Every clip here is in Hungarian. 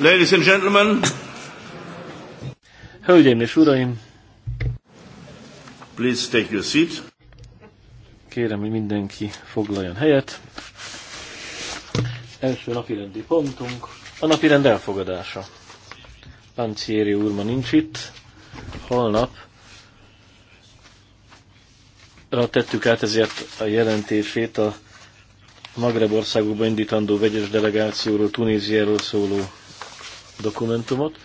Ladies and gentlemen. Hölgyeim és uraim. Please take your seat. Kérem, hogy mindenki foglaljon helyet. Első napirendi pontunk a napirend elfogadása. Pancieri úr ma nincs itt. Holnap tettük át ezért a jelentését a Magreb országokba indítandó vegyes delegációról, Tunéziáról szóló dokumentumot.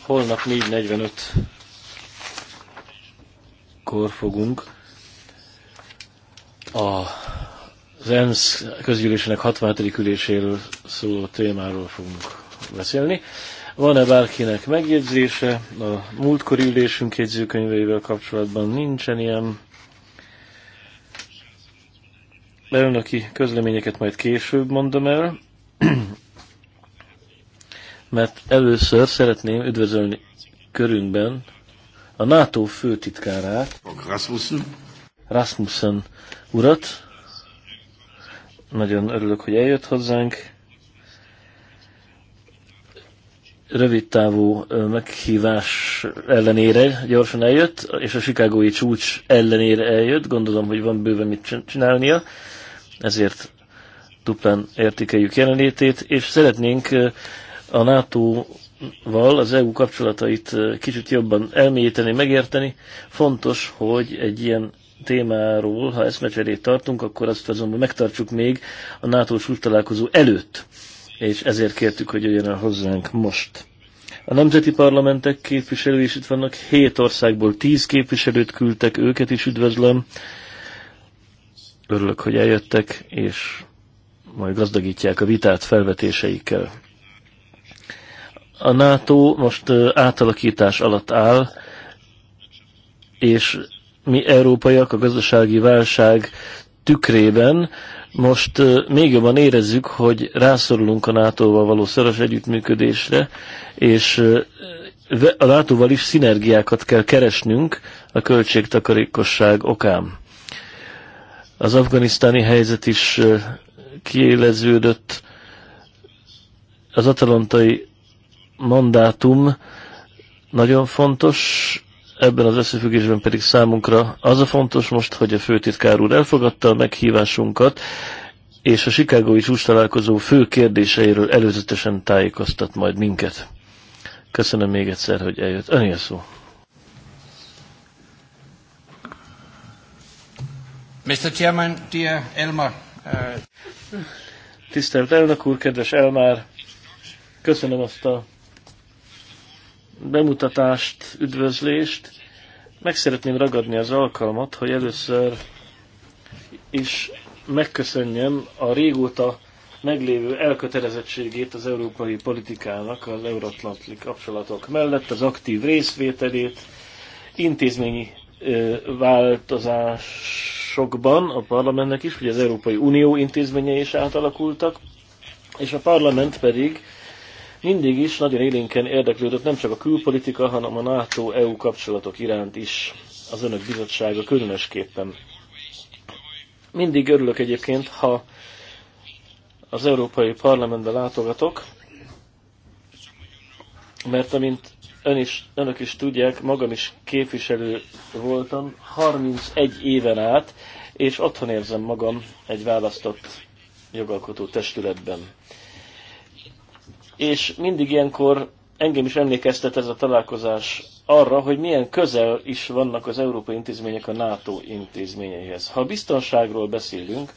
Holnap 4.45-kor fogunk a az ENSZ közgyűlésének 65. üléséről szóló témáról fogunk beszélni. Van-e bárkinek megjegyzése a múltkori ülésünk jegyzőkönyveivel kapcsolatban? Nincsen ilyen elnöki közleményeket majd később mondom el mert először szeretném üdvözölni körünkben a NATO főtitkárát, Rasmussen. Rasmussen urat. Nagyon örülök, hogy eljött hozzánk. Rövidtávú meghívás ellenére gyorsan eljött, és a Chicagói csúcs ellenére eljött. Gondolom, hogy van bőven mit csinálnia, ezért duplán értékeljük jelenlétét, és szeretnénk a NATO-val az EU kapcsolatait kicsit jobban elmélyíteni, megérteni. Fontos, hogy egy ilyen témáról, ha eszmecserét tartunk, akkor azt azonban megtartsuk még a NATO csúcs találkozó előtt, és ezért kértük, hogy jöjjön el hozzánk most. A nemzeti parlamentek képviselői is itt vannak, hét országból tíz képviselőt küldtek, őket is üdvözlöm. Örülök, hogy eljöttek, és majd gazdagítják a vitát felvetéseikkel. A NATO most átalakítás alatt áll, és mi európaiak a gazdasági válság tükrében most még jobban érezzük, hogy rászorulunk a NATO-val való szoros együttműködésre, és a NATO-val is szinergiákat kell keresnünk a költségtakarékosság okán. Az afganisztáni helyzet is kiéleződött, az atalantai mandátum nagyon fontos, ebben az összefüggésben pedig számunkra az a fontos most, hogy a főtitkár úr elfogadta a meghívásunkat, és a Chicagói csúcs találkozó fő kérdéseiről előzetesen tájékoztat majd minket. Köszönöm még egyszer, hogy eljött. Ön a szó. Mr. Chairman, dear Elmar. Uh... Tisztelt elnök úr, kedves Elmar, köszönöm azt a bemutatást, üdvözlést. Meg szeretném ragadni az alkalmat, hogy először is megköszönjem a régóta meglévő elkötelezettségét az európai politikának az euróatlanti kapcsolatok mellett, az aktív részvételét, intézményi változásokban a parlamentnek is, hogy az Európai Unió intézményei is átalakultak, és a parlament pedig mindig is nagyon élénken érdeklődött nem csak a külpolitika, hanem a NATO-EU kapcsolatok iránt is az önök bizottsága különösképpen. Mindig örülök egyébként, ha az Európai Parlamentbe látogatok, mert amint ön is, önök is tudják, magam is képviselő voltam 31 éven át, és otthon érzem magam egy választott jogalkotó testületben és mindig ilyenkor engem is emlékeztet ez a találkozás arra, hogy milyen közel is vannak az európai intézmények a NATO intézményeihez. Ha biztonságról beszélünk,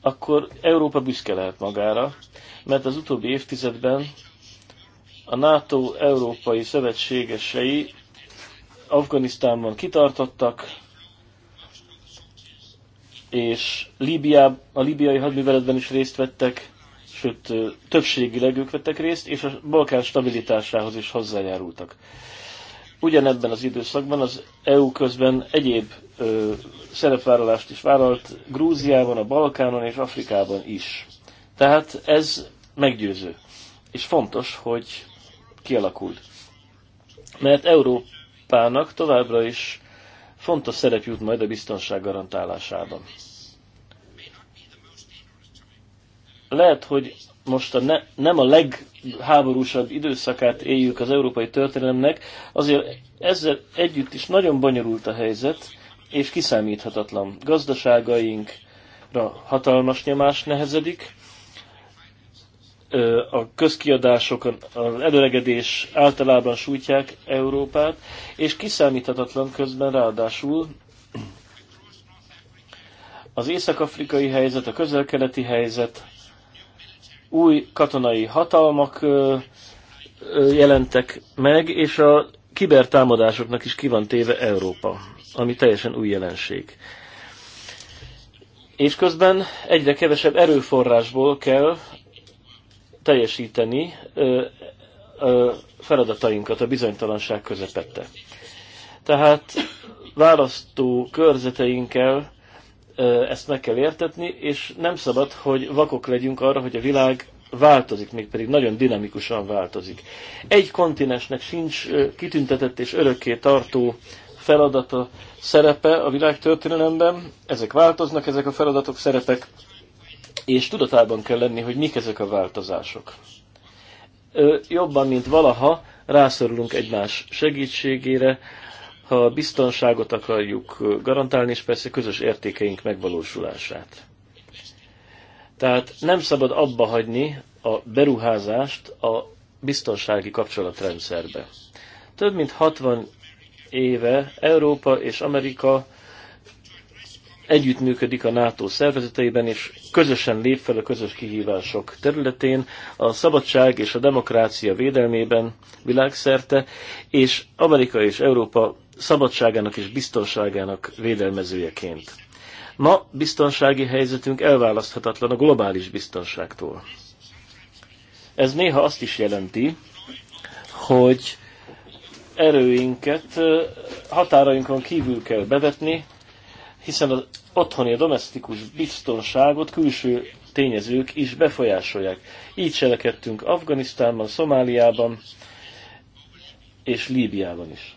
akkor Európa büszke lehet magára, mert az utóbbi évtizedben a NATO európai szövetségesei Afganisztánban kitartottak, és Líbiá, a líbiai hadműveletben is részt vettek, sőt többségileg ők vettek részt, és a Balkán stabilitásához is hozzájárultak. Ugyanebben az időszakban az EU közben egyéb ö, szerepvállalást is vállalt Grúziában, a Balkánon és Afrikában is. Tehát ez meggyőző, és fontos, hogy kialakult. Mert Európának továbbra is fontos szerep jut majd a biztonság garantálásában. lehet, hogy most a ne, nem a legháborúsabb időszakát éljük az európai történelemnek, azért ezzel együtt is nagyon bonyolult a helyzet, és kiszámíthatatlan. Gazdaságainkra hatalmas nyomás nehezedik, a közkiadások, az előregedés általában sújtják Európát, és kiszámíthatatlan közben ráadásul az észak-afrikai helyzet, a közel-keleti helyzet, új katonai hatalmak jelentek meg, és a kibertámadásoknak is ki van téve Európa, ami teljesen új jelenség. És közben egyre kevesebb erőforrásból kell teljesíteni feladatainkat a bizonytalanság közepette. Tehát választó körzeteinkkel ezt meg kell értetni, és nem szabad, hogy vakok legyünk arra, hogy a világ változik, mégpedig nagyon dinamikusan változik. Egy kontinensnek sincs kitüntetett és örökké tartó feladata, szerepe a világ történelemben. Ezek változnak, ezek a feladatok, szerepek, és tudatában kell lenni, hogy mik ezek a változások. Jobban, mint valaha, rászorulunk egymás segítségére, ha a biztonságot akarjuk garantálni, és persze közös értékeink megvalósulását. Tehát nem szabad abba hagyni a beruházást a biztonsági kapcsolatrendszerbe. Több mint 60 éve Európa és Amerika együttműködik a NATO szervezeteiben, és közösen lép fel a közös kihívások területén, a szabadság és a demokrácia védelmében világszerte, és Amerika és Európa szabadságának és biztonságának védelmezőjeként. Ma biztonsági helyzetünk elválaszthatatlan a globális biztonságtól. Ez néha azt is jelenti, hogy erőinket határainkon kívül kell bevetni, hiszen az otthoni, a domestikus biztonságot külső tényezők is befolyásolják. Így cselekedtünk Afganisztánban, Szomáliában és Líbiában is.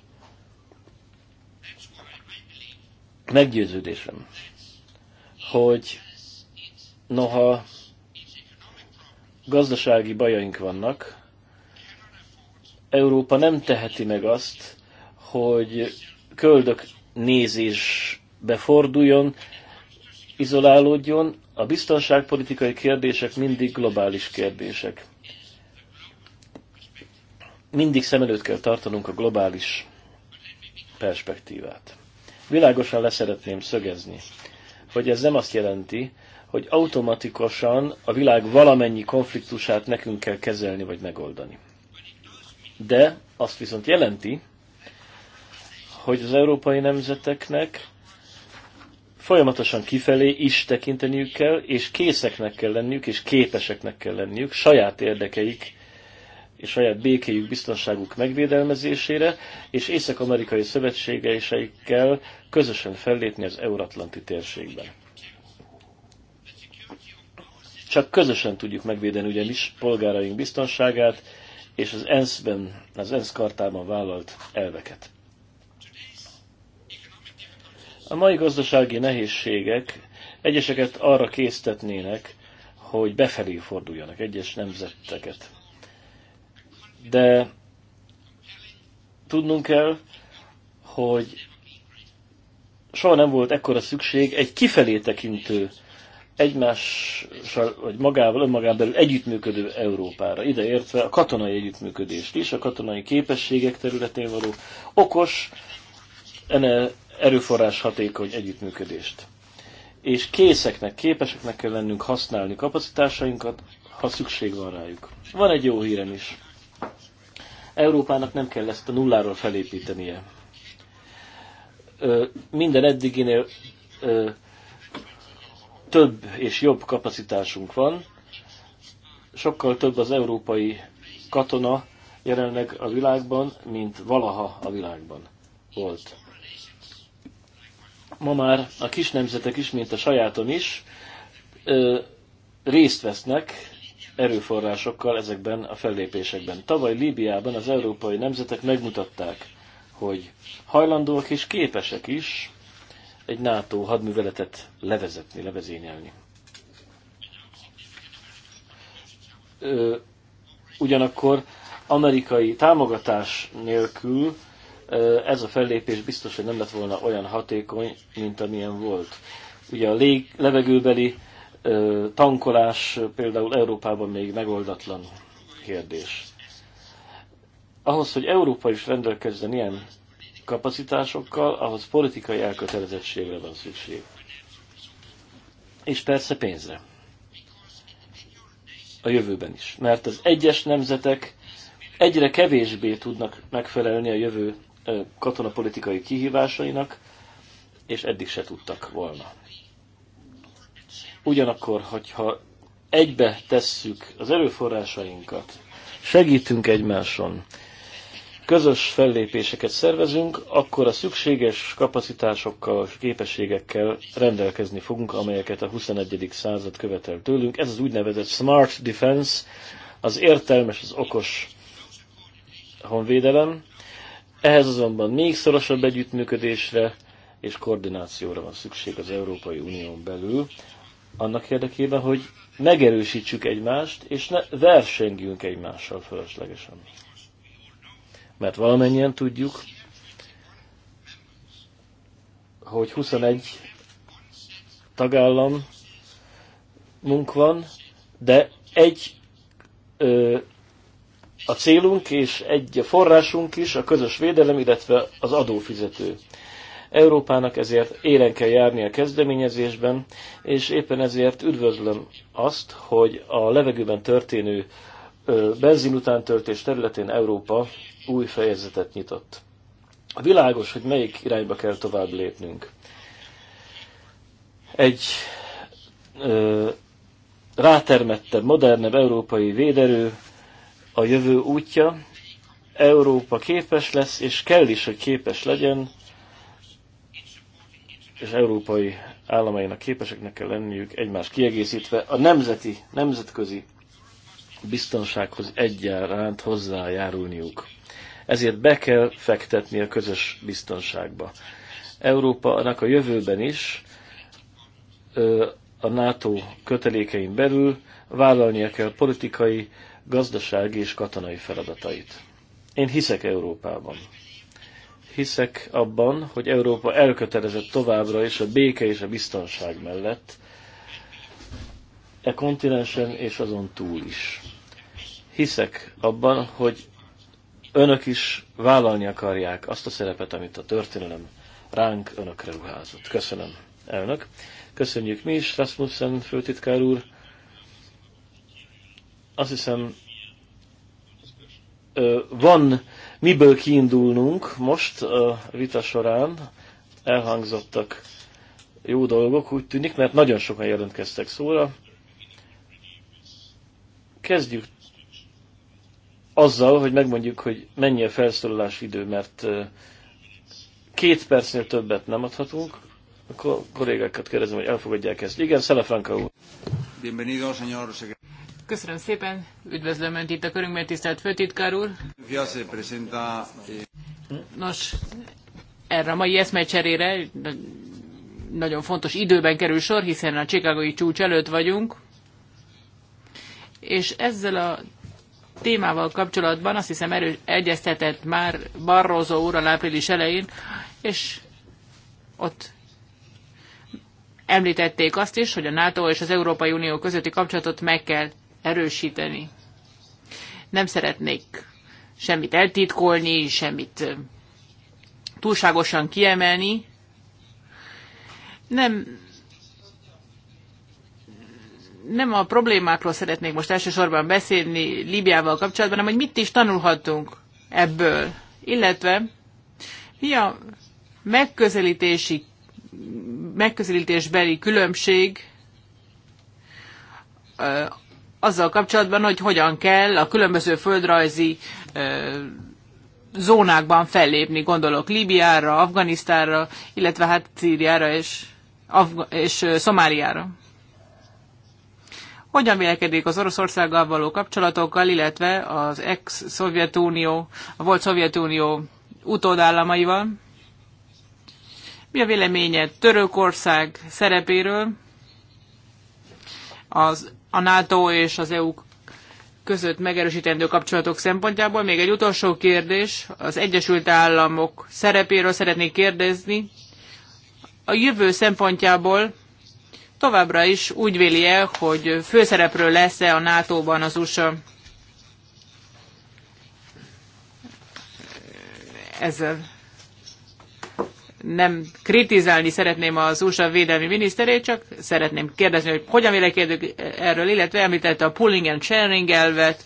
Meggyőződésem, hogy noha gazdasági bajaink vannak, Európa nem teheti meg azt, hogy köldök nézésbe forduljon, izolálódjon, a biztonságpolitikai kérdések mindig globális kérdések. Mindig szem előtt kell tartanunk a globális perspektívát. Világosan leszeretném szögezni, hogy ez nem azt jelenti, hogy automatikusan a világ valamennyi konfliktusát nekünk kell kezelni vagy megoldani. De azt viszont jelenti, hogy az európai nemzeteknek folyamatosan kifelé is tekinteniük kell, és készeknek kell lenniük, és képeseknek kell lenniük saját érdekeik és saját békéjük, biztonságuk megvédelmezésére, és észak-amerikai szövetségeiseikkel közösen fellépni az euratlanti térségben. Csak közösen tudjuk megvédeni ugyanis polgáraink biztonságát és az ENSZ-ben, az ENSZ kartában vállalt elveket. A mai gazdasági nehézségek egyeseket arra késztetnének, hogy befelé forduljanak egyes nemzeteket de tudnunk kell, hogy soha nem volt ekkora szükség egy kifelé tekintő, egymással, vagy magával, önmagán belül együttműködő Európára, ideértve a katonai együttműködést is, a katonai képességek területén való okos, erőforrás hatékony együttműködést. És készeknek, képeseknek kell lennünk használni kapacitásainkat, ha szükség van rájuk. Van egy jó hírem is Európának nem kell ezt a nulláról felépítenie. Minden eddiginél több és jobb kapacitásunk van, sokkal több az európai katona jelenleg a világban, mint valaha a világban volt. Ma már a kis nemzetek is, mint a sajátom is, részt vesznek erőforrásokkal ezekben a fellépésekben. Tavaly Líbiában az európai nemzetek megmutatták, hogy hajlandóak és képesek is egy NATO hadműveletet levezetni, levezényelni. Ö, ugyanakkor amerikai támogatás nélkül ö, ez a fellépés biztos, hogy nem lett volna olyan hatékony, mint amilyen volt. Ugye a lég, levegőbeli tankolás például Európában még megoldatlan kérdés. Ahhoz, hogy Európa is rendelkezzen ilyen kapacitásokkal, ahhoz politikai elkötelezettségre van szükség. És persze pénzre. A jövőben is. Mert az egyes nemzetek egyre kevésbé tudnak megfelelni a jövő katonapolitikai kihívásainak, és eddig se tudtak volna. Ugyanakkor, hogyha egybe tesszük az erőforrásainkat, segítünk egymáson, közös fellépéseket szervezünk, akkor a szükséges kapacitásokkal, és képességekkel rendelkezni fogunk, amelyeket a 21. század követel tőlünk. Ez az úgynevezett smart defense, az értelmes, az okos honvédelem. Ehhez azonban még szorosabb együttműködésre és koordinációra van szükség az Európai Unión belül, annak érdekében, hogy megerősítsük egymást, és ne versengjünk egymással fölöslegesen. Mert valamennyien tudjuk, hogy 21 tagállam munk van, de egy ö, a célunk és egy a forrásunk is a közös védelem, illetve az adófizető. Európának ezért élen kell járni a kezdeményezésben, és éppen ezért üdvözlöm azt, hogy a levegőben történő benzin területén Európa új fejezetet nyitott. Világos, hogy melyik irányba kell tovább lépnünk. Egy ö, rátermettebb, modernebb európai véderő a jövő útja, Európa képes lesz, és kell is, hogy képes legyen és európai államainak képeseknek kell lenniük egymás kiegészítve a nemzeti, nemzetközi biztonsághoz egyaránt hozzájárulniuk. Ezért be kell fektetni a közös biztonságba. Európának a jövőben is a NATO kötelékein belül vállalnia kell politikai, gazdasági és katonai feladatait. Én hiszek Európában Hiszek abban, hogy Európa elkötelezett továbbra is a béke és a biztonság mellett, e kontinensen és azon túl is. Hiszek abban, hogy önök is vállalni akarják azt a szerepet, amit a történelem ránk önökre ruházott. Köszönöm, elnök. Köszönjük mi is, Rasmussen főtitkár úr. Azt hiszem, van miből kiindulnunk most a vita során. Elhangzottak jó dolgok, úgy tűnik, mert nagyon sokan jelentkeztek szóra. Kezdjük azzal, hogy megmondjuk, hogy mennyi a felszólalás idő, mert két percnél többet nem adhatunk. A kollégákat kérdezem, hogy elfogadják ezt. Igen, Szelefranka úr. Bienvenido, señor Köszönöm szépen, üdvözlöm Önt itt a körünkben, tisztelt főtitkár úr. Nos, erre a mai eszmecserére nagyon fontos időben kerül sor, hiszen a Csikágoi csúcs előtt vagyunk, és ezzel a témával kapcsolatban azt hiszem erős, egyeztetett már Barroso úr a április elején, és ott említették azt is, hogy a NATO és az Európai Unió közötti kapcsolatot meg kell erősíteni. Nem szeretnék semmit eltitkolni, semmit túlságosan kiemelni. Nem, nem a problémákról szeretnék most elsősorban beszélni Líbiával kapcsolatban, hanem hogy mit is tanulhatunk ebből. Illetve mi a megközelítési, megközelítésbeli különbség azzal kapcsolatban, hogy hogyan kell a különböző földrajzi zónákban fellépni, gondolok Líbiára, Afganisztánra, illetve hát Szíriára és, Afga- és Szomáliára. Hogyan vélekedik az Oroszországgal való kapcsolatokkal, illetve az ex-Szovjetunió, a volt Szovjetunió utódállamaival? Mi a véleménye Törökország szerepéről? Az a NATO és az EU között megerősítendő kapcsolatok szempontjából. Még egy utolsó kérdés, az Egyesült Államok szerepéről szeretnék kérdezni. A jövő szempontjából továbbra is úgy véli el, hogy főszerepről lesz-e a NATO-ban az USA? Ezzel nem kritizálni szeretném az USA védelmi miniszterét, csak szeretném kérdezni, hogy hogyan vélekedik erről, illetve említette a pulling and sharing elvet.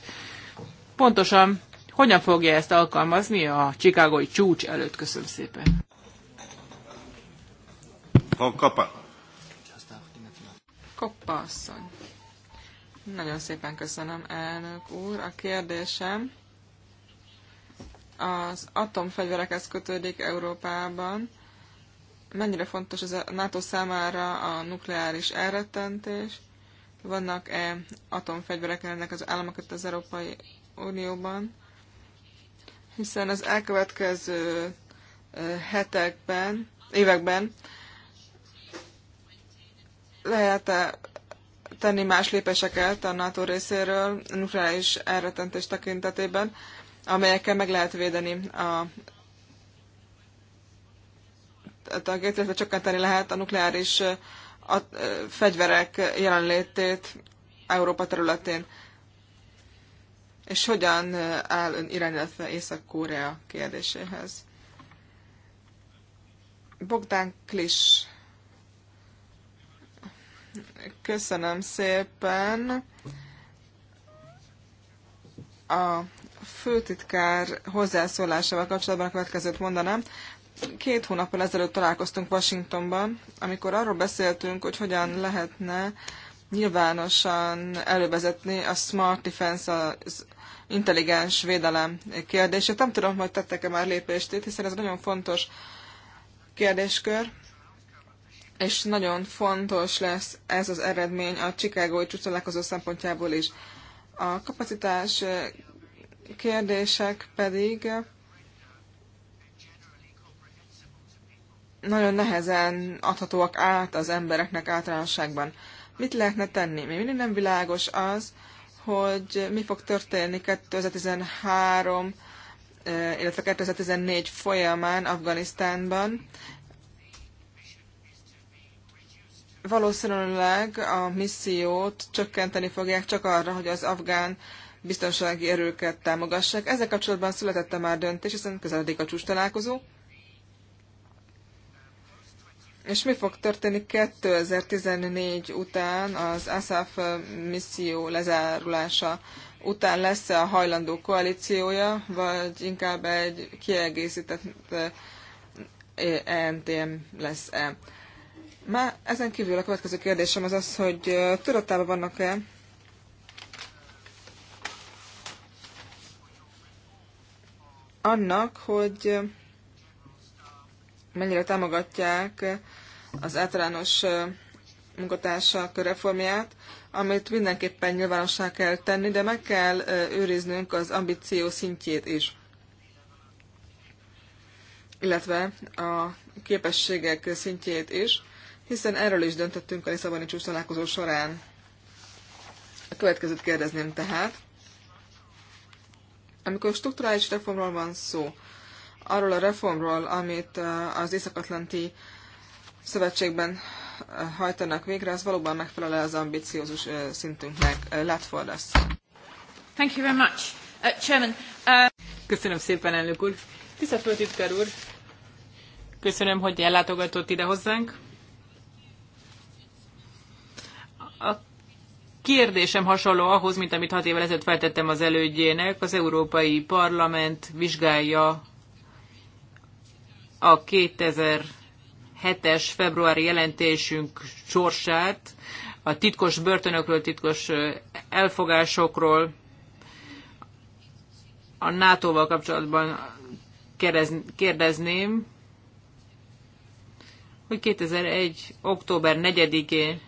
Pontosan hogyan fogja ezt alkalmazni a Chicagói csúcs előtt? Köszönöm szépen. Koppa. Koppa asszony. Nagyon szépen köszönöm, elnök úr. A kérdésem az atomfegyverekhez kötődik Európában mennyire fontos ez a NATO számára a nukleáris elrettentés, vannak-e atomfegyverek ennek az államokat az Európai Unióban, hiszen az elkövetkező hetekben, években lehet -e tenni más lépéseket a NATO részéről nukleáris elrettentés tekintetében, amelyekkel meg lehet védeni a tagjait, illetve csökkenteni lehet a nukleáris a fegyverek jelenlétét Európa területén. És hogyan áll ön irány, illetve Észak-Korea kérdéséhez? Bogdán Klis. Köszönöm szépen. A főtitkár hozzászólásával kapcsolatban a következőt mondanám két hónappal ezelőtt találkoztunk Washingtonban, amikor arról beszéltünk, hogy hogyan lehetne nyilvánosan elővezetni a Smart Defense, az intelligens védelem kérdését. Nem tudom, hogy tettek-e már lépést itt, hiszen ez nagyon fontos kérdéskör, és nagyon fontos lesz ez az eredmény a Chicagói csúcsalálkozó szempontjából is. A kapacitás kérdések pedig nagyon nehezen adhatóak át az embereknek általánosságban. Mit lehetne tenni? Még mindig nem világos az, hogy mi fog történni 2013, illetve 2014 folyamán Afganisztánban. Valószínűleg a missziót csökkenteni fogják csak arra, hogy az afgán biztonsági erőket támogassák. Ezzel kapcsolatban születette már döntés, hiszen közeledik a csúcs találkozó és mi fog történni 2014 után, az ASAF misszió lezárulása után lesz -e a hajlandó koalíciója, vagy inkább egy kiegészített ENTM eh, e lesz-e? Már ezen kívül a következő kérdésem az az, hogy eh, tudatában vannak-e annak, hogy eh, mennyire támogatják az általános munkatársak reformját, amit mindenképpen nyilvánossá kell tenni, de meg kell őriznünk az ambíció szintjét is, illetve a képességek szintjét is, hiszen erről is döntöttünk a Lisszaboni csúcs találkozó során. A következőt kérdezném tehát. Amikor strukturális reformról van szó, arról a reformról, amit az Észak-Atlanti szövetségben eh, hajtanak végre, az valóban megfelel az ambiciózus eh, szintünknek. Eh, Látford asszony. Thank you very much, uh, Chairman. Uh... Köszönöm szépen, elnök úr. Tisztelt főtitkár úr, köszönöm, hogy ellátogatott ide hozzánk. A kérdésem hasonló ahhoz, mint amit hat évvel ezelőtt feltettem az elődjének. Az Európai Parlament vizsgálja a 2000 hetes februári jelentésünk sorsát, a titkos börtönökről, titkos elfogásokról, a NATO-val kapcsolatban kérdezném, hogy 2001. október 4-én,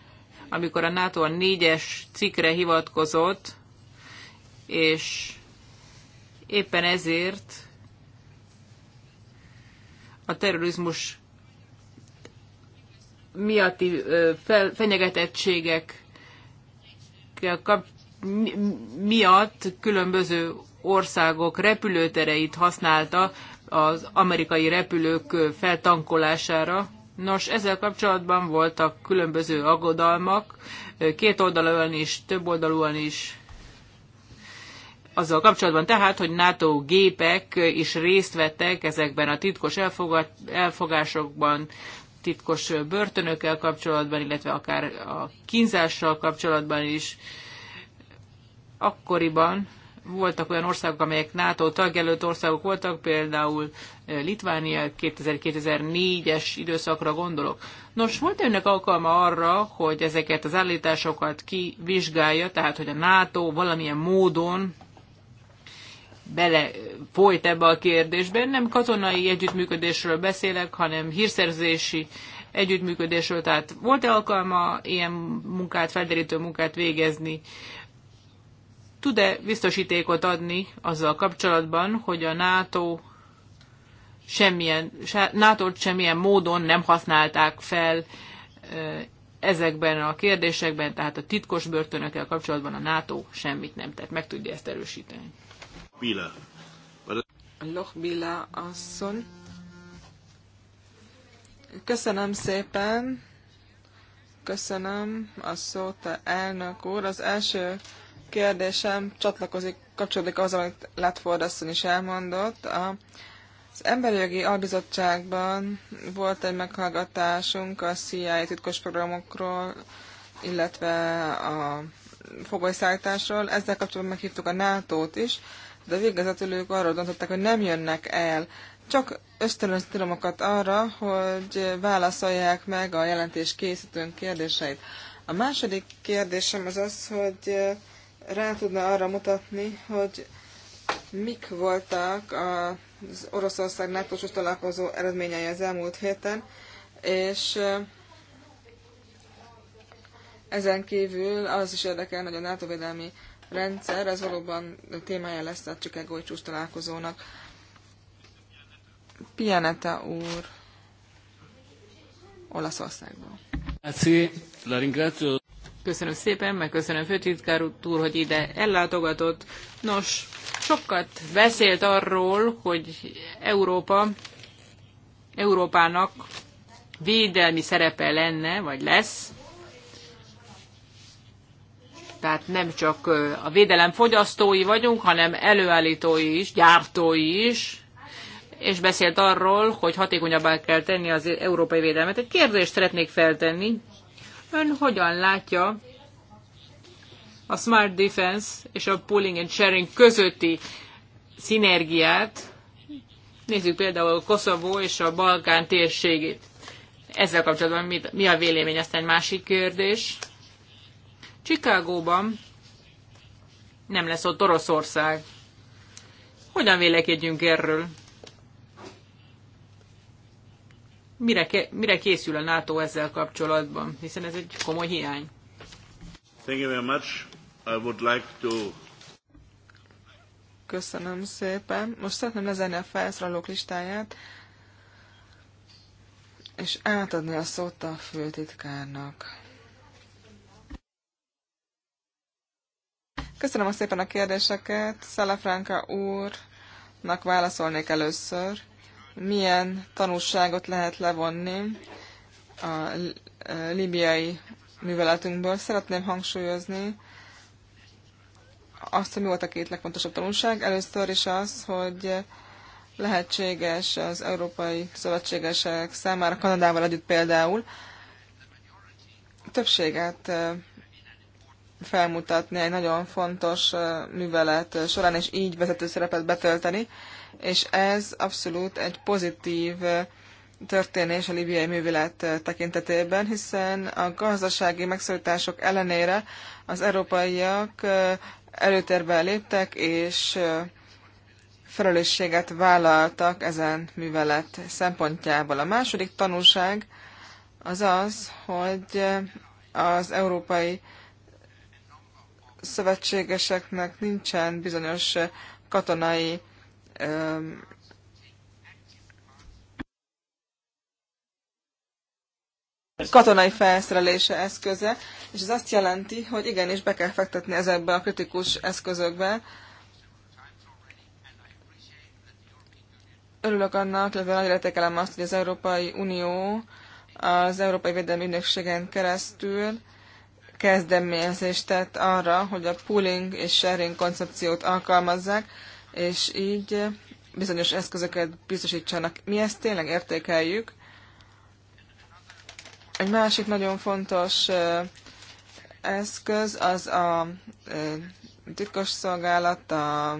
amikor a NATO a négyes cikre cikkre hivatkozott, és éppen ezért a terrorizmus miatti fenyegetettségek miatt különböző országok repülőtereit használta az amerikai repülők feltankolására. Nos, ezzel kapcsolatban voltak különböző aggodalmak, két oldalon is, több oldalúan is. Azzal kapcsolatban tehát, hogy NATO gépek is részt vettek ezekben a titkos elfogásokban, titkos börtönökkel kapcsolatban, illetve akár a kínzással kapcsolatban is. Akkoriban voltak olyan országok, amelyek NATO tagjelölt országok voltak, például eh, Litvánia 2004 es időszakra gondolok. Nos, volt önnek alkalma arra, hogy ezeket az állításokat kivizsgálja, tehát hogy a NATO valamilyen módon bele folyt ebbe a kérdésbe. Nem katonai együttműködésről beszélek, hanem hírszerzési együttműködésről. Tehát volt-e alkalma ilyen munkát, felderítő munkát végezni? Tud-e biztosítékot adni azzal kapcsolatban, hogy a NATO semmilyen, nato semmilyen módon nem használták fel ezekben a kérdésekben, tehát a titkos börtönökkel kapcsolatban a NATO semmit nem tett. Meg tudja ezt erősíteni. Bila. Loch Bila asszony. Köszönöm szépen. Köszönöm a szót, elnök úr. Az első kérdésem csatlakozik, kapcsolódik az, amit Latford asszony is elmondott. A, az Emberi Jogi Albizottságban volt egy meghallgatásunk a CIA titkos programokról, illetve a fogolyszállításról. Ezzel kapcsolatban meghívtuk a NATO-t is, de végezetül ők arról döntöttek, hogy nem jönnek el. Csak ösztönözni tilomokat arra, hogy válaszolják meg a jelentés készítőnk kérdéseit. A második kérdésem az az, hogy eh, rá tudna arra mutatni, hogy mik voltak az Oroszország nato találkozó eredményei az elmúlt héten, és eh, ezen kívül az is érdekel, hogy a NATO védelmi rendszer, ez valóban témája lesz a csak csúcs találkozónak. Pianeta úr Olaszországból. Köszönöm szépen, meg köszönöm főtitkár úr, hogy ide ellátogatott. Nos, sokat beszélt arról, hogy Európa, Európának védelmi szerepe lenne, vagy lesz, tehát nem csak a védelem fogyasztói vagyunk, hanem előállítói is, gyártói is, és beszélt arról, hogy hatékonyabbá kell tenni az európai védelmet. Egy kérdést szeretnék feltenni. Ön hogyan látja a Smart Defense és a Pooling and Sharing közötti szinergiát? Nézzük például Koszovó és a Balkán térségét. Ezzel kapcsolatban mi a vélemény? Aztán másik kérdés. Csikágóban nem lesz ott Oroszország. Hogyan vélekedjünk erről? Mire, ke- mire készül a NATO ezzel kapcsolatban? Hiszen ez egy komoly hiány. Thank you very much. I would like to... Köszönöm szépen. Most szeretném lezenni a felszállók listáját, és átadni a szót a főtitkárnak. Köszönöm szépen a kérdéseket. Szelefránka úrnak válaszolnék először. Milyen tanulságot lehet levonni a libiai műveletünkből? Szeretném hangsúlyozni azt, hogy mi volt a két legfontosabb tanulság. Először is az, hogy lehetséges az európai szövetségesek számára, Kanadával együtt például, többséget felmutatni egy nagyon fontos művelet során, és így vezető szerepet betölteni, és ez abszolút egy pozitív történés a libiai művelet tekintetében, hiszen a gazdasági megszorítások ellenére az európaiak előtérbe léptek, és felelősséget vállaltak ezen művelet szempontjából. A második tanulság az az, hogy az európai szövetségeseknek nincsen bizonyos katonai katonai felszerelése eszköze, és ez azt jelenti, hogy igenis be kell fektetni ezekbe a kritikus eszközökbe. Örülök annak, illetve nagyra értékelem azt, hogy az Európai Unió az Európai Védelmi Ügynökségen keresztül kezdeményezést tett arra, hogy a pooling és sharing koncepciót alkalmazzák, és így bizonyos eszközöket biztosítsanak. Mi ezt tényleg értékeljük. Egy másik nagyon fontos eszköz az a titkos szolgálat, a,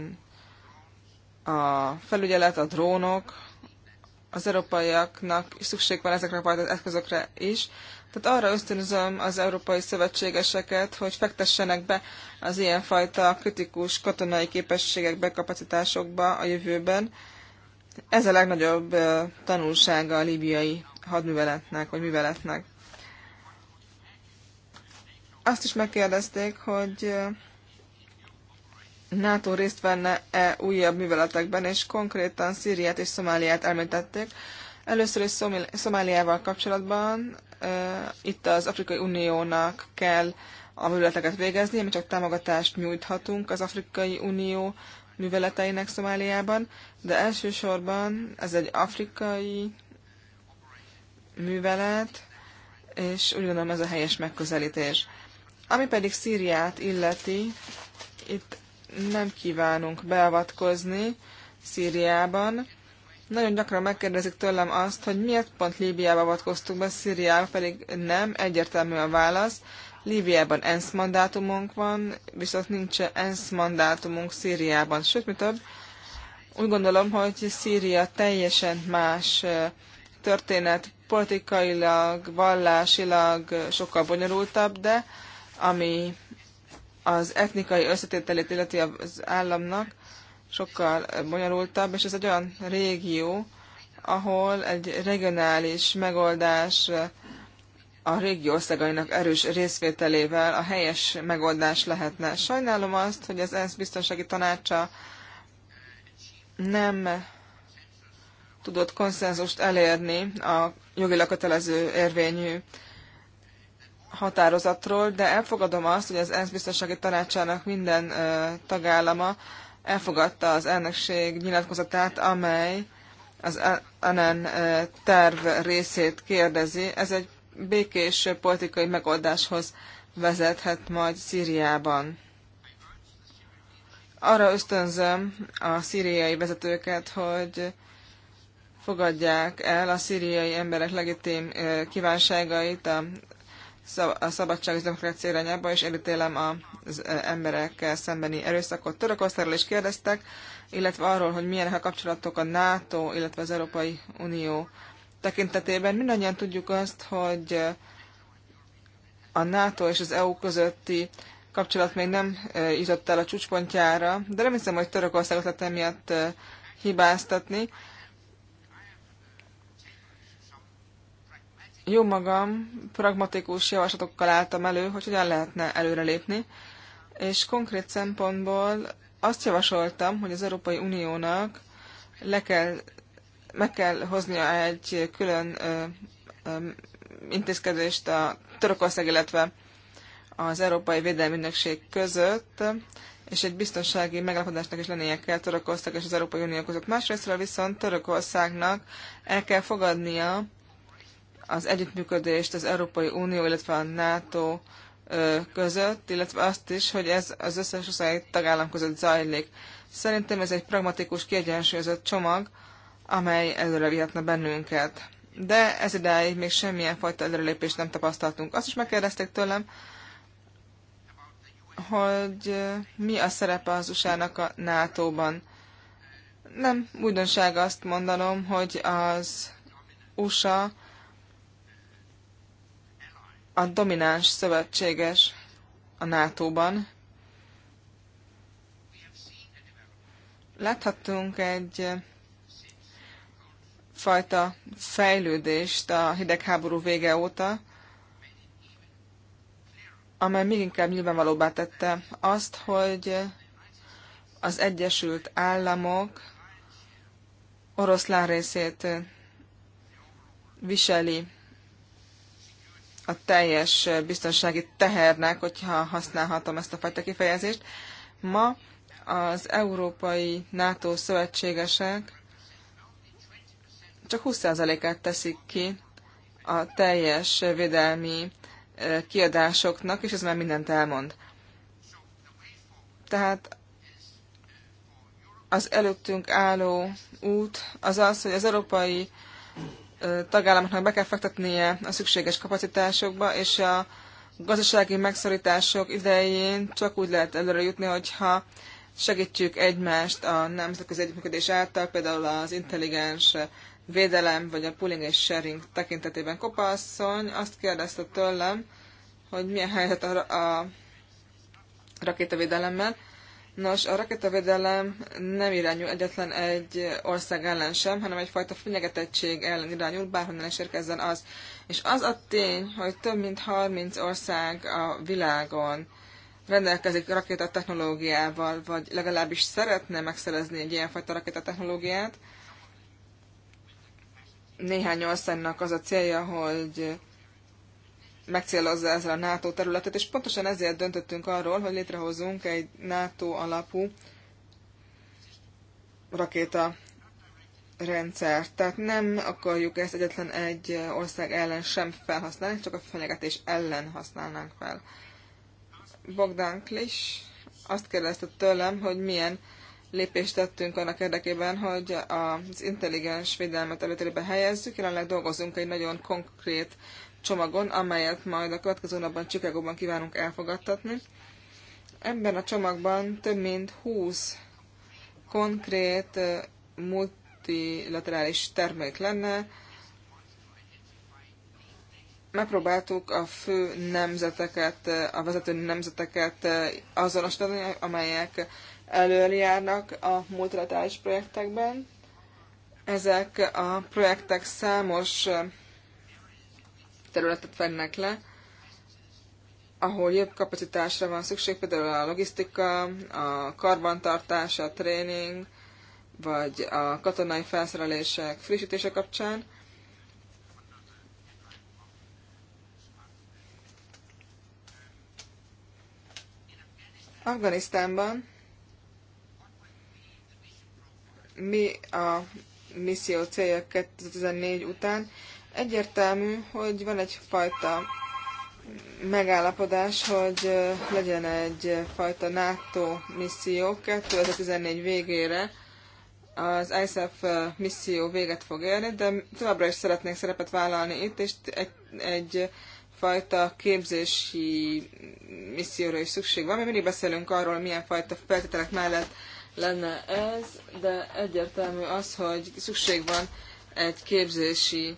a felügyelet, a drónok. Az európaiaknak is szükség van ezekre a fajta eszközökre is, tehát arra ösztönözöm az európai szövetségeseket, hogy fektessenek be az ilyenfajta kritikus katonai képességek bekapacitásokba a jövőben. Ez a legnagyobb tanulsága a libiai hadműveletnek, vagy műveletnek. Azt is megkérdezték, hogy NATO részt venne-e újabb műveletekben, és konkrétan Szíriát és Szomáliát említették. Először is Szomáliával kapcsolatban itt az Afrikai Uniónak kell a műveleteket végezni, mi csak támogatást nyújthatunk az Afrikai Unió műveleteinek Szomáliában, de elsősorban ez egy afrikai művelet, és úgy gondolom ez a helyes megközelítés. Ami pedig Szíriát illeti, itt nem kívánunk beavatkozni Szíriában, nagyon gyakran megkérdezik tőlem azt, hogy miért pont Líbiába avatkoztunk be, Szíriába pedig nem, egyértelmű a válasz. Líbiában ENSZ mandátumunk van, viszont nincs ENSZ mandátumunk Szíriában. Sőt, mi több, úgy gondolom, hogy Szíria teljesen más történet, politikailag, vallásilag sokkal bonyolultabb, de ami az etnikai összetételét illeti az államnak, sokkal bonyolultabb, és ez egy olyan régió, ahol egy regionális megoldás a régió országainak erős részvételével a helyes megoldás lehetne. Sajnálom azt, hogy az ENSZ biztonsági tanácsa nem tudott konszenzust elérni a jogilag kötelező érvényű határozatról, de elfogadom azt, hogy az ENSZ biztonsági tanácsának minden tagállama elfogadta az elnökség nyilatkozatát, amely az NN eh, terv részét kérdezi. Ez egy békés politikai megoldáshoz vezethet majd Szíriában. Arra ösztönzöm a szíriai vezetőket, hogy fogadják el a szíriai emberek legitim eh, kívánságait a a szabadság és demokrácia irányába, és elítélem az e, emberekkel szembeni erőszakot. Törökországról is kérdeztek, illetve arról, hogy milyenek a kapcsolatok a NATO, illetve az Európai Unió tekintetében. Mindannyian tudjuk azt, hogy a NATO és az EU közötti kapcsolat még nem e, jutott el a csúcspontjára, de nem hiszem, hogy Törökországot lehet emiatt e, hibáztatni. jó magam pragmatikus javaslatokkal álltam elő, hogy hogyan lehetne előrelépni, és konkrét szempontból azt javasoltam, hogy az Európai Uniónak le kell, meg kell hoznia egy külön ö, ö, intézkedést a Törökország, illetve az Európai Védelmi Ügynökség között, és egy biztonsági megállapodásnak is lennie kell Törökország és az Európai Unió között. Másrésztről viszont Törökországnak el kell fogadnia az együttműködést az Európai Unió, illetve a NATO között, illetve azt is, hogy ez az összes 27 tagállam között zajlik. Szerintem ez egy pragmatikus, kiegyensúlyozott csomag, amely előre vihetne bennünket. De ez idáig még semmilyen fajta előrelépést nem tapasztaltunk. Azt is megkérdezték tőlem, hogy mi a szerepe az USA-nak a NATO-ban. Nem újdonság azt mondanom, hogy az USA a domináns szövetséges a NATO-ban. Láthattunk egy fajta fejlődést a hidegháború vége óta, amely még inkább nyilvánvalóbbá tette azt, hogy az Egyesült Államok oroszlán részét viseli a teljes biztonsági tehernek, hogyha használhatom ezt a fajta kifejezést. Ma az európai NATO szövetségesek csak 20%-át teszik ki a teljes védelmi kiadásoknak, és ez már mindent elmond. Tehát az előttünk álló út az az, hogy az európai tagállamoknak be kell fektetnie a szükséges kapacitásokba, és a gazdasági megszorítások idején csak úgy lehet előre jutni, hogyha segítjük egymást a nemzetközi együttműködés által, például az intelligens védelem, vagy a pooling és sharing tekintetében. Kopasszony azt kérdezte tőlem, hogy milyen helyzet a, a rakétavédelemmel. Nos, a rakétavédelem nem irányul egyetlen egy ország ellen sem, hanem egyfajta fenyegetettség ellen irányul, bárhonnan is érkezzen az. És az a tény, hogy több mint 30 ország a világon rendelkezik rakétatechnológiával, vagy legalábbis szeretne megszerezni egy ilyenfajta rakétatechnológiát. Néhány országnak az a célja, hogy megcélozza ezzel a NATO területet, és pontosan ezért döntöttünk arról, hogy létrehozunk egy NATO alapú rakéta rendszer. Tehát nem akarjuk ezt egyetlen egy ország ellen sem felhasználni, csak a fenyegetés ellen használnánk fel. Bogdan Klis azt kérdezte tőlem, hogy milyen lépést tettünk annak érdekében, hogy az intelligens védelmet előtérbe helyezzük. Jelenleg dolgozunk egy nagyon konkrét csomagon, amelyet majd a következő napban Csikágóban kívánunk elfogadtatni. Ebben a csomagban több mint 20 konkrét multilaterális termék lenne. Megpróbáltuk a fő nemzeteket, a vezető nemzeteket azonosítani, amelyek előjárnak a multilaterális projektekben. Ezek a projektek számos területet vennek le, ahol jobb kapacitásra van szükség, például a logisztika, a karbantartás, a tréning, vagy a katonai felszerelések frissítése kapcsán. Afganisztánban mi a misszió célja 2014 után? Egyértelmű, hogy van egyfajta megállapodás, hogy legyen egyfajta NATO misszió 2014 végére, az ISAF misszió véget fog érni, de továbbra is szeretnék szerepet vállalni itt, és egy, egy fajta képzési misszióra is szükség van. Mi mindig beszélünk arról, milyen fajta feltételek mellett lenne ez, de egyértelmű az, hogy szükség van egy képzési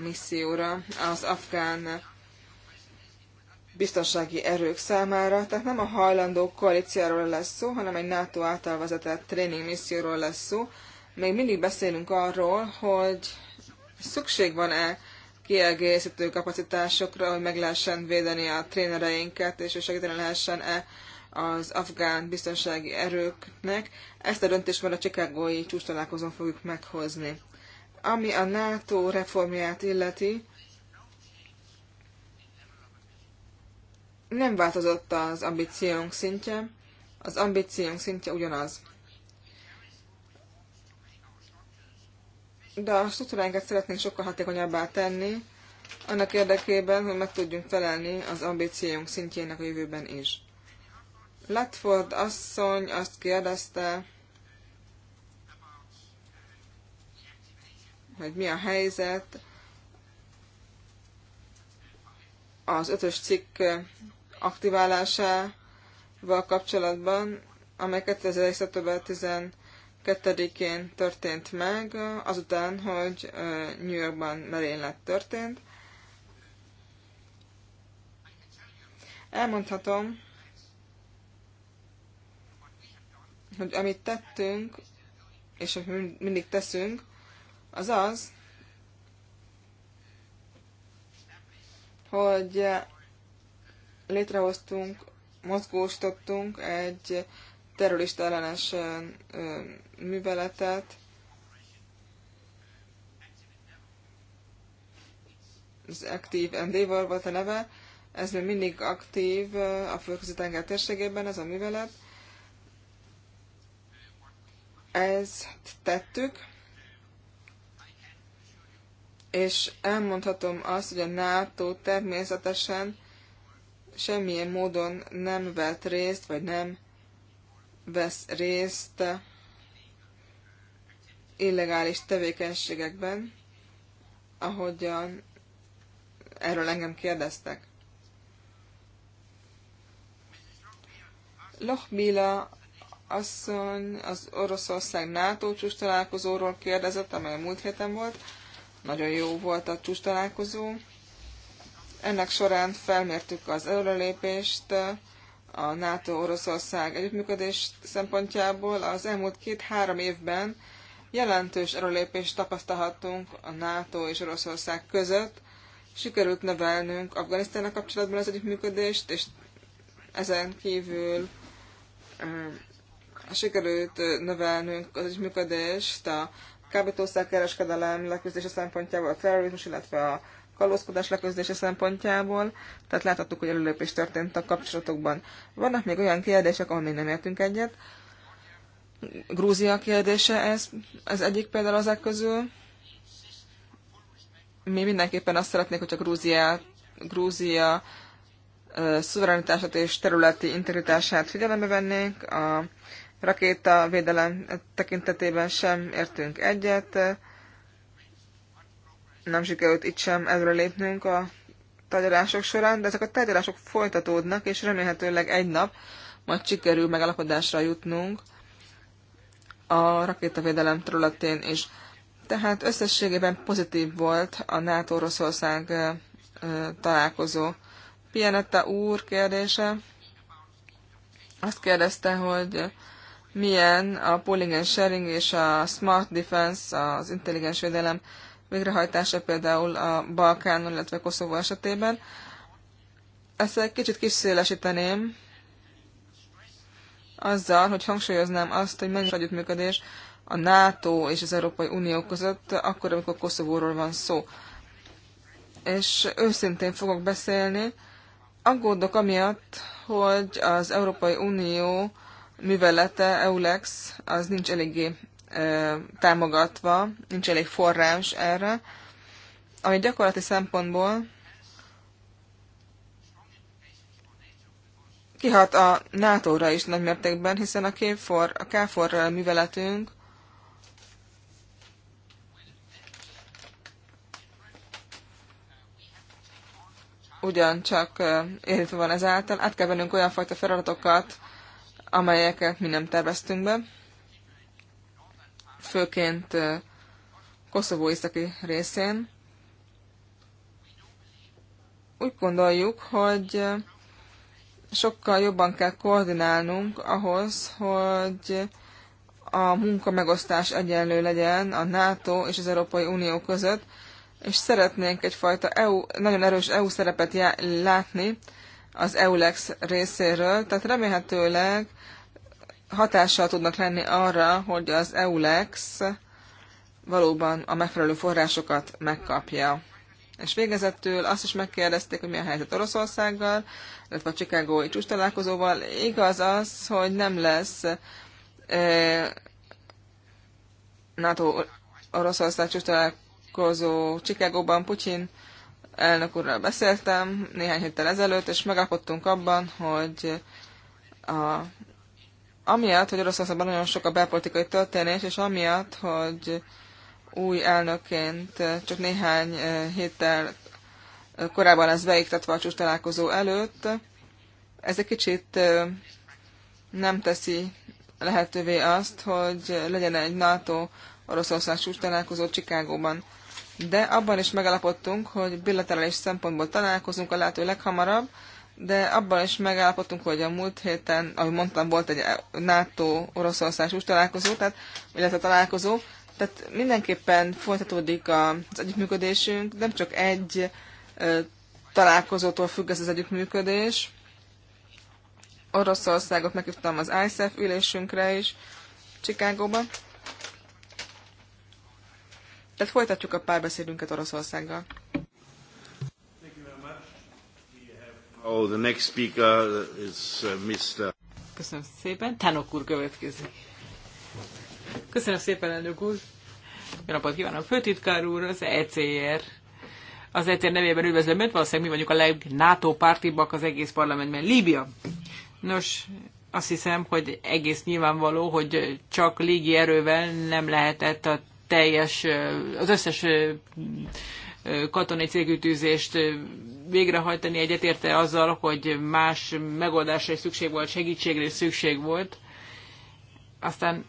misszióra az afgán biztonsági erők számára, tehát nem a hajlandó koalíciáról lesz szó, hanem egy NATO által vezetett tréning misszióról lesz szó. Még mindig beszélünk arról, hogy szükség van-e kiegészítő kapacitásokra, hogy meg lehessen védeni a trénereinket, és segíteni lehessen-e az afgán biztonsági erőknek. Ezt a döntést már a Csikágói csúcstalálkozón fogjuk meghozni. Ami a NATO reformját illeti, nem változott az ambíciónk szintje, az ambíciónk szintje ugyanaz. De a struktúránkat szeretnénk sokkal hatékonyabbá tenni, annak érdekében, hogy meg tudjunk felelni az ambíciónk szintjének a jövőben is. Latford asszony azt kérdezte, hogy mi a helyzet az ötös cikk aktiválásával kapcsolatban, amely 2001. szeptember 12-én történt meg, azután, hogy New Yorkban merénylet történt. Elmondhatom, hogy amit tettünk, és amit mindig teszünk, az az, hogy létrehoztunk, mozgósítottunk egy terrorista ellenes műveletet, az Active Endeavor volt a neve, ez még mindig aktív a földközi tenger térségében, ez a művelet. Ezt tettük, és elmondhatom azt, hogy a NATO természetesen semmilyen módon nem vett részt, vagy nem vesz részt illegális tevékenységekben, ahogyan erről engem kérdeztek. Lochbila asszony az Oroszország NATO csúcs találkozóról kérdezett, amely a múlt héten volt. Nagyon jó volt a csúcs találkozó. Ennek során felmértük az előrelépést a NATO-Oroszország együttműködés szempontjából. Az elmúlt két-három évben jelentős erőlépést tapasztalhattunk a NATO és Oroszország között. Sikerült növelnünk Afganisztának kapcsolatban az együttműködést, és ezen kívül sikerült növelnünk az együttműködést a kábítószerkereskedelem leküzdése szempontjából, a terrorizmus, illetve a kalózkodás leküzdése szempontjából, tehát láthattuk, hogy előlépés történt a kapcsolatokban. Vannak még olyan kérdések, ahol még nem értünk egyet. Grúzia kérdése ez, ez egyik például azok közül. Mi mindenképpen azt szeretnék, hogy a Grúzia, Grúzia szuverenitását és területi integritását figyelembe vennénk, a rakétavédelem tekintetében sem értünk egyet. Nem sikerült itt sem előre lépnünk a tárgyalások során, de ezek a tárgyalások folytatódnak, és remélhetőleg egy nap majd sikerül megalapodásra jutnunk a rakétavédelem területén is. Tehát összességében pozitív volt a NATO-Oroszország találkozó. Pianetta úr kérdése azt kérdezte, hogy milyen a pooling and sharing és a smart defense, az intelligens védelem végrehajtása például a Balkánon, illetve Koszovó esetében. Ezt egy kicsit kiszélesíteném azzal, hogy hangsúlyoznám azt, hogy mennyi együttműködés a NATO és az Európai Unió között, akkor, amikor Koszovóról van szó. És őszintén fogok beszélni, aggódok amiatt, hogy az Európai Unió művelete, EULEX, az nincs eléggé támogatva, nincs elég forrás erre, ami gyakorlati szempontból kihat a NATO-ra is nagy mértékben, hiszen a KFOR, a KFOR műveletünk ugyancsak érintve van ezáltal. Át kell vennünk olyan fajta feladatokat, amelyeket mi nem terveztünk be. Főként Koszovó északi részén. Úgy gondoljuk, hogy sokkal jobban kell koordinálnunk ahhoz, hogy a munka megosztás egyenlő legyen a NATO és az Európai Unió között, és szeretnénk egyfajta EU, nagyon erős EU szerepet já- látni az EULEX részéről, tehát remélhetőleg hatással tudnak lenni arra, hogy az EULEX valóban a megfelelő forrásokat megkapja. És végezetül azt is megkérdezték, hogy mi a helyzet Oroszországgal, illetve a Csikágói csúcs találkozóval. Igaz az, hogy nem lesz eh, NATO Oroszország csúcs találkozó Csikágóban Putyin elnök úrral beszéltem néhány héttel ezelőtt, és megállapodtunk abban, hogy a, amiatt, hogy Oroszországban nagyon sok a belpolitikai történés, és amiatt, hogy új elnökként csak néhány eh, héttel korábban lesz beiktatva a csúcs találkozó előtt, ez egy kicsit eh, nem teszi lehetővé azt, hogy legyen egy NATO Oroszország csúcs találkozó Csikágóban de abban is megállapodtunk, hogy bilaterális szempontból találkozunk a lehető leghamarabb, de abban is megállapodtunk, hogy a múlt héten, ahogy mondtam, volt egy NATO-Oroszország úgy találkozó, tehát, illetve találkozó, tehát mindenképpen folytatódik az együttműködésünk, nem csak egy ö, találkozótól függ ez az együttműködés. Oroszországot meghívtam az ICEF ülésünkre is, Csikágóban. Tehát folytatjuk a párbeszédünket Oroszországgal. Oh, Mr. Uh, Köszönöm szépen. Tanok úr következik. Köszönöm szépen, elnök úr. Jó napot kívánok, főtitkár úr, az ECR. Az ECR nevében üdvözlöm őt, valószínűleg mi vagyunk a legnátó pártibbak az egész parlamentben. Líbia. Nos, azt hiszem, hogy egész nyilvánvaló, hogy csak légi erővel nem lehetett a teljes, az összes katonai cégütűzést végrehajtani egyetérte azzal, hogy más megoldásra is szükség volt, segítségre is szükség volt. Aztán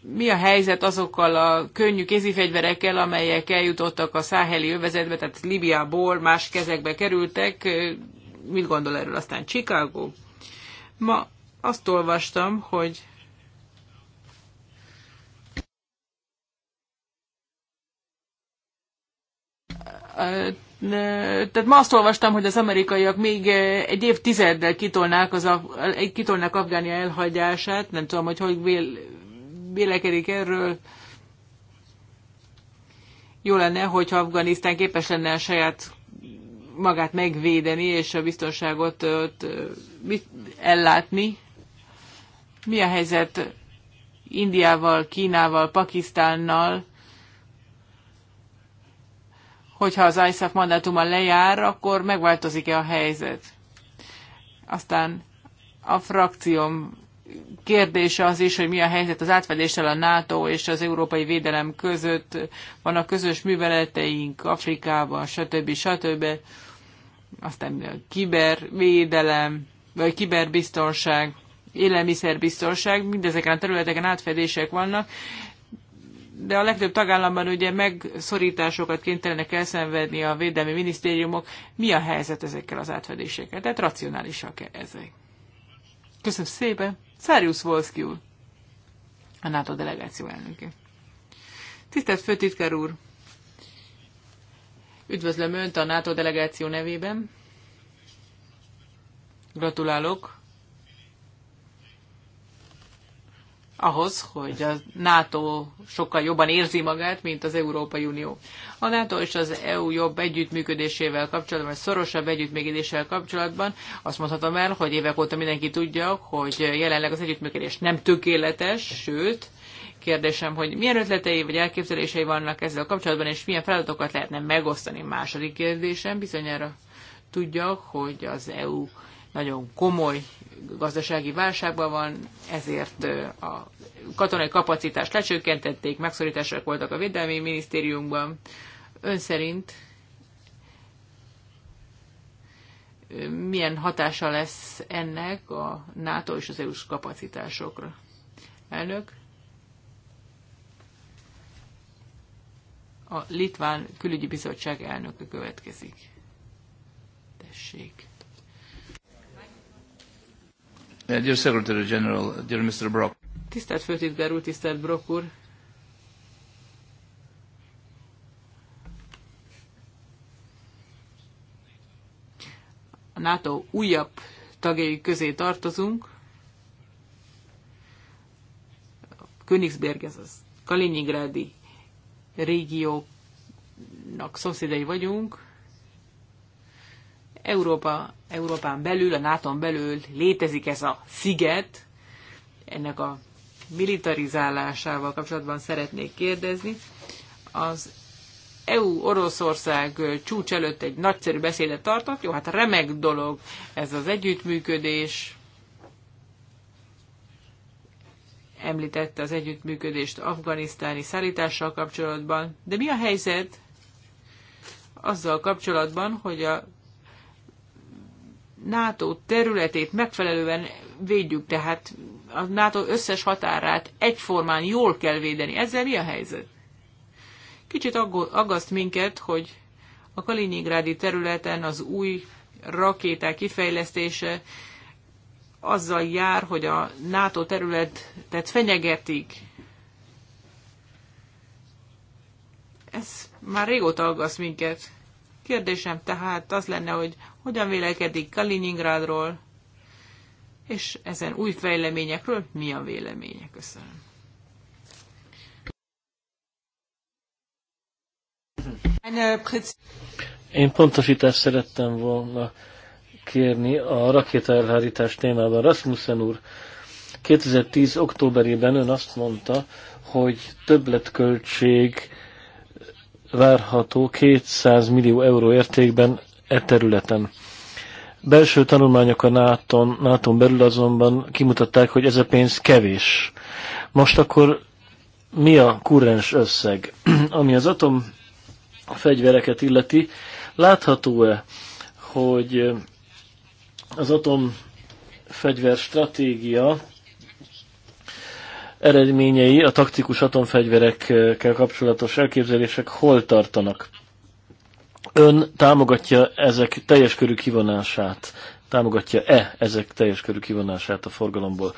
mi a helyzet azokkal a könnyű kézifegyverekkel, amelyek eljutottak a száheli övezetbe, tehát Libiából más kezekbe kerültek? Mit gondol erről aztán Chicago? Ma azt olvastam, hogy tehát ma azt olvastam, hogy az amerikaiak még egy évtizeddel kitolnák, az a, kitolnák Afgánia elhagyását, nem tudom, hogy hogy vél, vélekedik erről. Jó lenne, hogyha Afganisztán képes lenne a saját magát megvédeni, és a biztonságot ott, mit, ellátni. Mi a helyzet Indiával, Kínával, Pakisztánnal? hogyha az ISAF mandátuma lejár, akkor megváltozik-e a helyzet. Aztán a frakcióm kérdése az is, hogy mi a helyzet az átfedéssel a NATO és az európai védelem között. van a közös műveleteink Afrikában, stb. stb. Aztán a kibervédelem, vagy kiberbiztonság, élelmiszerbiztonság, mindezeken a területeken átfedések vannak de a legtöbb tagállamban ugye megszorításokat kénytelenek elszenvedni a védelmi minisztériumok. Mi a helyzet ezekkel az átfedésekkel? Tehát racionálisak -e ezek? Köszönöm szépen. Szárius Volszki úr, a NATO delegáció elnöke. Tisztelt Főtitkár úr! Üdvözlöm Önt a NATO delegáció nevében. Gratulálok ahhoz, hogy a NATO sokkal jobban érzi magát, mint az Európai Unió. A NATO és az EU jobb együttműködésével kapcsolatban, vagy szorosabb együttműködésével kapcsolatban azt mondhatom el, hogy évek óta mindenki tudja, hogy jelenleg az együttműködés nem tökéletes, sőt, kérdésem, hogy milyen ötletei vagy elképzelései vannak ezzel kapcsolatban, és milyen feladatokat lehetne megosztani. Második kérdésem bizonyára tudja, hogy az EU nagyon komoly gazdasági válságban van, ezért a katonai kapacitást lecsökkentették, megszorítások voltak a Védelmi Minisztériumban. Ön szerint milyen hatása lesz ennek a NATO és az EU-s kapacitásokra? Elnök? A Litván Külügyi Bizottság elnöke következik. Tessék. Dear Secretary General, dear Mr. Brock. Tisztelt Főtitkár úr, tisztelt Brock úr. A NATO újabb tagjai közé tartozunk. Königsberg, ez az Kaliningrádi régiónak szomszédai vagyunk. Európa, Európán belül, a nato belül létezik ez a sziget. Ennek a militarizálásával kapcsolatban szeretnék kérdezni. Az EU-Oroszország csúcs előtt egy nagyszerű beszédet tartott. Jó, hát remek dolog ez az együttműködés. Említette az együttműködést afganisztáni szállítással kapcsolatban. De mi a helyzet azzal kapcsolatban, hogy a NATO területét megfelelően védjük, tehát a NATO összes határát egyformán jól kell védeni. Ezzel mi a helyzet? Kicsit aggaszt minket, hogy a Kaliningrádi területen az új rakéták kifejlesztése azzal jár, hogy a NATO területet fenyegetik. Ez már régóta aggaszt minket. Kérdésem tehát az lenne, hogy hogyan vélekedik Kaliningrádról, és ezen új fejleményekről mi a véleménye? Köszönöm. Én pontosítást szerettem volna kérni a rakétaelhárítás témában. Rasmussen úr 2010. októberében ön azt mondta, hogy többletköltség várható 200 millió euró értékben e területen. Belső tanulmányok a NATO-n, nato belül azonban kimutatták, hogy ez a pénz kevés. Most akkor mi a kurrens összeg? Ami az atom fegyvereket illeti, látható-e, hogy az atom fegyver stratégia eredményei a taktikus atomfegyverekkel kapcsolatos elképzelések hol tartanak? Ön támogatja ezek teljes körű kivonását, támogatja-e ezek teljes körű kivonását a forgalomból?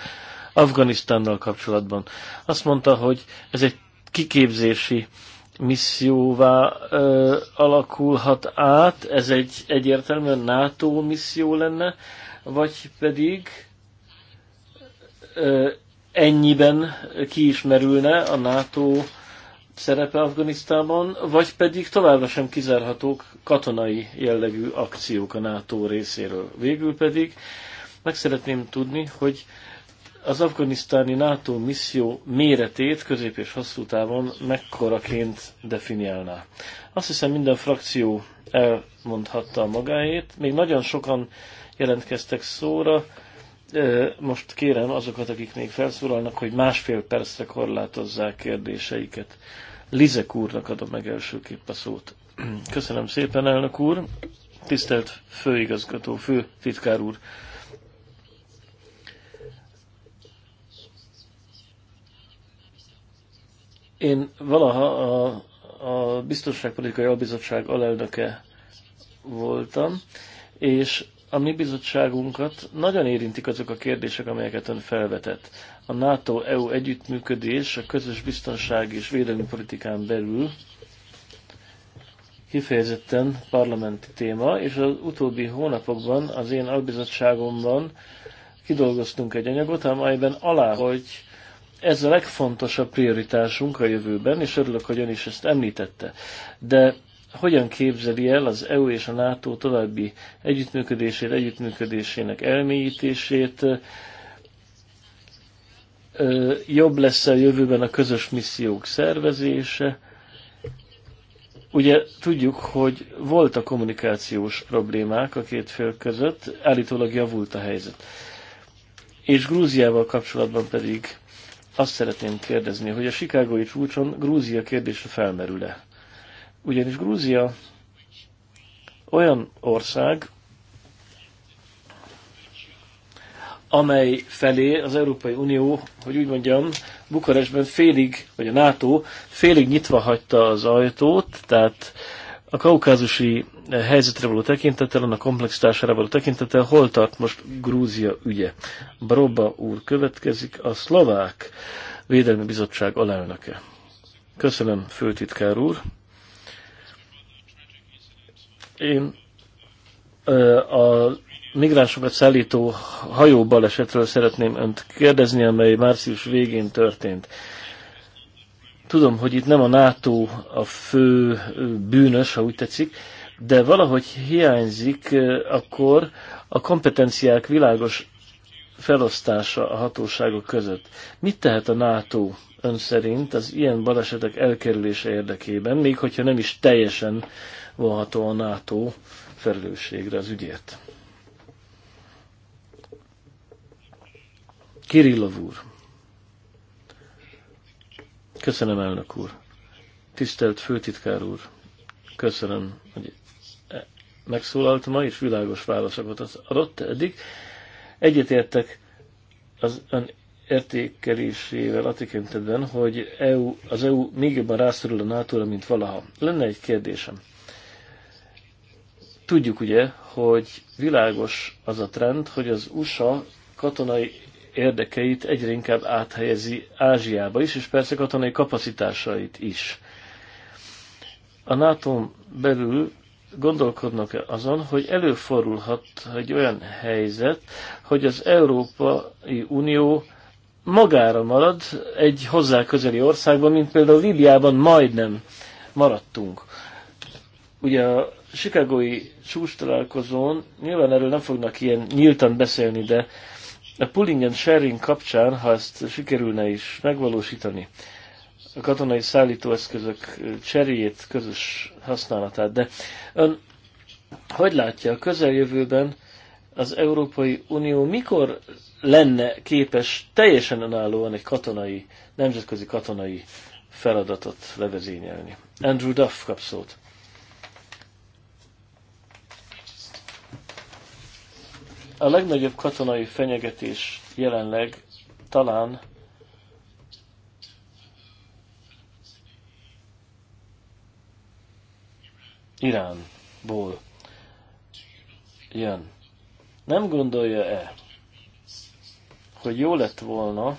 Afganisztánnal kapcsolatban. Azt mondta, hogy ez egy kiképzési misszióvá ö, alakulhat át, ez egy egyértelműen NATO misszió lenne, vagy pedig ö, ennyiben kiismerülne a NATO szerepe Afganisztánban, vagy pedig továbbra sem kizárhatók katonai jellegű akciók a NATO részéről. Végül pedig meg szeretném tudni, hogy az afganisztáni NATO misszió méretét közép és hosszú távon mekkoraként definiálná. Azt hiszem minden frakció elmondhatta magáét, még nagyon sokan jelentkeztek szóra, most kérem azokat, akik még felszólalnak, hogy másfél percre korlátozzák kérdéseiket. Lizek úrnak adom meg elsőképp a szót. Köszönöm szépen, elnök úr. Tisztelt főigazgató, fő titkár úr. Én valaha a, a Biztonságpolitikai Albizottság alelnöke voltam, és a mi bizottságunkat nagyon érintik azok a kérdések, amelyeket ön felvetett. A NATO-EU együttműködés a közös biztonság és védelmi politikán belül kifejezetten parlamenti téma, és az utóbbi hónapokban az én albizottságomban kidolgoztunk egy anyagot, amelyben alá, hogy ez a legfontosabb prioritásunk a jövőben, és örülök, hogy ön is ezt említette. De hogyan képzeli el az EU és a NATO további együttműködését, együttműködésének elmélyítését, jobb lesz a jövőben a közös missziók szervezése. Ugye tudjuk, hogy volt a kommunikációs problémák a két fél között, állítólag javult a helyzet. És Grúziával kapcsolatban pedig azt szeretném kérdezni, hogy a Chicagói csúcson Grúzia kérdése felmerül-e? Ugyanis Grúzia olyan ország, amely felé az Európai Unió, hogy úgy mondjam, Bukarestben félig, vagy a NATO félig nyitva hagyta az ajtót, tehát a kaukázusi helyzetre való tekintettel, annak komplexitására való tekintettel, hol tart most Grúzia ügye? Broba úr következik, a szlovák védelmi bizottság alelnöke. Köszönöm, főtitkár úr. Én a migránsokat szállító hajóbalesetről szeretném önt kérdezni, amely március végén történt. Tudom, hogy itt nem a NATO a fő bűnös, ha úgy tetszik, de valahogy hiányzik akkor a kompetenciák világos felosztása a hatóságok között. Mit tehet a NATO ön szerint az ilyen balesetek elkerülése érdekében, még hogyha nem is teljesen vonható a NATO felelősségre az ügyért. Kirillov úr. Köszönöm, elnök úr. Tisztelt főtitkár úr. Köszönöm, hogy e- megszólalt ma, és világos válaszokat adott eddig. Egyetértek az ön értékelésével a tekintetben, hogy EU, az EU még jobban rászorul a nato mint valaha. Lenne egy kérdésem. Tudjuk ugye, hogy világos az a trend, hogy az USA katonai érdekeit egyre inkább áthelyezi Ázsiába is, és persze katonai kapacitásait is. A nato belül gondolkodnak -e azon, hogy előfordulhat egy olyan helyzet, hogy az Európai Unió magára marad egy hozzá közeli országban, mint például Líbiában majdnem maradtunk. Ugye a Chicagói csúcs találkozón nyilván erről nem fognak ilyen nyíltan beszélni, de a pulling and sharing kapcsán, ha ezt sikerülne is megvalósítani, a katonai szállítóeszközök cseréjét, közös használatát, de ön hogy látja a közeljövőben az Európai Unió mikor lenne képes teljesen önállóan egy katonai, nemzetközi katonai feladatot levezényelni? Andrew Duff kap szót. A legnagyobb katonai fenyegetés jelenleg talán Iránból jön. Nem gondolja-e, hogy jó lett volna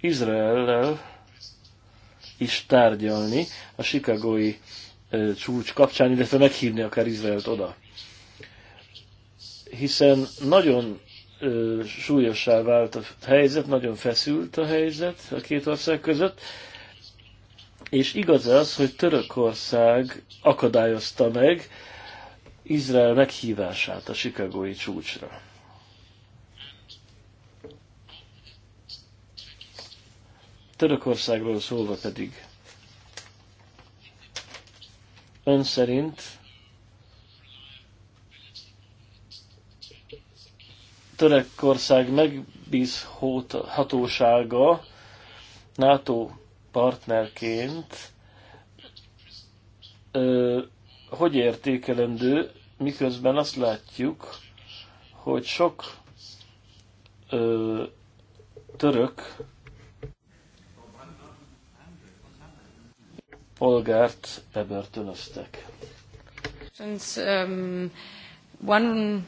Izraellel is tárgyalni a sikagói csúcs kapcsán, illetve meghívni akár Izraelt oda hiszen nagyon ö, súlyossá vált a helyzet, nagyon feszült a helyzet a két ország között, és igaz az, hogy Törökország akadályozta meg Izrael meghívását a Chicagói csúcsra. Törökországról szólva pedig ön szerint Törökország megbízhatósága NATO partnerként ö, hogy értékelendő, miközben azt látjuk, hogy sok ö, török polgárt bebörtönöztek. Since, um, one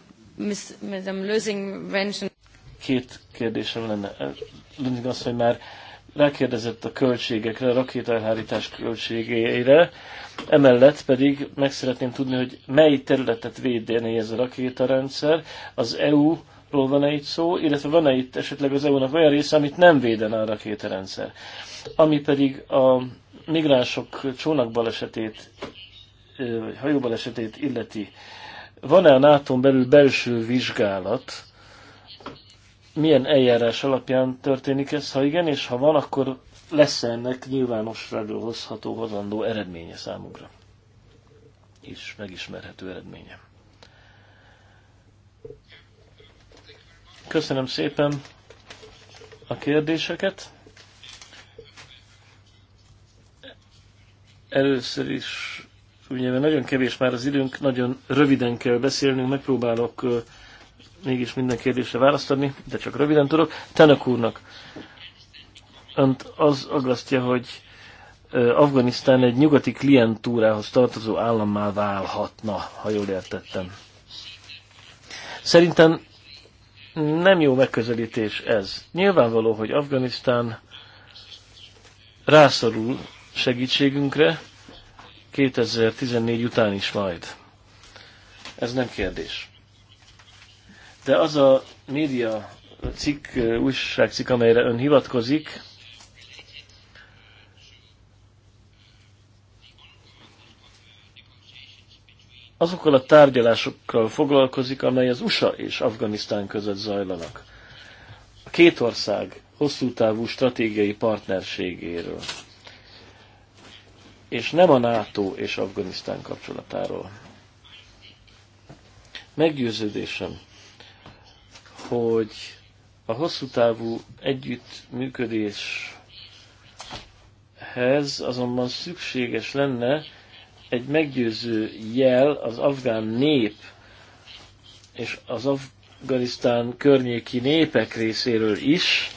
Két kérdésem lenne. Lösing azt, hogy már rákérdezett a költségekre, a rakétaelhárítás költségeire, emellett pedig meg szeretném tudni, hogy mely területet védené ez a rakétarendszer, az EU ról van-e itt szó, illetve van-e itt esetleg az EU-nak olyan része, amit nem védene a rakétarendszer. Ami pedig a migránsok csónakbalesetét, vagy hajóbalesetét illeti van-e a nato belül belső vizsgálat, milyen eljárás alapján történik ez, ha igen, és ha van, akkor lesz -e ennek nyilvánosra hozható, hozandó eredménye számunkra? És megismerhető eredménye. Köszönöm szépen a kérdéseket. Először is ugye nagyon kevés már az időnk, nagyon röviden kell beszélnünk, megpróbálok mégis minden kérdésre választ adni, de csak röviden tudok. Tenek úrnak, önt az aggasztja, hogy Afganisztán egy nyugati klientúrához tartozó állammá válhatna, ha jól értettem. Szerintem nem jó megközelítés ez. Nyilvánvaló, hogy Afganisztán rászorul segítségünkre, 2014 után is majd. Ez nem kérdés. De az a média cikk, újságcikk, amelyre ön hivatkozik, azokkal a tárgyalásokkal foglalkozik, amely az USA és Afganisztán között zajlanak. A két ország hosszú távú stratégiai partnerségéről és nem a NATO és Afganisztán kapcsolatáról. Meggyőződésem, hogy a hosszú távú együttműködéshez azonban szükséges lenne egy meggyőző jel az afgán nép és az afganisztán környéki népek részéről is,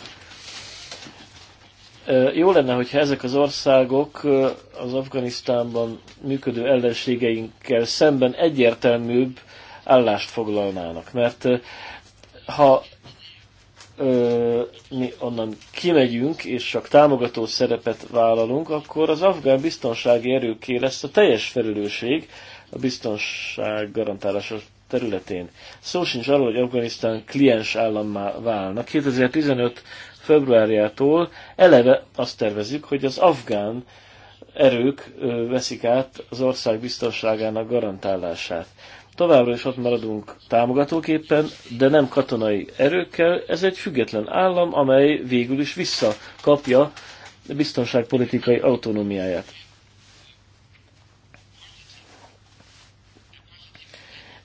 jó lenne, hogyha ezek az országok az Afganisztánban működő ellenségeinkkel szemben egyértelműbb állást foglalnának, mert ha ö, mi onnan kimegyünk, és csak támogató szerepet vállalunk, akkor az afgán biztonsági erőké lesz a teljes felelősség a biztonság garantálása területén. Szó sincs arról, hogy Afganisztán kliens állammá válna. 2015 februárjától eleve azt tervezik, hogy az afgán erők veszik át az ország biztonságának garantálását. Továbbra is ott maradunk támogatóképpen, de nem katonai erőkkel. Ez egy független állam, amely végül is visszakapja biztonságpolitikai autonómiáját.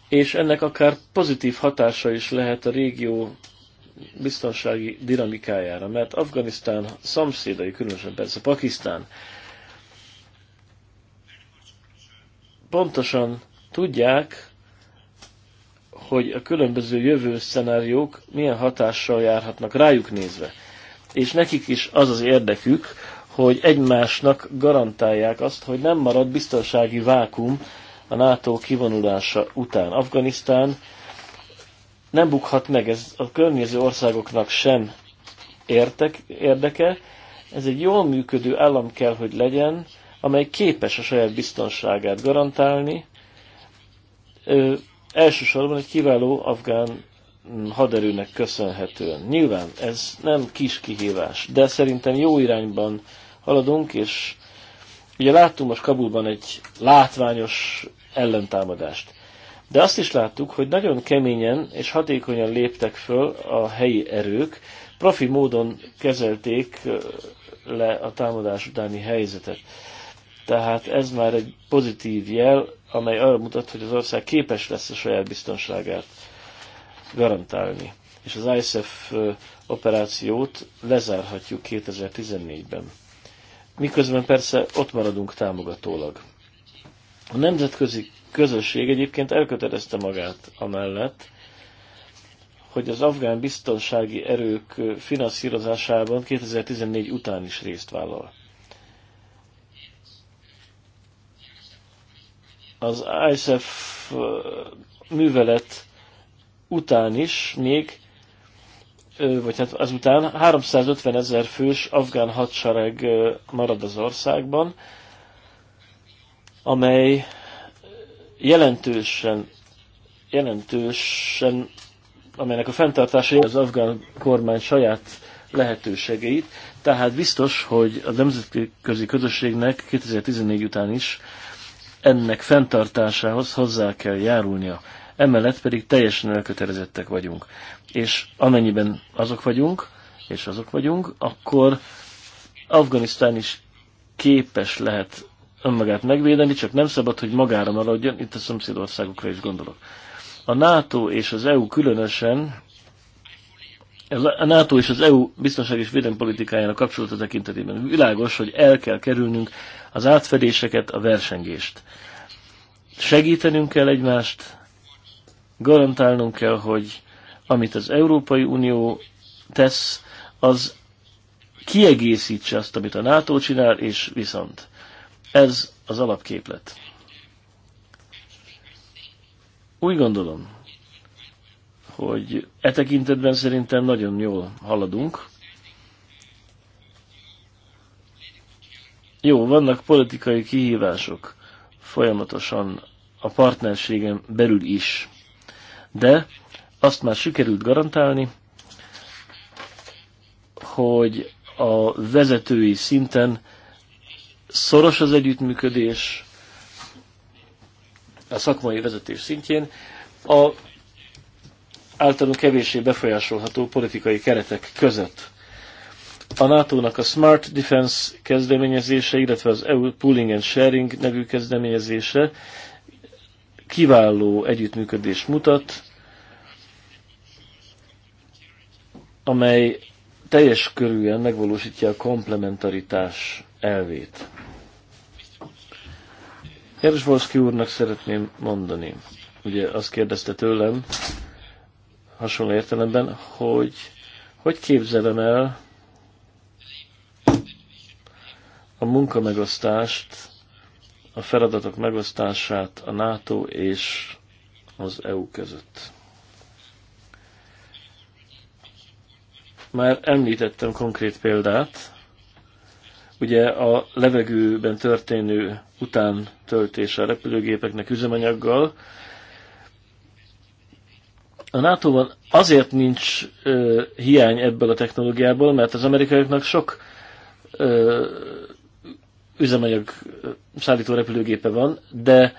És ennek akár pozitív hatása is lehet a régió biztonsági dinamikájára, mert Afganisztán szomszédai, különösen persze Pakisztán, pontosan tudják, hogy a különböző jövő szenáriók milyen hatással járhatnak rájuk nézve. És nekik is az az érdekük, hogy egymásnak garantálják azt, hogy nem marad biztonsági vákum a NATO kivonulása után. Afganisztán nem bukhat meg, ez a környező országoknak sem értek, érdeke, ez egy jól működő állam kell, hogy legyen, amely képes a saját biztonságát garantálni, ö, elsősorban egy kiváló afgán haderőnek köszönhetően. Nyilván ez nem kis kihívás, de szerintem jó irányban haladunk, és ugye láttunk most Kabulban egy látványos ellentámadást. De azt is láttuk, hogy nagyon keményen és hatékonyan léptek föl a helyi erők, profi módon kezelték le a támadás utáni helyzetet. Tehát ez már egy pozitív jel, amely arra mutat, hogy az ország képes lesz a saját biztonságát garantálni. És az ISF operációt lezárhatjuk 2014-ben. Miközben persze ott maradunk támogatólag. A nemzetközi közösség egyébként elkötelezte magát amellett, hogy az afgán biztonsági erők finanszírozásában 2014 után is részt vállal. Az ISF uh, művelet után is még, uh, vagy hát azután 350 ezer fős afgán hadsereg uh, marad az országban, amely jelentősen, jelentősen, amelynek a fenntartása az afgán kormány saját lehetőségeit, tehát biztos, hogy a nemzetközi közösségnek 2014 után is ennek fenntartásához hozzá kell járulnia. Emellett pedig teljesen elkötelezettek vagyunk. És amennyiben azok vagyunk, és azok vagyunk, akkor Afganisztán is képes lehet önmagát megvédeni, csak nem szabad, hogy magára maradjon, itt a szomszédországokra is gondolok. A NATO és az EU különösen, a NATO és az EU biztonság és védelmpolitikájának kapcsolata tekintetében világos, hogy el kell kerülnünk az átfedéseket, a versengést. Segítenünk kell egymást, garantálnunk kell, hogy amit az Európai Unió tesz, az kiegészítse azt, amit a NATO csinál, és viszont. Ez az alapképlet. Úgy gondolom, hogy e tekintetben szerintem nagyon jól haladunk. Jó, vannak politikai kihívások folyamatosan a partnerségem belül is, de azt már sikerült garantálni, hogy a vezetői szinten szoros az együttműködés a szakmai vezetés szintjén, a általunk kevésé befolyásolható politikai keretek között. A NATO-nak a Smart Defense kezdeményezése, illetve az EU Pooling and Sharing nevű kezdeményezése kiváló együttműködést mutat, amely teljes körűen megvalósítja a komplementaritás elvét. Volszki úrnak szeretném mondani, ugye azt kérdezte tőlem, hasonló értelemben, hogy hogy képzelem el a munkamegosztást, a feladatok megosztását a NATO és az EU között. Már említettem konkrét példát, ugye a levegőben történő utántöltése a repülőgépeknek üzemanyaggal. A NATO-ban azért nincs ö, hiány ebből a technológiából, mert az amerikaiaknak sok ö, üzemanyag szállító repülőgépe van, de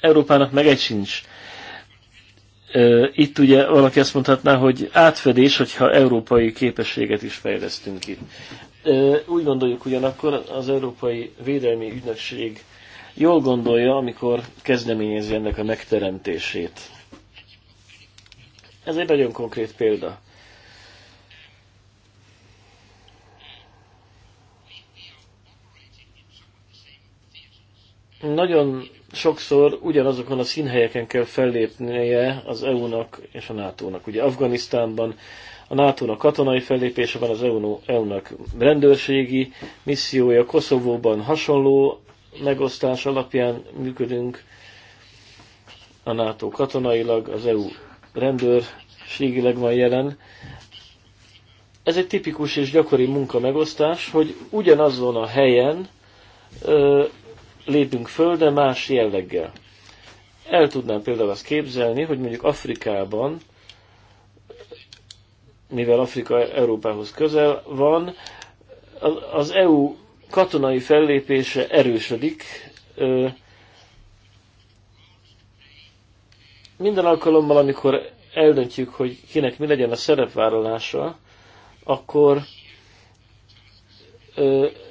Európának meg egy sincs itt ugye valaki azt mondhatná, hogy átfedés, hogyha európai képességet is fejlesztünk ki. Úgy gondoljuk ugyanakkor, az Európai Védelmi Ügynökség jól gondolja, amikor kezdeményezi ennek a megteremtését. Ez egy nagyon konkrét példa. Nagyon sokszor ugyanazokon a színhelyeken kell fellépnie az EU-nak és a NATO-nak. Ugye Afganisztánban a NATO-nak katonai fellépése van, az EU-nak e rendőrségi missziója, Koszovóban hasonló megosztás alapján működünk, a NATO katonailag, az EU rendőrségileg van jelen. Ez egy tipikus és gyakori munka megosztás, hogy ugyanazon a helyen lépünk föl, de más jelleggel. El tudnám például azt képzelni, hogy mondjuk Afrikában, mivel Afrika Európához közel van, az EU katonai fellépése erősödik. Minden alkalommal, amikor eldöntjük, hogy kinek mi legyen a szerepvállalása, akkor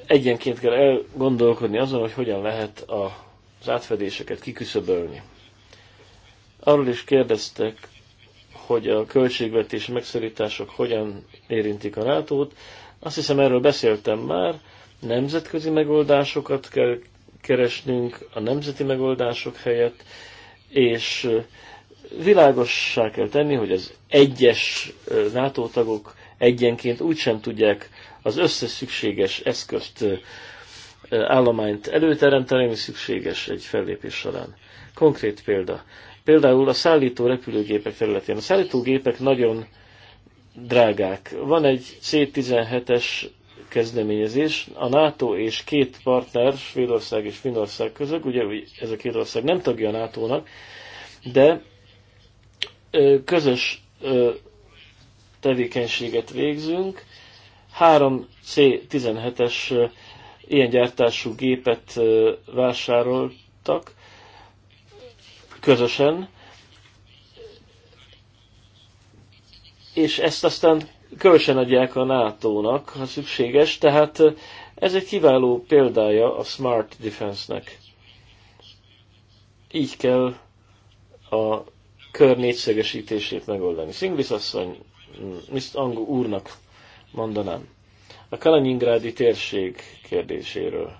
egyenként kell elgondolkodni azon, hogy hogyan lehet a, az átfedéseket kiküszöbölni. Arról is kérdeztek, hogy a költségvetési megszorítások hogyan érintik a nato -t. Azt hiszem, erről beszéltem már. Nemzetközi megoldásokat kell keresnünk a nemzeti megoldások helyett, és világossá kell tenni, hogy az egyes NATO tagok egyenként úgysem tudják az összes szükséges eszközt, állományt előteremteni, ami szükséges egy fellépés során. Konkrét példa. Például a szállító repülőgépek területén. A szállítógépek nagyon drágák. Van egy C-17-es kezdeményezés a NATO és két partner, Svédország és Finnország között, ugye ez a két ország nem tagja a NATO-nak, de közös tevékenységet végzünk, 3C17-es ilyen gyártású gépet vásároltak közösen, és ezt aztán kölcsön adják a NATO-nak, ha szükséges, tehát ez egy kiváló példája a Smart Defense-nek. Így kell a kör négyszegesítését megoldani. Szingvisz asszony, Mr. Angu úrnak mondanám. A Kalanyingrádi térség kérdéséről.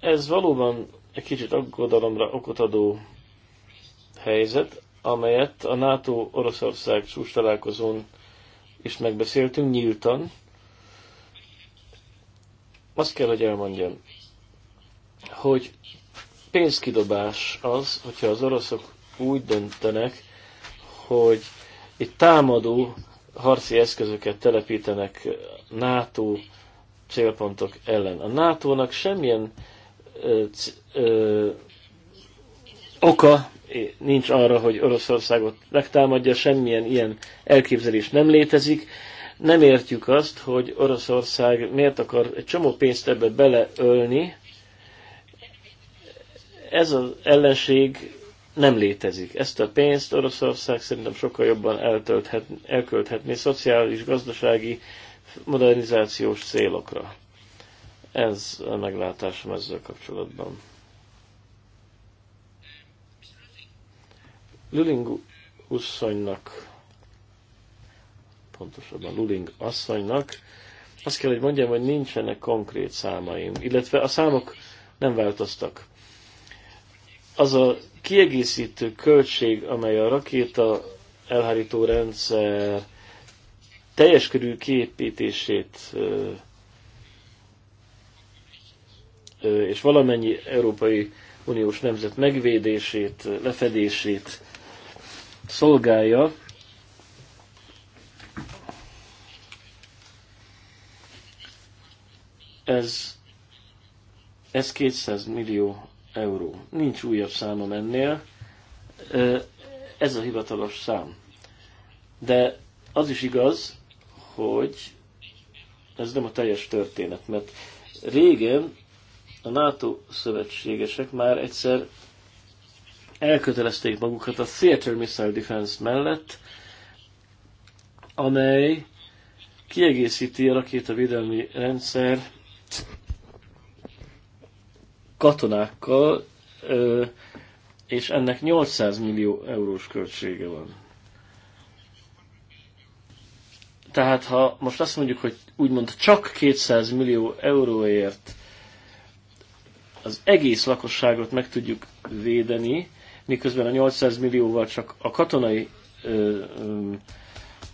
Ez valóban egy kicsit aggodalomra okot adó helyzet, amelyet a NATO-Oroszország csúcs találkozón is megbeszéltünk nyíltan. Azt kell, hogy elmondjam, hogy pénzkidobás az, hogyha az oroszok úgy döntenek, hogy egy támadó harci eszközöket telepítenek NATO célpontok ellen. A NATO-nak semmilyen ö, ö, oka nincs arra, hogy Oroszországot megtámadja, semmilyen ilyen elképzelés nem létezik. Nem értjük azt, hogy Oroszország miért akar egy csomó pénzt ebbe beleölni. Ez az ellenség nem létezik. Ezt a pénzt Oroszország szerintem sokkal jobban eltölthet, elkölthetné szociális, gazdasági, modernizációs célokra. Ez a meglátásom ezzel kapcsolatban. Luling asszonynak, pontosabban Luling asszonynak, azt kell, hogy mondjam, hogy nincsenek konkrét számaim, illetve a számok nem változtak az a kiegészítő költség, amely a rakéta elhárító rendszer teljes körű kiépítését és valamennyi Európai Uniós nemzet megvédését, lefedését szolgálja, ez, ez 200 millió euró. Nincs újabb számom ennél. Ez a hivatalos szám. De az is igaz, hogy ez nem a teljes történet, mert régen a NATO szövetségesek már egyszer elkötelezték magukat a Theater Missile Defense mellett, amely kiegészíti a rakétavédelmi rendszer katonákkal, és ennek 800 millió eurós költsége van. Tehát ha most azt mondjuk, hogy úgymond csak 200 millió euróért az egész lakosságot meg tudjuk védeni, miközben a 800 millióval csak a katonai ö, ö,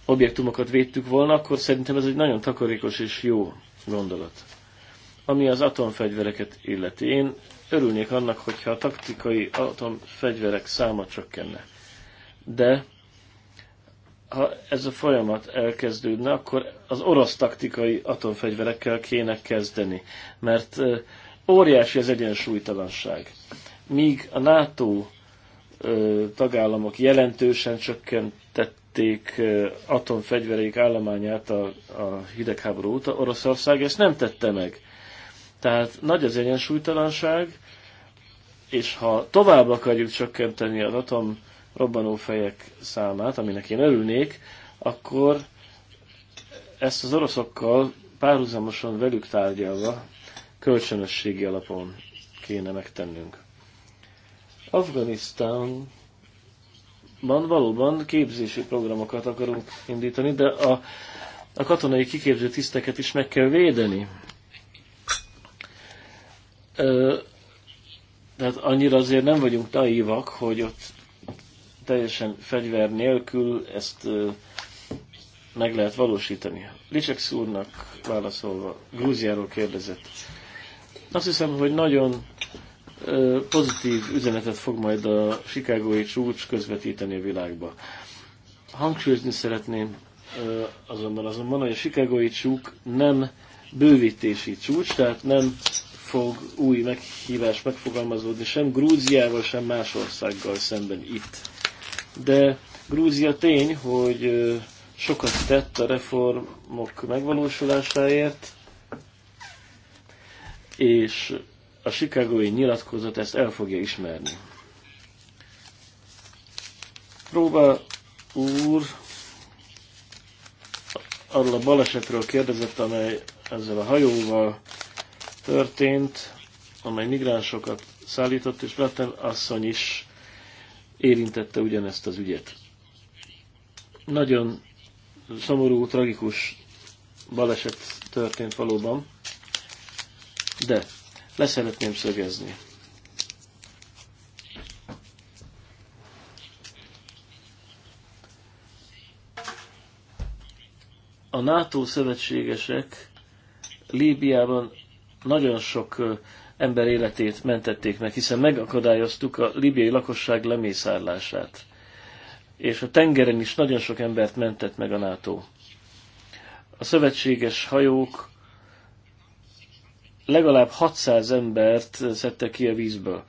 objektumokat védtük volna, akkor szerintem ez egy nagyon takarékos és jó gondolat. Ami az atomfegyvereket illeti, én örülnék annak, hogyha a taktikai atomfegyverek száma csökkenne. De ha ez a folyamat elkezdődne, akkor az orosz taktikai atomfegyverekkel kéne kezdeni, mert óriási az egyensúlytalanság. Míg a NATO tagállamok jelentősen csökkentették atomfegyvereik állományát a, hidegháború óta, Oroszország ezt nem tette meg. Tehát nagy az egyensúlytalanság, és ha tovább akarjuk csökkenteni az atom robbanófejek számát, aminek én örülnék, akkor ezt az oroszokkal párhuzamosan velük tárgyalva kölcsönösségi alapon kéne megtennünk. Afganisztánban valóban képzési programokat akarunk indítani, de a, a katonai kiképző tiszteket is meg kell védeni tehát annyira azért nem vagyunk naívak, hogy ott teljesen fegyver nélkül ezt meg lehet valósítani. Licsek szúrnak válaszolva, Grúziáról kérdezett. Azt hiszem, hogy nagyon pozitív üzenetet fog majd a Chicagói csúcs közvetíteni a világba. Hangsúlyozni szeretném azonban azonban, hogy a Chicagói csúcs nem bővítési csúcs, tehát nem fog új meghívás megfogalmazódni sem Grúziával, sem más országgal szemben itt. De Grúzia tény, hogy sokat tett a reformok megvalósulásáért, és a Chicagói nyilatkozat ezt el fogja ismerni. Próba úr arról a balesetről kérdezett, amely ezzel a hajóval történt, amely migránsokat szállított, és Blatten asszony is érintette ugyanezt az ügyet. Nagyon szomorú, tragikus baleset történt valóban, de leszeretném szögezni. A NATO szövetségesek Líbiában nagyon sok ember életét mentették meg, hiszen megakadályoztuk a libiai lakosság lemészárlását. És a tengeren is nagyon sok embert mentett meg a NATO. A szövetséges hajók legalább 600 embert szedtek ki a vízből.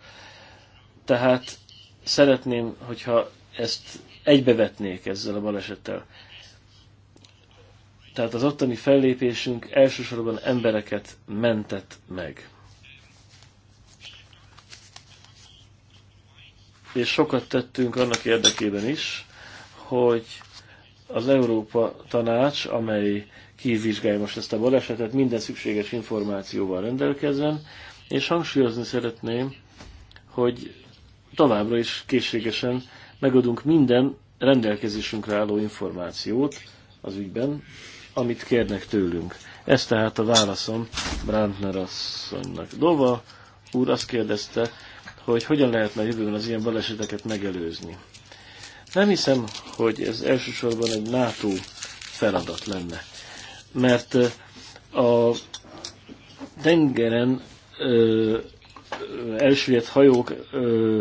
Tehát szeretném, hogyha ezt egybevetnék ezzel a balesettel. Tehát az ottani fellépésünk elsősorban embereket mentett meg. És sokat tettünk annak érdekében is, hogy az Európa Tanács, amely kivizsgálja most ezt a balesetet, minden szükséges információval rendelkezzen, és hangsúlyozni szeretném, hogy továbbra is készségesen megadunk minden rendelkezésünkre álló információt az ügyben, amit kérnek tőlünk. Ez tehát a válaszom Brandner asszonynak. Dova úr azt kérdezte, hogy hogyan lehetne a jövőben az ilyen baleseteket megelőzni. Nem hiszem, hogy ez elsősorban egy NATO feladat lenne, mert a tengeren ö, elsüllyedt hajók ö,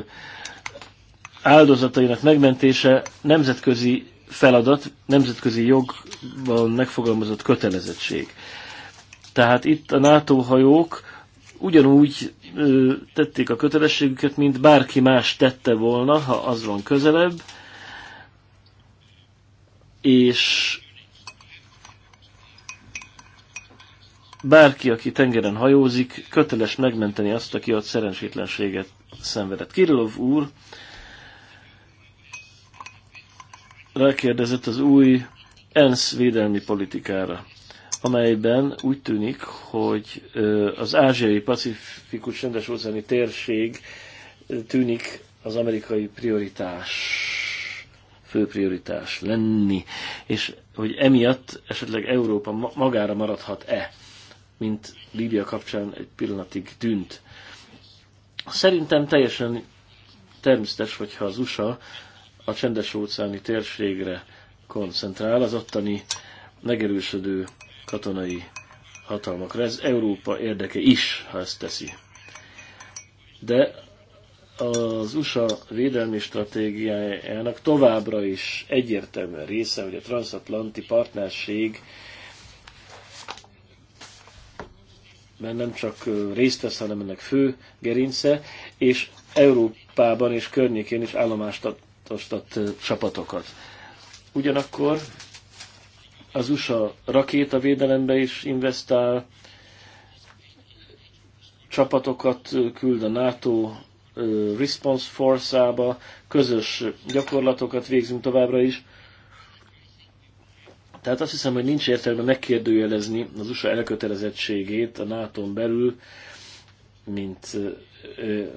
áldozatainak megmentése nemzetközi feladat, nemzetközi jogban megfogalmazott kötelezettség. Tehát itt a NATO hajók ugyanúgy ö, tették a kötelességüket, mint bárki más tette volna, ha az van közelebb, és bárki, aki tengeren hajózik, köteles megmenteni azt, aki ott szerencsétlenséget szenvedett. Kirillov úr rákérdezett az új ENSZ védelmi politikára, amelyben úgy tűnik, hogy az ázsiai pacifikus rendes óceáni térség tűnik az amerikai prioritás, fő prioritás lenni, és hogy emiatt esetleg Európa magára maradhat-e, mint Líbia kapcsán egy pillanatig tűnt. Szerintem teljesen természetes, hogyha az USA a csendes óceáni térségre koncentrál, az ottani megerősödő katonai hatalmakra. Ez Európa érdeke is, ha ezt teszi. De az USA védelmi stratégiájának továbbra is egyértelműen része, hogy a transatlanti partnerség mert nem csak részt vesz, hanem ennek fő gerince, és Európában és környékén is állomást csoportosított csapatokat. Ugyanakkor az USA rakétavédelembe is investál, csapatokat küld a NATO Response Force-ába, közös gyakorlatokat végzünk továbbra is. Tehát azt hiszem, hogy nincs értelme megkérdőjelezni az USA elkötelezettségét a nato belül, mint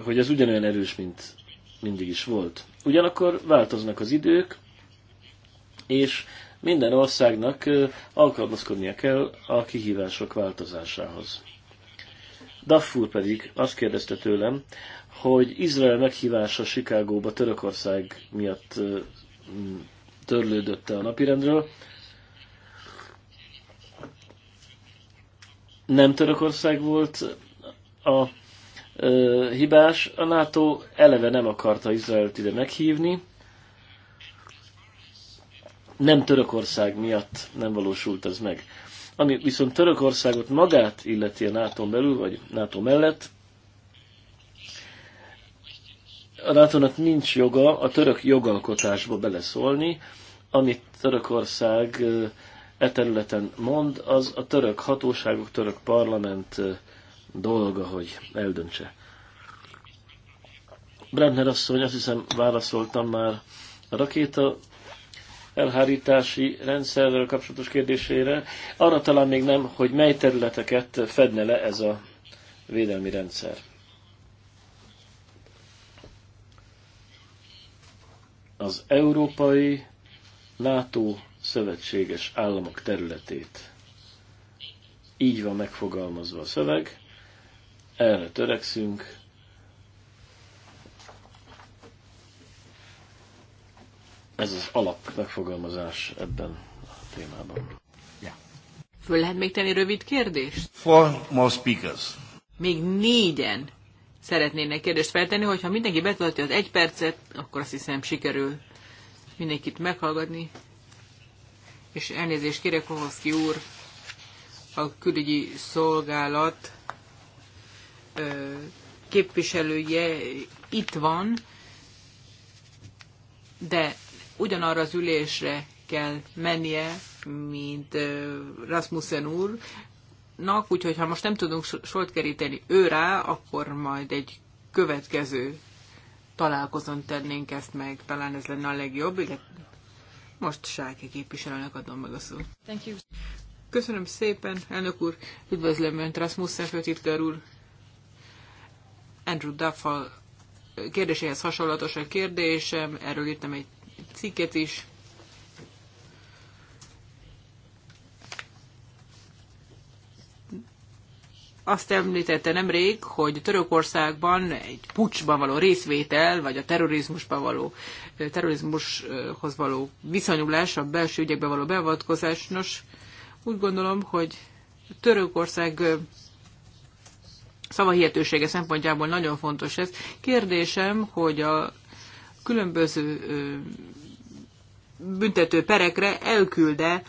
hogy ez ugyanolyan erős, mint mindig is volt. Ugyanakkor változnak az idők, és minden országnak alkalmazkodnia kell a kihívások változásához. Daffur pedig azt kérdezte tőlem, hogy Izrael meghívása Chicagóba Törökország miatt törlődötte a napirendről. Nem Törökország volt a ö, hibás. A NATO eleve nem akarta Izraelt ide meghívni. Nem Törökország miatt nem valósult ez meg. Ami viszont Törökországot magát illeti a nato belül, vagy NATO mellett, a nato nincs joga a török jogalkotásba beleszólni, amit Törökország e területen mond, az a török hatóságok, török parlament dolga, hogy eldöntse. Brandner asszony, azt hiszem válaszoltam már a rakéta elhárítási rendszerrel kapcsolatos kérdésére. Arra talán még nem, hogy mely területeket fedne le ez a védelmi rendszer. Az európai NATO szövetséges államok területét. Így van megfogalmazva a szöveg erre törekszünk. Ez az alap megfogalmazás ebben a témában. Yeah. Föl lehet még tenni rövid kérdést? Four more speakers. Még négyen szeretnének kérdést feltenni, hogyha mindenki betartja az egy percet, akkor azt hiszem sikerül mindenkit meghallgatni. És elnézést kérek, Kohoszki úr, a külügyi szolgálat képviselője itt van, de ugyanarra az ülésre kell mennie, mint Rasmussen úrnak, úgyhogy ha most nem tudunk sort keríteni ő rá, akkor majd egy következő találkozón tennénk ezt meg, talán ez lenne a legjobb, illetve most Sáki képviselőnek adom meg a szót. Thank you. Köszönöm szépen, elnök úr, üdvözlöm Önt, Rasmussen főtitkár úr, Andrew Duffal kérdéséhez hasonlatos a kérdésem, erről írtam egy cikket is. Azt említette nemrég, hogy Törökországban egy pucsban való részvétel, vagy a terrorizmusban való, terrorizmushoz való viszonyulás, a belső ügyekbe való beavatkozás. Nos, úgy gondolom, hogy Törökország szavahihetősége szempontjából nagyon fontos ez. Kérdésem, hogy a különböző büntető perekre elkülde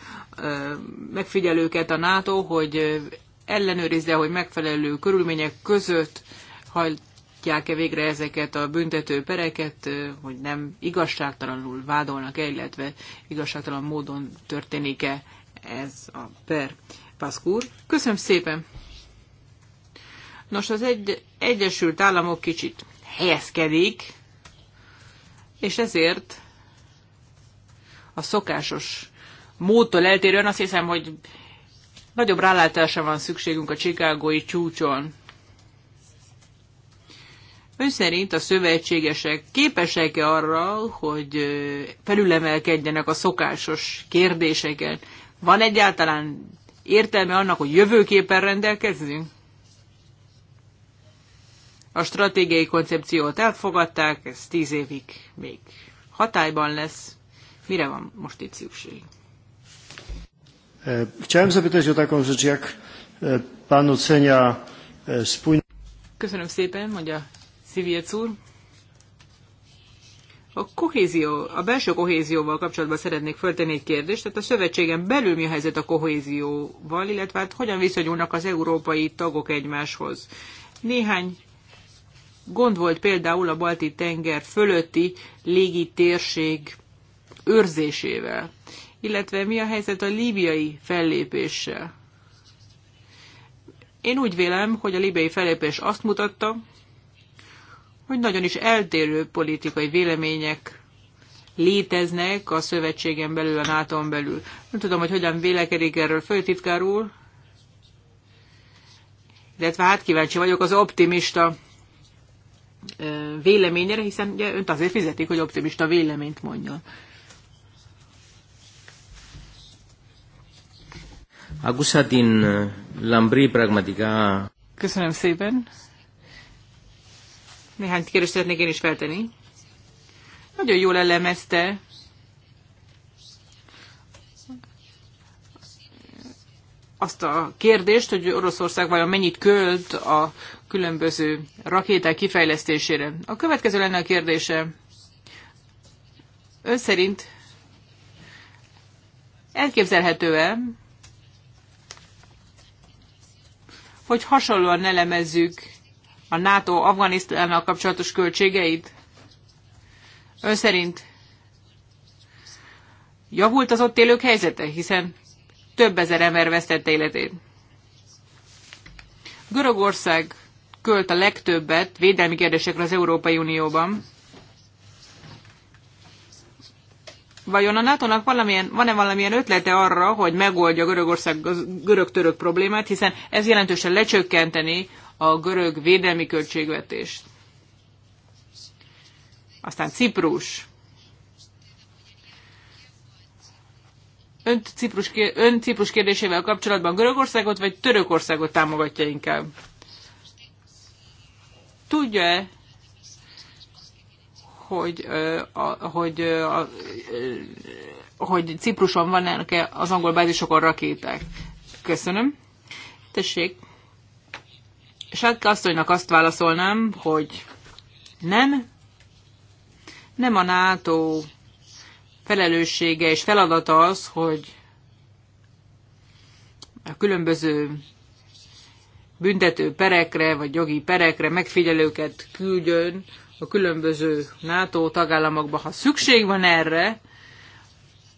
megfigyelőket a NATO, hogy ellenőrizze, hogy megfelelő körülmények között hajtják-e végre ezeket a büntető pereket, hogy nem igazságtalanul vádolnak-e, illetve igazságtalan módon történik-e ez a per. Paszkúr, köszönöm szépen! Nos, az egy, Egyesült Államok kicsit helyezkedik, és ezért a szokásos módtól eltérően azt hiszem, hogy nagyobb rálátásra van szükségünk a csikágói csúcson. Ön szerint a szövetségesek képesek-e arra, hogy felülemelkedjenek a szokásos kérdéseken? Van egyáltalán értelme annak, hogy jövőképpen rendelkezzünk? A stratégiai koncepciót elfogadták, ez tíz évig még hatályban lesz. Mire van most itt szükség? E, chciałem zapytać o taką rzecz, jak e, pan ocenia e, spójność... Köszönöm szépen, mondja Sziviec úr. A kohézió, a belső kohézióval kapcsolatban szeretnék föltenni egy kérdést, tehát a szövetségen belül mi a helyzet a kohézióval, illetve hát hogyan viszonyulnak az európai tagok egymáshoz. Néhány Gond volt például a balti tenger fölötti térség őrzésével, illetve mi a helyzet a líbiai fellépéssel. Én úgy vélem, hogy a libiai fellépés azt mutatta, hogy nagyon is eltérő politikai vélemények léteznek a szövetségen belül, a nato belül. Nem tudom, hogy hogyan vélekedik erről főtitkár úr, illetve hát kíváncsi vagyok az optimista véleményére, hiszen ugye önt azért fizetik, hogy optimista véleményt mondjon. Agusadin Lambri λαμπρή Köszönöm szépen. Néhány kérdést szeretnék én is feltenni. Nagyon jól elemezte azt a kérdést, hogy Oroszország vajon mennyit költ a különböző rakéták kifejlesztésére. A következő lenne a kérdése. Ön szerint elképzelhető-e, hogy hasonlóan elemezzük a NATO Afganisztánnal kapcsolatos költségeit? Ön szerint javult az ott élők helyzete, hiszen több ezer ember vesztette életét. Görögország költ a legtöbbet védelmi kérdésekre az Európai Unióban. Vajon a NATO-nak valamilyen, van-e valamilyen ötlete arra, hogy megoldja Görögország görög-török problémát, hiszen ez jelentősen lecsökkenteni a görög védelmi költségvetést. Aztán Ciprus. Ön Ciprus, ön Ciprus kérdésével kapcsolatban Görögországot vagy Törökországot támogatja inkább? tudja-e, hogy, hogy, hogy Cipruson vannak-e az angol bázisokon rakéták? Köszönöm. Tessék. Sátke asszonynak azt válaszolnám, hogy nem, nem a NATO felelőssége és feladata az, hogy a különböző büntető perekre, vagy jogi perekre megfigyelőket küldjön a különböző NATO tagállamokba. Ha szükség van erre,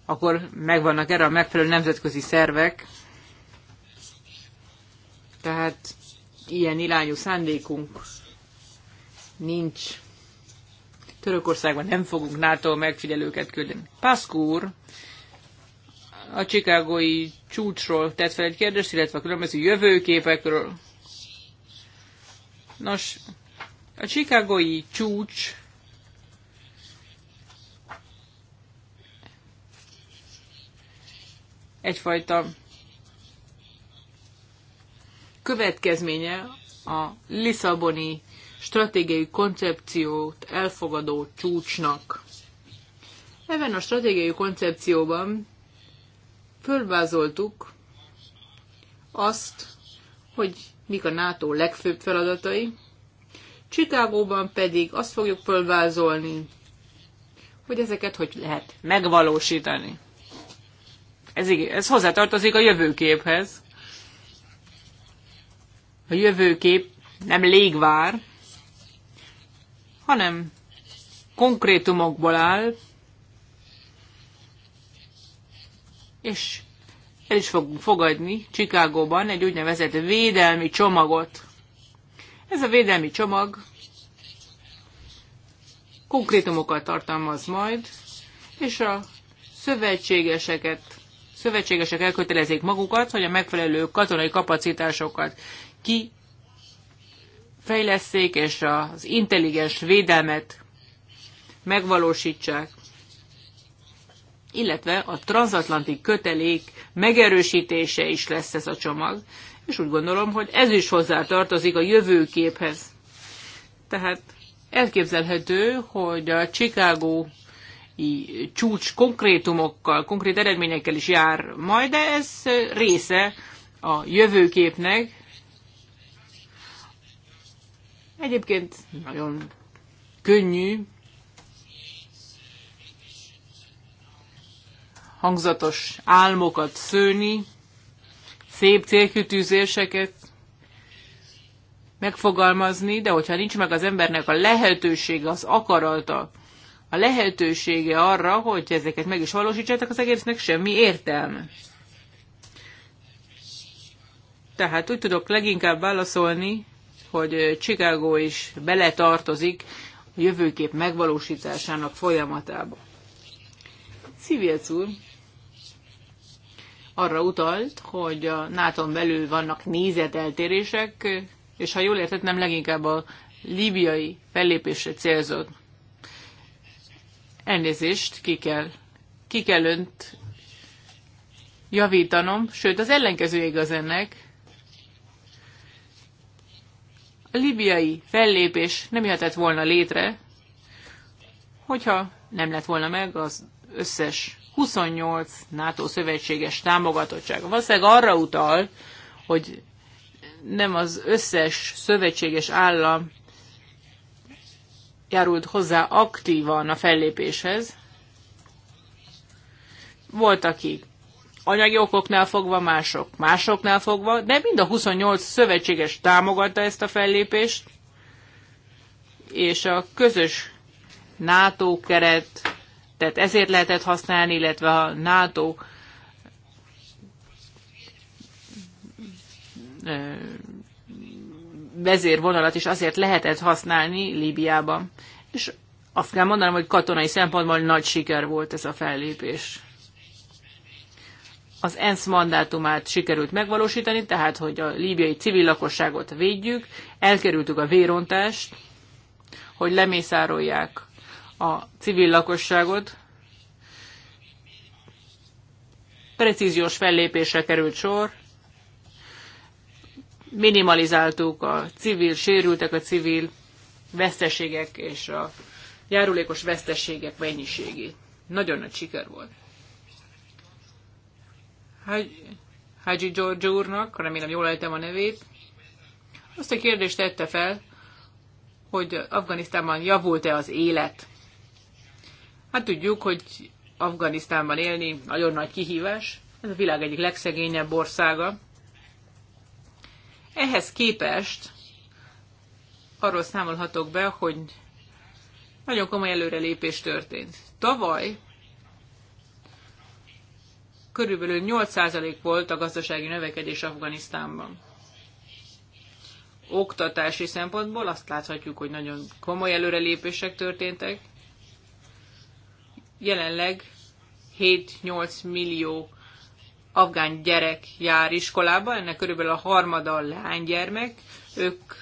akkor megvannak erre a megfelelő nemzetközi szervek. Tehát ilyen irányú szándékunk nincs. Törökországban nem fogunk NATO megfigyelőket küldeni. Paszkúr a csikágói csúcsról tett fel egy kérdést, illetve a különböző jövőképekről. Nos, a chicagói csúcs egyfajta következménye a Lisszaboni stratégiai koncepciót elfogadó csúcsnak. Ebben a stratégiai koncepcióban fölvázoltuk azt, hogy mik a NATO legfőbb feladatai. Csikágóban pedig azt fogjuk fölvázolni, hogy ezeket hogy lehet megvalósítani. Ez, ez hozzátartozik a jövőképhez. A jövőkép nem légvár, hanem konkrétumokból áll, és el is fogunk fogadni Csikágóban egy úgynevezett védelmi csomagot. Ez a védelmi csomag konkrétumokat tartalmaz majd, és a szövetségeseket, szövetségesek elkötelezik magukat, hogy a megfelelő katonai kapacitásokat ki fejleszték, és az intelligens védelmet megvalósítsák illetve a transatlanti kötelék megerősítése is lesz ez a csomag, és úgy gondolom, hogy ez is tartozik a jövőképhez. Tehát elképzelhető, hogy a Chicago csúcs konkrétumokkal, konkrét eredményekkel is jár majd, de ez része a jövőképnek. Egyébként nagyon könnyű hangzatos álmokat szőni, szép célkütűzéseket megfogalmazni, de hogyha nincs meg az embernek a lehetősége, az akarata, a lehetősége arra, hogy ezeket meg is valósítsátok, az egésznek semmi értelme. Tehát úgy tudok leginkább válaszolni, hogy Chicago is beletartozik a jövőkép megvalósításának folyamatába. Szívjec úr, arra utalt, hogy a nato belül vannak nézeteltérések, és ha jól értettem, leginkább a líbiai fellépésre célzott. Elnézést, ki kell, ki kell önt javítanom, sőt az ellenkező igaz ennek. A libiai fellépés nem jöhetett volna létre, hogyha nem lett volna meg az összes 28 NATO szövetséges támogatottság. Valószínűleg arra utal, hogy nem az összes szövetséges állam járult hozzá aktívan a fellépéshez. Volt, aki anyagi okoknál fogva, mások másoknál fogva, de mind a 28 szövetséges támogatta ezt a fellépést, és a közös NATO keret tehát ezért lehetett használni, illetve a NATO vezérvonalat is azért lehetett használni Líbiában. És azt kell mondanom, hogy katonai szempontból nagy siker volt ez a fellépés. Az ENSZ mandátumát sikerült megvalósítani, tehát hogy a líbiai civil lakosságot védjük, elkerültük a vérontást, hogy lemészárolják a civil lakosságot. Precíziós fellépésre került sor, minimalizáltuk a civil sérültek, a civil veszteségek és a járulékos veszteségek mennyiségét. Nagyon nagy siker volt. Haji George úrnak, remélem jól ejtem a nevét, azt a kérdést tette fel, hogy Afganisztánban javult-e az élet. Hát tudjuk, hogy Afganisztánban élni nagyon nagy kihívás, ez a világ egyik legszegényebb országa. Ehhez képest arról számolhatok be, hogy nagyon komoly előrelépés történt. Tavaly körülbelül 8% volt a gazdasági növekedés Afganisztánban. Oktatási szempontból azt láthatjuk, hogy nagyon komoly előrelépések történtek jelenleg 7-8 millió afgán gyerek jár iskolába, ennek körülbelül a harmada a lánygyermek, ők,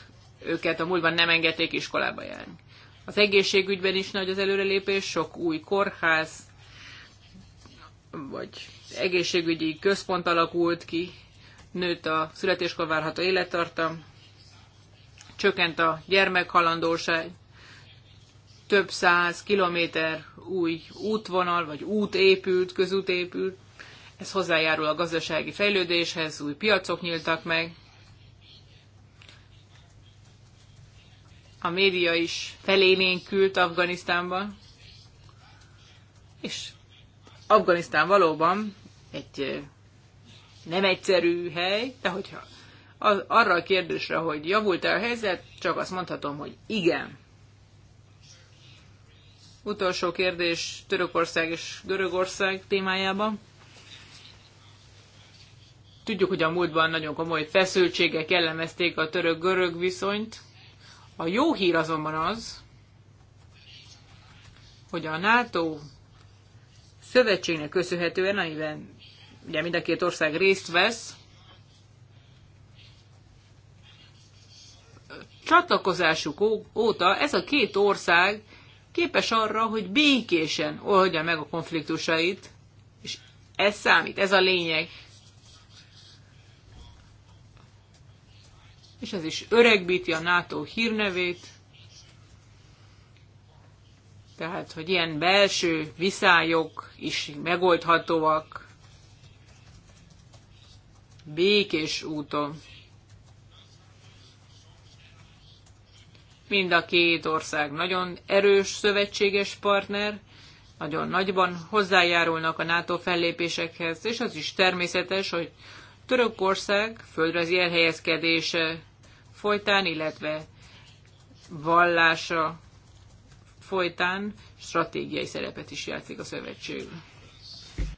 őket a múltban nem engedték iskolába járni. Az egészségügyben is nagy az előrelépés, sok új kórház, vagy egészségügyi központ alakult ki, nőtt a születéskor várható élettartam, csökkent a gyermekhalandóság, több száz kilométer új útvonal, vagy út épült, közút épült. Ez hozzájárul a gazdasági fejlődéshez, új piacok nyíltak meg. A média is felénénkült Afganisztánban. És Afganisztán valóban egy nem egyszerű hely, de hogyha arra a kérdésre, hogy javult-e a helyzet, csak azt mondhatom, hogy igen. Utolsó kérdés Törökország és Görögország témájában. Tudjuk, hogy a múltban nagyon komoly feszültségek jellemezték a török-görög viszonyt. A jó hír azonban az, hogy a NATO szövetségnek köszönhetően, amiben ugye mind a két ország részt vesz, csatlakozásuk óta ez a két ország képes arra, hogy békésen oldja meg a konfliktusait, és ez számít, ez a lényeg. És ez is öregbíti a NATO hírnevét, tehát, hogy ilyen belső viszályok is megoldhatóak békés úton. Mind a két ország nagyon erős szövetséges partner, nagyon nagyban hozzájárulnak a NATO fellépésekhez, és az is természetes, hogy Törökország földrajzi elhelyezkedése folytán, illetve vallása folytán stratégiai szerepet is játszik a szövetség.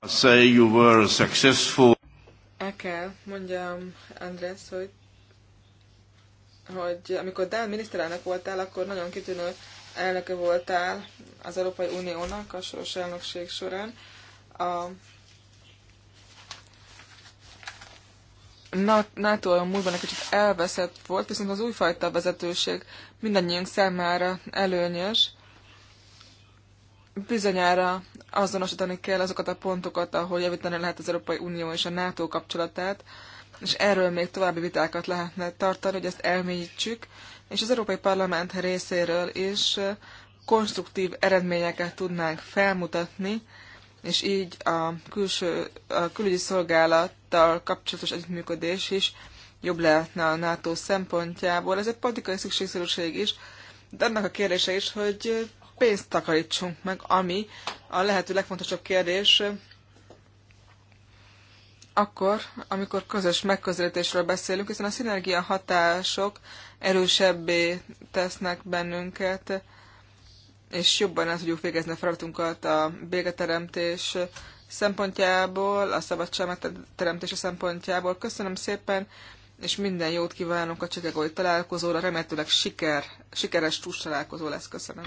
Say you were successful. El kell mondjam, Andrész, hogy hogy amikor Dán miniszterelnök voltál, akkor nagyon kitűnő elnöke voltál az Európai Uniónak a soros elnökség során. A NATO olyan múltban egy kicsit elveszett volt, viszont az újfajta vezetőség mindannyiunk számára előnyös. Bizonyára azonosítani kell azokat a pontokat, ahol javítani lehet az Európai Unió és a NATO kapcsolatát és erről még további vitákat lehetne tartani, hogy ezt elmélyítsük, és az Európai Parlament részéről is konstruktív eredményeket tudnánk felmutatni, és így a, külső, a külügyi szolgálattal kapcsolatos együttműködés is jobb lehetne a NATO szempontjából. Ez egy politikai szükségszerűség is, de annak a kérdése is, hogy pénzt takarítsunk meg, ami a lehető legfontosabb kérdés akkor, amikor közös megközelítésről beszélünk, hiszen a szinergia hatások erősebbé tesznek bennünket, és jobban el tudjuk végezni a feladatunkat a béketeremtés szempontjából, a teremtése szempontjából. Köszönöm szépen, és minden jót kívánok a csikagói találkozóra, remélhetőleg siker, sikeres csúcs találkozó lesz. Köszönöm.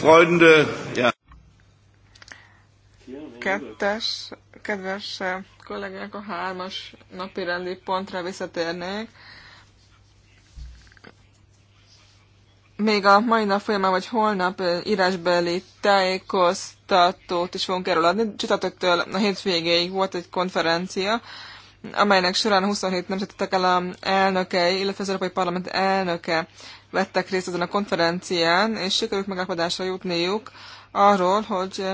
Freunde, ja. Kettes, kedves kollégák, a hármas napi rendi pontra visszatérnék. Még a mai nap folyamán, vagy holnap írásbeli tájékoztatót is fogunk erről adni. Csütörtöktől a hétvégéig volt egy konferencia, amelynek során 27 el a elnökei, illetve az Európai Parlament elnöke vettek részt ezen a konferencián, és sikerült megállapodásra jutniuk arról, hogy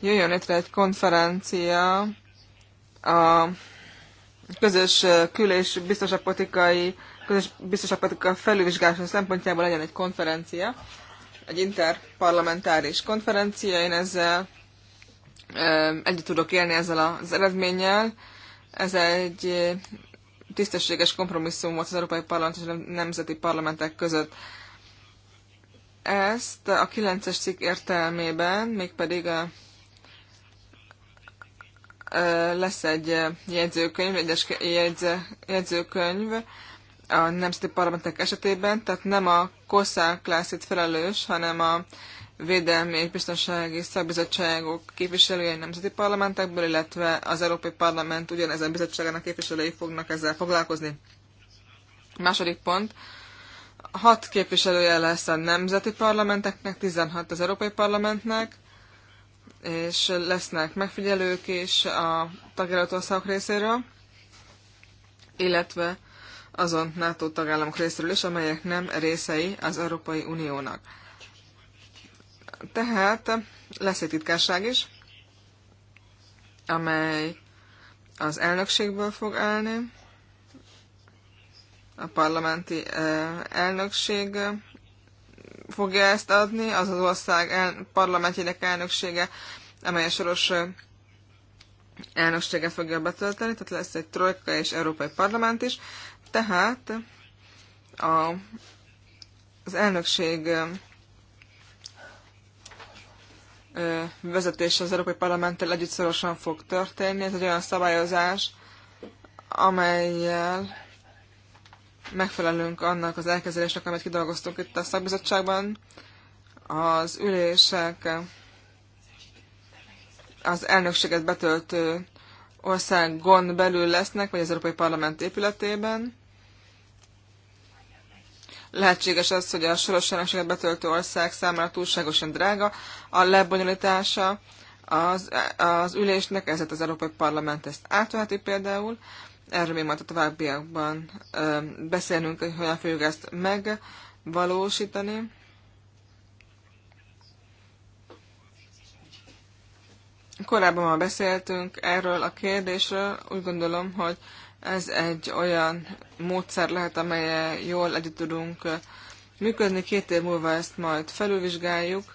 jöjjön létre egy konferencia a közös kül- és biztosapotikai közös biztosapotikai felülvizsgálása szempontjából legyen egy konferencia, egy interparlamentáris konferencia. Én ezzel együtt tudok élni ezzel az eredménnyel. Ez egy tisztességes kompromisszum volt az Európai Parlament és a nemzeti parlamentek között. Ezt a 9-es cikk értelmében, mégpedig a, lesz egy jegyzőkönyv, egyes jegyze, jegyzőkönyv a nemzeti parlamentek esetében, tehát nem a Kosszák lesz itt felelős, hanem a Védelmi és Biztonsági Szakbizottságok képviselői nemzeti parlamentekből, illetve az Európai Parlament ugyanezen bizottságának képviselői fognak ezzel foglalkozni. második pont, hat képviselője lesz a nemzeti parlamenteknek, 16 az Európai Parlamentnek, és lesznek megfigyelők is a tagjelöltországok részéről, illetve azon NATO tagállamok részéről is, amelyek nem részei az Európai Uniónak. Tehát lesz egy titkárság is, amely az elnökségből fog állni, a parlamenti elnökség fogja ezt adni, az az ország el, parlamentjének elnöksége, amely a soros elnöksége fogja betölteni, tehát lesz egy trojka és európai parlament is, tehát a, az elnökség vezetése az Európai Parlamenttel együtt szorosan fog történni. Ez egy olyan szabályozás, amelyel megfelelünk annak az elkezelésnek, amit kidolgoztunk itt a szakbizottságban. Az ülések az elnökséget betöltő országon belül lesznek, vagy az Európai Parlament épületében. Lehetséges az, hogy a soros elnökséget betöltő ország számára túlságosan drága a lebonyolítása az, az ülésnek, ezért az Európai Parlament ezt átveheti például. Erről még majd a továbbiakban ö, beszélnünk, hogy hogyan fogjuk ezt megvalósítani. Korábban már beszéltünk erről a kérdésről, úgy gondolom, hogy ez egy olyan módszer lehet, amelyel jól együtt tudunk működni. Két év múlva ezt majd felülvizsgáljuk,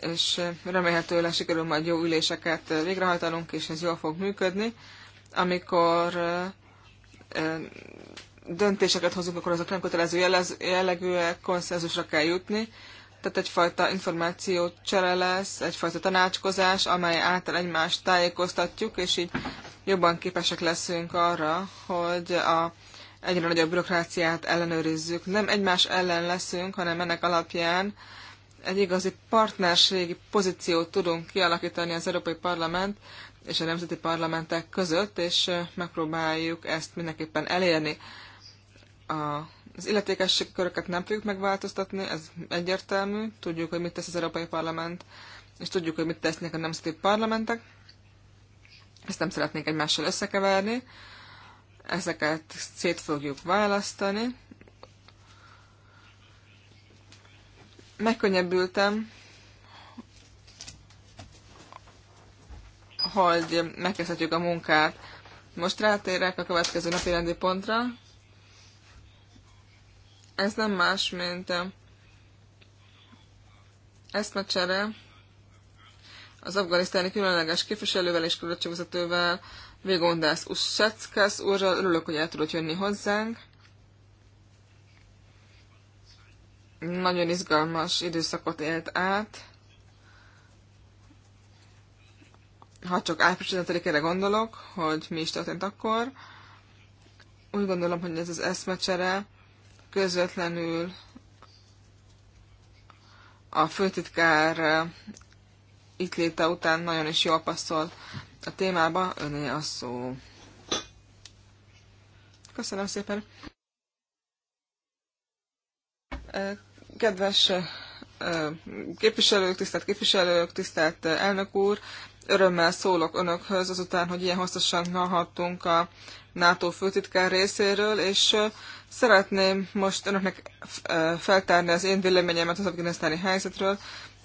és remélhetőleg sikerül majd jó üléseket végrehajtanunk, és ez jól fog működni. Amikor döntéseket hozunk, akkor azok nem kötelező jellegűek, konszenzusra kell jutni, tehát egyfajta információ csere lesz, egyfajta tanácskozás, amely által egymást tájékoztatjuk, és így jobban képesek leszünk arra, hogy a egyre nagyobb bürokráciát ellenőrizzük. Nem egymás ellen leszünk, hanem ennek alapján egy igazi partnerségi pozíciót tudunk kialakítani az Európai Parlament és a nemzeti parlamentek között, és megpróbáljuk ezt mindenképpen elérni. A az illetékesség köröket nem fogjuk megváltoztatni, ez egyértelmű. Tudjuk, hogy mit tesz az Európai Parlament, és tudjuk, hogy mit tesznek a nemzeti parlamentek. Ezt nem szeretnénk egymással összekeverni. Ezeket szét fogjuk választani. Megkönnyebbültem, hogy megkezdhetjük a munkát. Most rátérek a következő napi rendi pontra, ez nem más, mint eszmecsere az afganisztáni különleges képviselővel és küldöttségvezetővel, Végondász Usseckász úrral. Örülök, hogy el tudott jönni hozzánk. Nagyon izgalmas időszakot élt át. Ha csak április 5 gondolok, hogy mi is történt akkor, úgy gondolom, hogy ez az eszmecsere közvetlenül a főtitkár eh, itt léte után nagyon is jól passzol a témába, öné a szó. Köszönöm szépen. Eh, kedves eh, képviselők, tisztelt képviselők, tisztelt elnök úr, örömmel szólok önökhöz azután, hogy ilyen hosszasan hallhattunk a NATO főtitkár részéről, és Szeretném most önöknek feltárni az én véleményemet az afganisztáni helyzetről,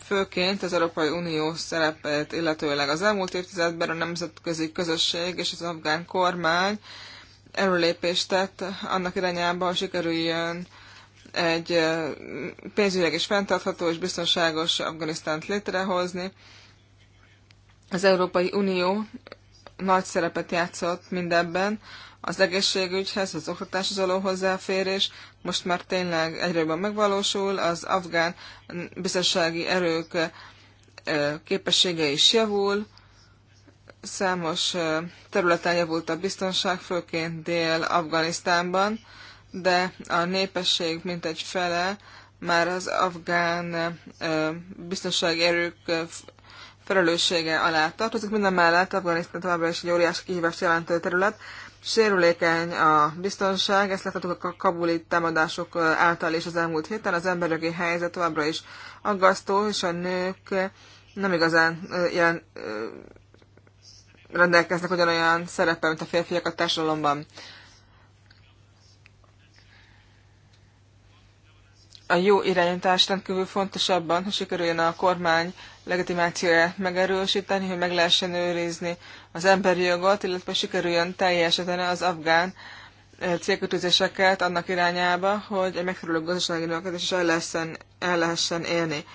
főként az Európai Unió szerepet, illetőleg az elmúlt évtizedben a nemzetközi közösség és az afgán kormány erőlépést tett annak irányába, hogy sikerüljön egy pénzügyileg is fenntartható és biztonságos Afganisztánt létrehozni. Az Európai Unió nagy szerepet játszott mindebben, az egészségügyhez, az oktatáshoz való hozzáférés most már tényleg egyre jobban megvalósul, az afgán biztonsági erők képessége is javul, számos területen javult a biztonság, főként Dél-Afganisztánban, de a népesség mintegy fele már az afgán biztonsági erők felelőssége alá tartozik. Minden mellett Afganisztán továbbra is egy óriási kihívást jelentő terület, Sérülékeny a biztonság, ezt láthatjuk a kabuli támadások által is az elmúlt héten. Az emberjogi helyzet továbbra is aggasztó, és a nők nem igazán ilyen rendelkeznek ugyanolyan szerepe, mint a férfiak a társadalomban. A jó irányítás rendkívül fontos abban, hogy sikerüljön a kormány legitimációját megerősíteni, hogy meg lehessen őrizni az emberi jogot, illetve sikerüljön teljesíteni az afgán célkötőzéseket annak irányába, hogy egy megfelelő gazdasági növekedés is el lehessen, el lehessen élni.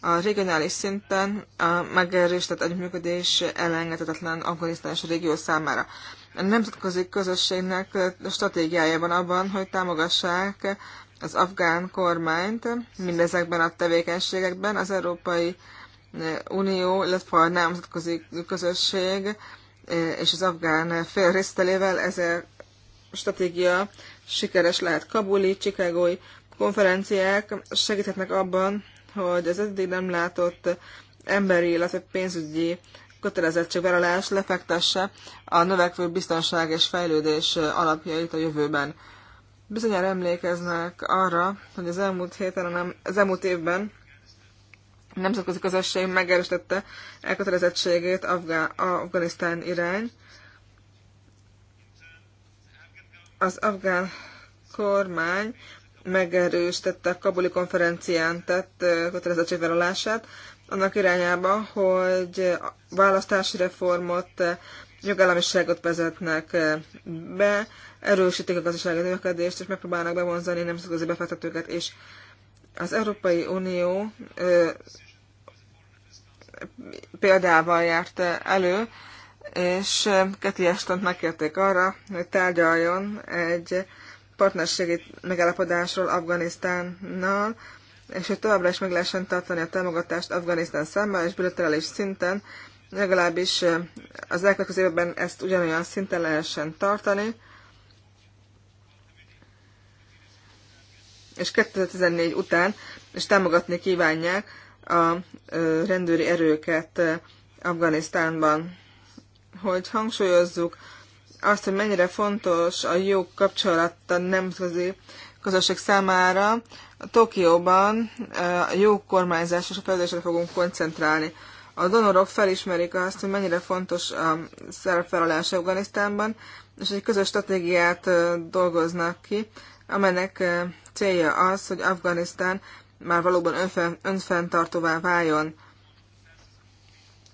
A regionális szinten a megerősített együttműködés elengedhetetlen Afganisztán és a régió számára. A nemzetközi közösségnek a stratégiája van abban, hogy támogassák az afgán kormányt mindezekben a tevékenységekben. Az Európai Unió, illetve a nemzetközi közösség és az afgán fél résztelével ez a stratégia sikeres lehet. Kabuli, Chicagói konferenciák segíthetnek abban, hogy az eddig nem látott emberi, illetve pénzügyi kötelezettségvállalás lefektesse a növekvő biztonság és fejlődés alapjait a jövőben. Bizonyára emlékeznek arra, hogy az elmúlt, héten, hanem az elmúlt évben nemzetközi közösség megerősítette elkötelezettségét Afgá- Afganisztán irány. Az afgán kormány megerősítette a kabuli konferencián tett kötelezettségvállalását annak irányába, hogy választási reformot, jogállamiságot vezetnek be, erősítik a gazdasági növekedést, és megpróbálnak bevonzani nemzetközi befektetőket És az Európai Unió példával járt elő, és Keti Estont megkérték arra, hogy tárgyaljon egy partnerségi megállapodásról Afganisztánnal, és hogy továbbra is meg lehessen tartani a támogatást Afganisztán számára és bilaterális szinten, legalábbis az elkövetkező évben ezt ugyanolyan szinten lehessen tartani, és 2014 után és támogatni kívánják a rendőri erőket Afganisztánban. Hogy hangsúlyozzuk azt, hogy mennyire fontos a jó kapcsolat a nemzetközi közösség számára, a Tokióban a jó kormányzás és a fejlődésre fogunk koncentrálni. A donorok felismerik azt, hogy mennyire fontos a szerepvállalás Afganisztánban, és egy közös stratégiát dolgoznak ki, amelynek célja az, hogy Afganisztán már valóban önfenntartóvá váljon.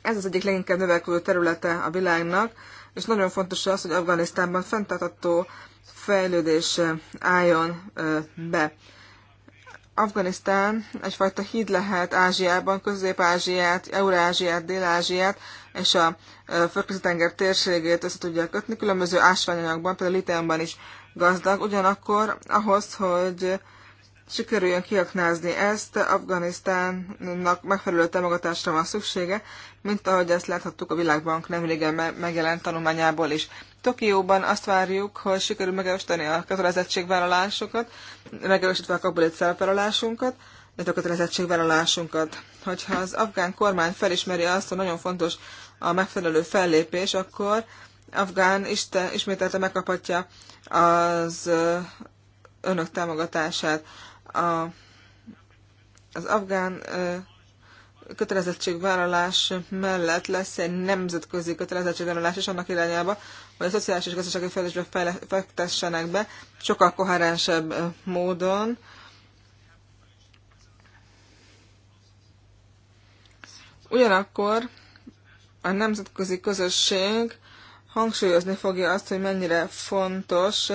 Ez az egyik leginkább növekvő területe a világnak, és nagyon fontos az, hogy Afganisztánban fenntartató fejlődés álljon be. Afganisztán egyfajta híd lehet Ázsiában, Közép-Ázsiát, Eurázsiát, Dél-Ázsiát és a Földközi-tenger térségét össze tudja kötni, különböző ásványanyagban, például litiumban is gazdag, ugyanakkor ahhoz, hogy sikerüljön kiaknázni ezt, Afganisztánnak megfelelő támogatásra van szüksége, mint ahogy ezt láthattuk a Világbank nemrégen megjelent tanulmányából is. Tokióban azt várjuk, hogy sikerül megerősíteni a kötelezettségvállalásokat, megerősítve a kabulit szerepvállalásunkat, illetve a kötelezettségvállalásunkat. Hogyha az afgán kormány felismeri azt, hogy nagyon fontos a megfelelő fellépés, akkor Afgán Isten ismételte megkaphatja az önök támogatását. A, az afgán kötelezettségvállalás mellett lesz egy nemzetközi kötelezettségvállalás is annak irányába, hogy a szociális és gazdasági fejlesztésbe fektessenek be sokkal koherensebb módon. Ugyanakkor a nemzetközi közösség hangsúlyozni fogja azt, hogy mennyire fontos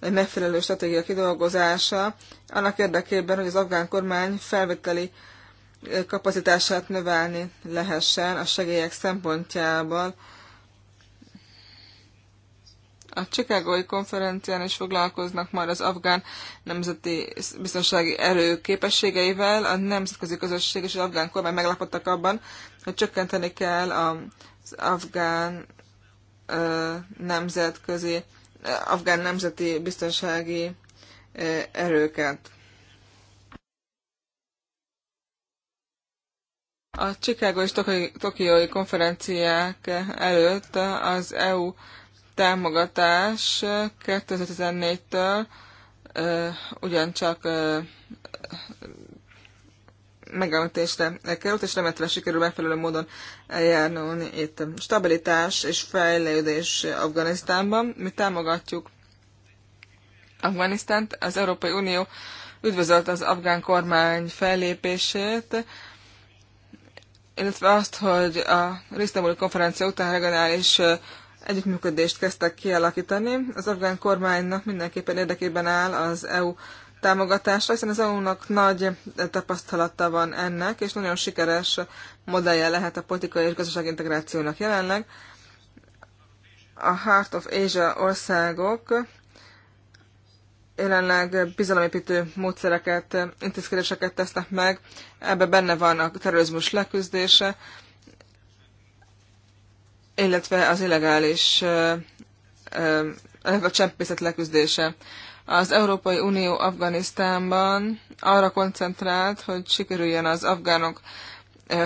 egy megfelelő stratégia kidolgozása, annak érdekében, hogy az afgán kormány felvételi kapacitását növelni lehessen a segélyek szempontjából. A Csikágoi konferencián is foglalkoznak majd az afgán nemzeti biztonsági erő képességeivel. A nemzetközi közösség és az afgán kormány meglapodtak abban, hogy csökkenteni kell az afgán nemzetközi, afgán nemzeti biztonsági erőket. A Chicago és Tokiói konferenciák előtt az EU támogatás 2014-től ugyancsak megemlítésre került, és remetve sikerül megfelelő módon eljárni itt. Stabilitás és fejlődés Afganisztánban. Mi támogatjuk Afganisztánt. Az Európai Unió üdvözölt az afgán kormány fellépését, illetve azt, hogy a Risztambuli konferencia után regionális együttműködést kezdtek kialakítani. Az afgán kormánynak mindenképpen érdekében áll az EU támogatásra, hiszen az eu nagy tapasztalata van ennek, és nagyon sikeres modellje lehet a politikai és gazdasági integrációnak jelenleg. A Heart of Asia országok jelenleg bizalomépítő módszereket, intézkedéseket tesznek meg. Ebben benne van a terrorizmus leküzdése, illetve az illegális, illetve a csempészet leküzdése az Európai Unió Afganisztánban arra koncentrált, hogy sikerüljen az afgánok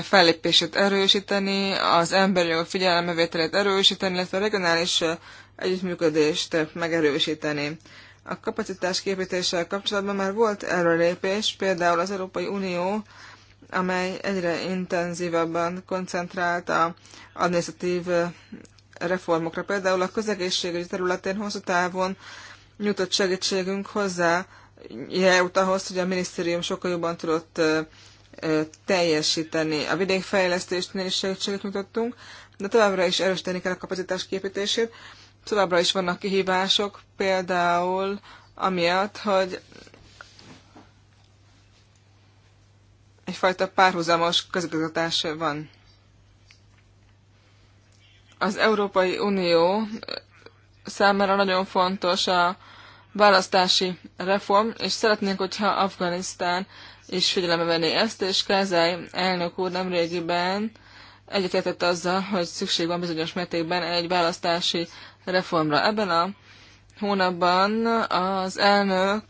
fellépését erősíteni, az emberi jogok figyelmevételét erősíteni, illetve a regionális együttműködést megerősíteni. A kapacitás képítéssel kapcsolatban már volt előrelépés, például az Európai Unió, amely egyre intenzívebben koncentrált a administratív reformokra. Például a közegészségügy területén hosszú távon nyújtott segítségünk hozzá járult ahhoz, hogy a minisztérium sokkal jobban tudott teljesíteni. A vidékfejlesztésnél is segítséget nyújtottunk, de továbbra is erősíteni kell a kapacitás képítését. Továbbra is vannak kihívások, például amiatt, hogy egyfajta párhuzamos közigazgatás van. Az Európai Unió számára nagyon fontos a választási reform, és szeretnénk, hogyha Afganisztán is figyelembe venné ezt, és Kázály elnök úr nemrégiben egyetértett azzal, hogy szükség van bizonyos mértékben egy választási reformra. Ebben a hónapban az elnök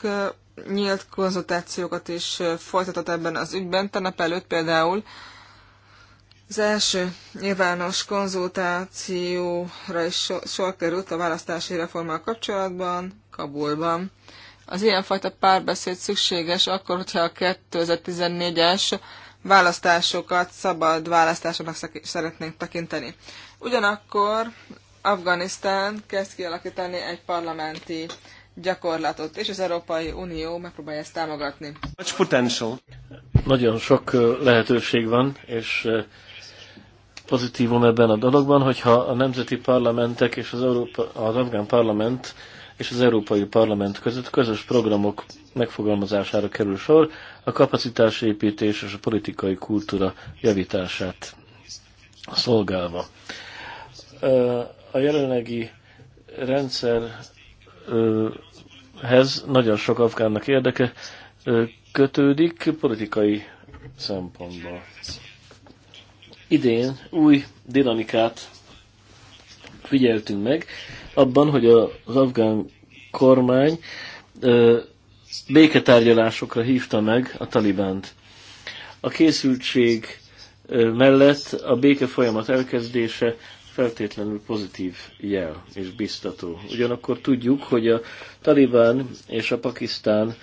nyílt konzultációkat is folytatott ebben az ügyben. Tanap előtt például az első nyilvános konzultációra is sor került a választási reformmal kapcsolatban, Kabulban. Az ilyenfajta párbeszéd szükséges akkor, hogyha a 2014-es választásokat szabad választásoknak szeretnénk tekinteni. Ugyanakkor Afganisztán kezd kialakítani egy parlamenti gyakorlatot, és az Európai Unió megpróbálja ezt támogatni. Nagyon sok lehetőség van, és pozitívum ebben a dologban, hogyha a nemzeti parlamentek és az, Európa, az afgán parlament és az Európai Parlament között közös programok megfogalmazására kerül sor, a kapacitásépítés és a politikai kultúra javítását szolgálva. A jelenlegi rendszerhez nagyon sok afgánnak érdeke kötődik politikai szempontból. Idén új dinamikát figyeltünk meg abban, hogy az afgán kormány ö, béketárgyalásokra hívta meg a talibánt. A készültség mellett a béke folyamat elkezdése feltétlenül pozitív jel és biztató. Ugyanakkor tudjuk, hogy a Talibán és a pakisztáni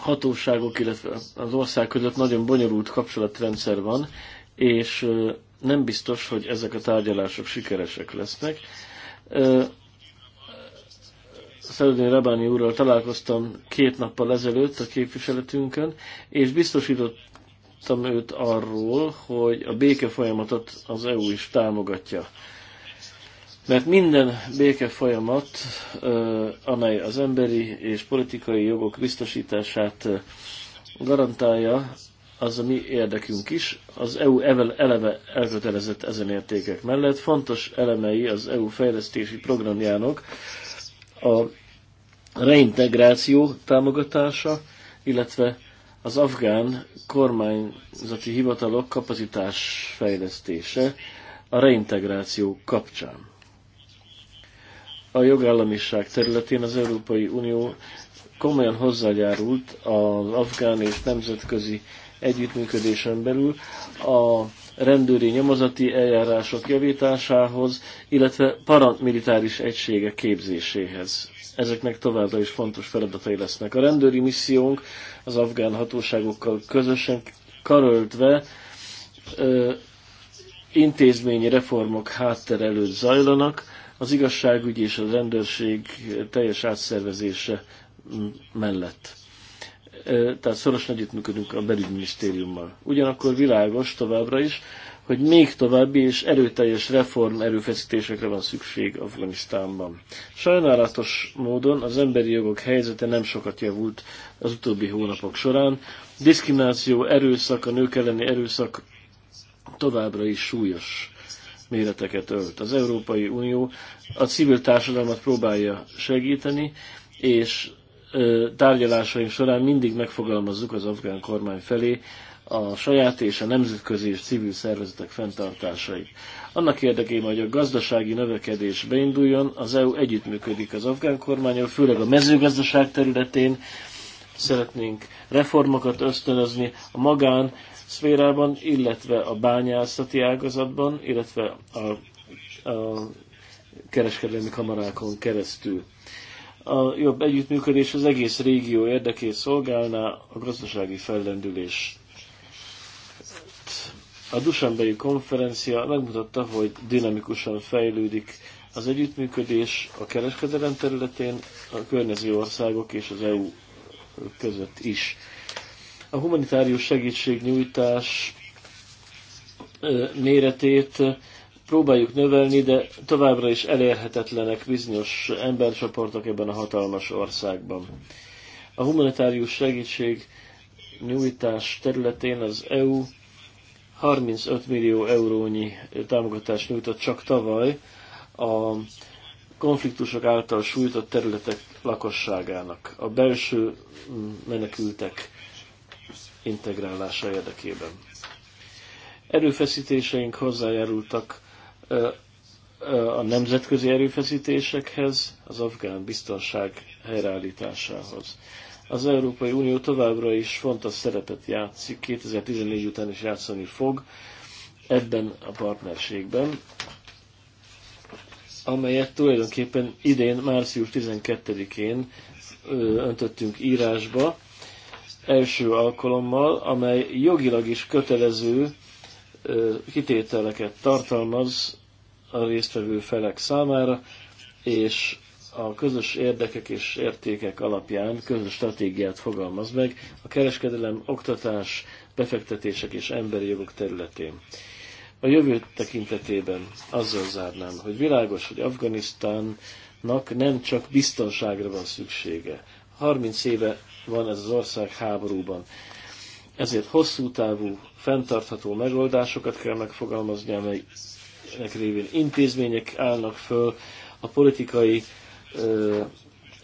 hatóságok, illetve az ország között nagyon bonyolult kapcsolatrendszer van, és nem biztos, hogy ezek a tárgyalások sikeresek lesznek. Szelődén Rabáni úrral találkoztam két nappal ezelőtt a képviseletünkön, és biztosítottam őt arról, hogy a béke folyamatot az EU is támogatja. Mert minden béke folyamat, amely az emberi és politikai jogok biztosítását garantálja, az a mi érdekünk is. Az EU eleve elkötelezett ezen értékek mellett. Fontos elemei az EU fejlesztési programjának a reintegráció támogatása, illetve az afgán kormányzati hivatalok kapacitás fejlesztése a reintegráció kapcsán a jogállamiság területén az Európai Unió komolyan hozzájárult az afgán és nemzetközi együttműködésen belül a rendőri nyomozati eljárások javításához, illetve paramilitáris egységek képzéséhez. Ezeknek továbbra is fontos feladatai lesznek. A rendőri missziónk az afgán hatóságokkal közösen karöltve ö, intézményi reformok háttere előtt zajlanak, az igazságügy és a rendőrség teljes átszervezése mellett. Tehát szorosan együttműködünk a belügyminisztériummal. Ugyanakkor világos továbbra is, hogy még további és erőteljes reform erőfeszítésekre van szükség Afganisztánban. Sajnálatos módon az emberi jogok helyzete nem sokat javult az utóbbi hónapok során. Diszkrimináció, erőszak, a nők elleni erőszak továbbra is súlyos méreteket ölt. Az Európai Unió a civil társadalmat próbálja segíteni, és tárgyalásaink során mindig megfogalmazzuk az afgán kormány felé a saját és a nemzetközi és civil szervezetek fenntartásait. Annak érdekében, hogy a gazdasági növekedés beinduljon, az EU együttműködik az afgán kormányon, főleg a mezőgazdaság területén szeretnénk reformokat ösztönözni, a magán szférában, illetve a bányászati ágazatban, illetve a, a kereskedelmi kamarákon keresztül. A jobb együttműködés az egész régió érdekét szolgálná a gazdasági fellendülés. A Dusanbei konferencia megmutatta, hogy dinamikusan fejlődik az együttműködés a kereskedelem területén, a környező országok és az EU között is a humanitárius segítségnyújtás méretét próbáljuk növelni, de továbbra is elérhetetlenek bizonyos embercsoportok ebben a hatalmas országban. A humanitárius segítség nyújtás területén az EU 35 millió eurónyi támogatást nyújtott csak tavaly a konfliktusok által sújtott területek lakosságának, a belső menekültek integrálása érdekében. Erőfeszítéseink hozzájárultak a nemzetközi erőfeszítésekhez, az afgán biztonság helyreállításához. Az Európai Unió továbbra is fontos szerepet játszik, 2014 után is játszani fog ebben a partnerségben, amelyet tulajdonképpen idén, március 12-én öntöttünk írásba, első alkalommal, amely jogilag is kötelező kitételeket tartalmaz a résztvevő felek számára, és a közös érdekek és értékek alapján közös stratégiát fogalmaz meg a kereskedelem, oktatás, befektetések és emberi jogok területén. A jövő tekintetében azzal zárnám, hogy világos, hogy Afganisztánnak nem csak biztonságra van szüksége. 30 éve van ez az ország háborúban. Ezért hosszú távú, fenntartható megoldásokat kell megfogalmazni, amelynek révén intézmények állnak föl, a politikai ö,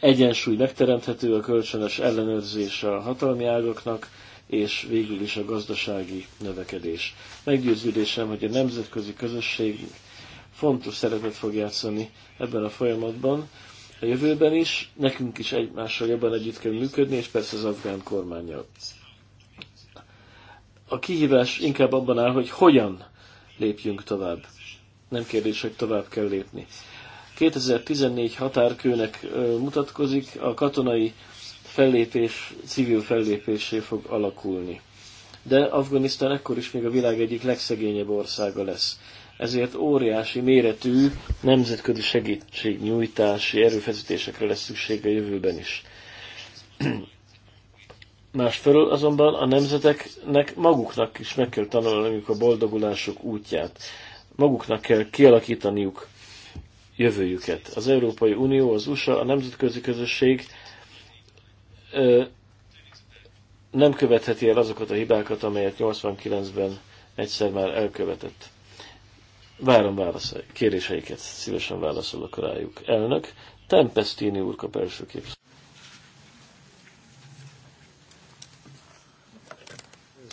egyensúly megteremthető, a kölcsönös ellenőrzés a hatalmi ágaknak, és végül is a gazdasági növekedés. Meggyőződésem, hogy a nemzetközi közösség fontos szerepet fog játszani ebben a folyamatban, a jövőben is, nekünk is egymással jobban együtt kell működni, és persze az afgán kormánya. A kihívás inkább abban áll, hogy hogyan lépjünk tovább. Nem kérdés, hogy tovább kell lépni. 2014 határkőnek mutatkozik, a katonai fellépés civil fellépésé fog alakulni. De Afganisztán ekkor is még a világ egyik legszegényebb országa lesz ezért óriási méretű nemzetközi segítségnyújtási erőfeszítésekre lesz szüksége a jövőben is. Másfelől azonban a nemzeteknek maguknak is meg kell tanulniuk a boldogulások útját. Maguknak kell kialakítaniuk jövőjüket. Az Európai Unió, az USA, a nemzetközi közösség ö, nem követheti el azokat a hibákat, amelyet 89-ben egyszer már elkövetett. Várom válaszai, kéréseiket, szívesen válaszolok rájuk. Elnök, Tempestini úr kap első képző.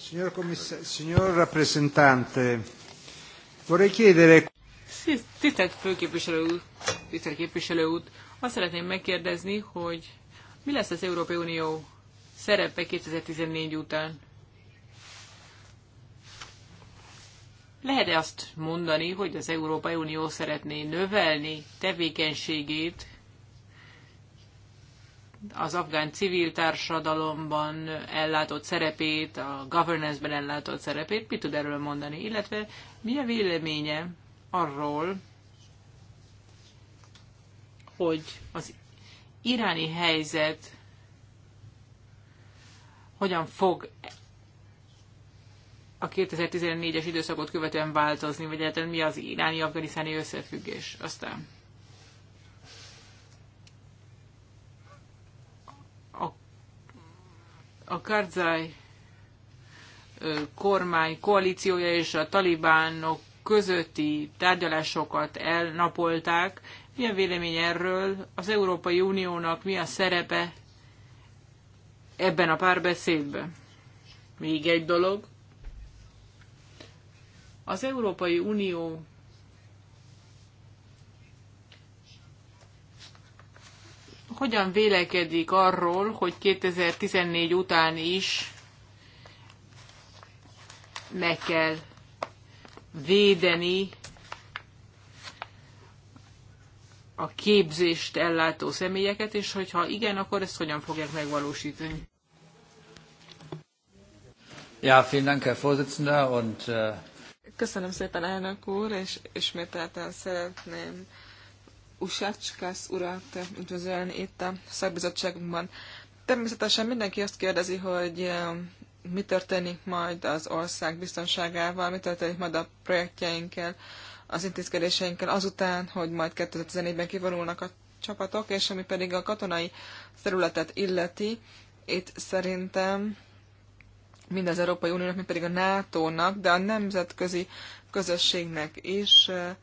Signor, commissario, signor rappresentante, vorrei chiedere... Tisztelt főképviselő úr, tisztelt képviselő úr, azt szeretném megkérdezni, hogy mi lesz az Európai Unió szerepe 2014 után? Lehet-e azt mondani, hogy az Európai Unió szeretné növelni tevékenységét az afgán civil társadalomban ellátott szerepét, a governance-ben ellátott szerepét, mit tud erről mondani, illetve mi a véleménye arról, hogy az iráni helyzet hogyan fog a 2014-es időszakot követően változni, vagy hát egyáltalán mi az iráni afganisztáni összefüggés. Aztán a, a Karzai kormány koalíciója és a talibánok közötti tárgyalásokat elnapolták. Mi a vélemény erről? Az Európai Uniónak mi a szerepe ebben a párbeszédben? Még egy dolog. Az Európai Unió hogyan vélekedik arról, hogy 2014 után is meg kell védeni a képzést ellátó személyeket, és hogyha igen, akkor ezt hogyan fogják megvalósítani? Ja, vielen Dank, Herr Vorsitzender, und äh, Köszönöm szépen, elnök úr, és ismételten szeretném Usácskász urat üdvözölni itt a szakbizottságunkban. Természetesen mindenki azt kérdezi, hogy mi történik majd az ország biztonságával, mi történik majd a projektjeinkkel, az intézkedéseinkkel azután, hogy majd 2014-ben kivonulnak a csapatok, és ami pedig a katonai területet illeti, itt szerintem mind az Európai Uniónak, mind pedig a NATO-nak, de a nemzetközi közösségnek is eh,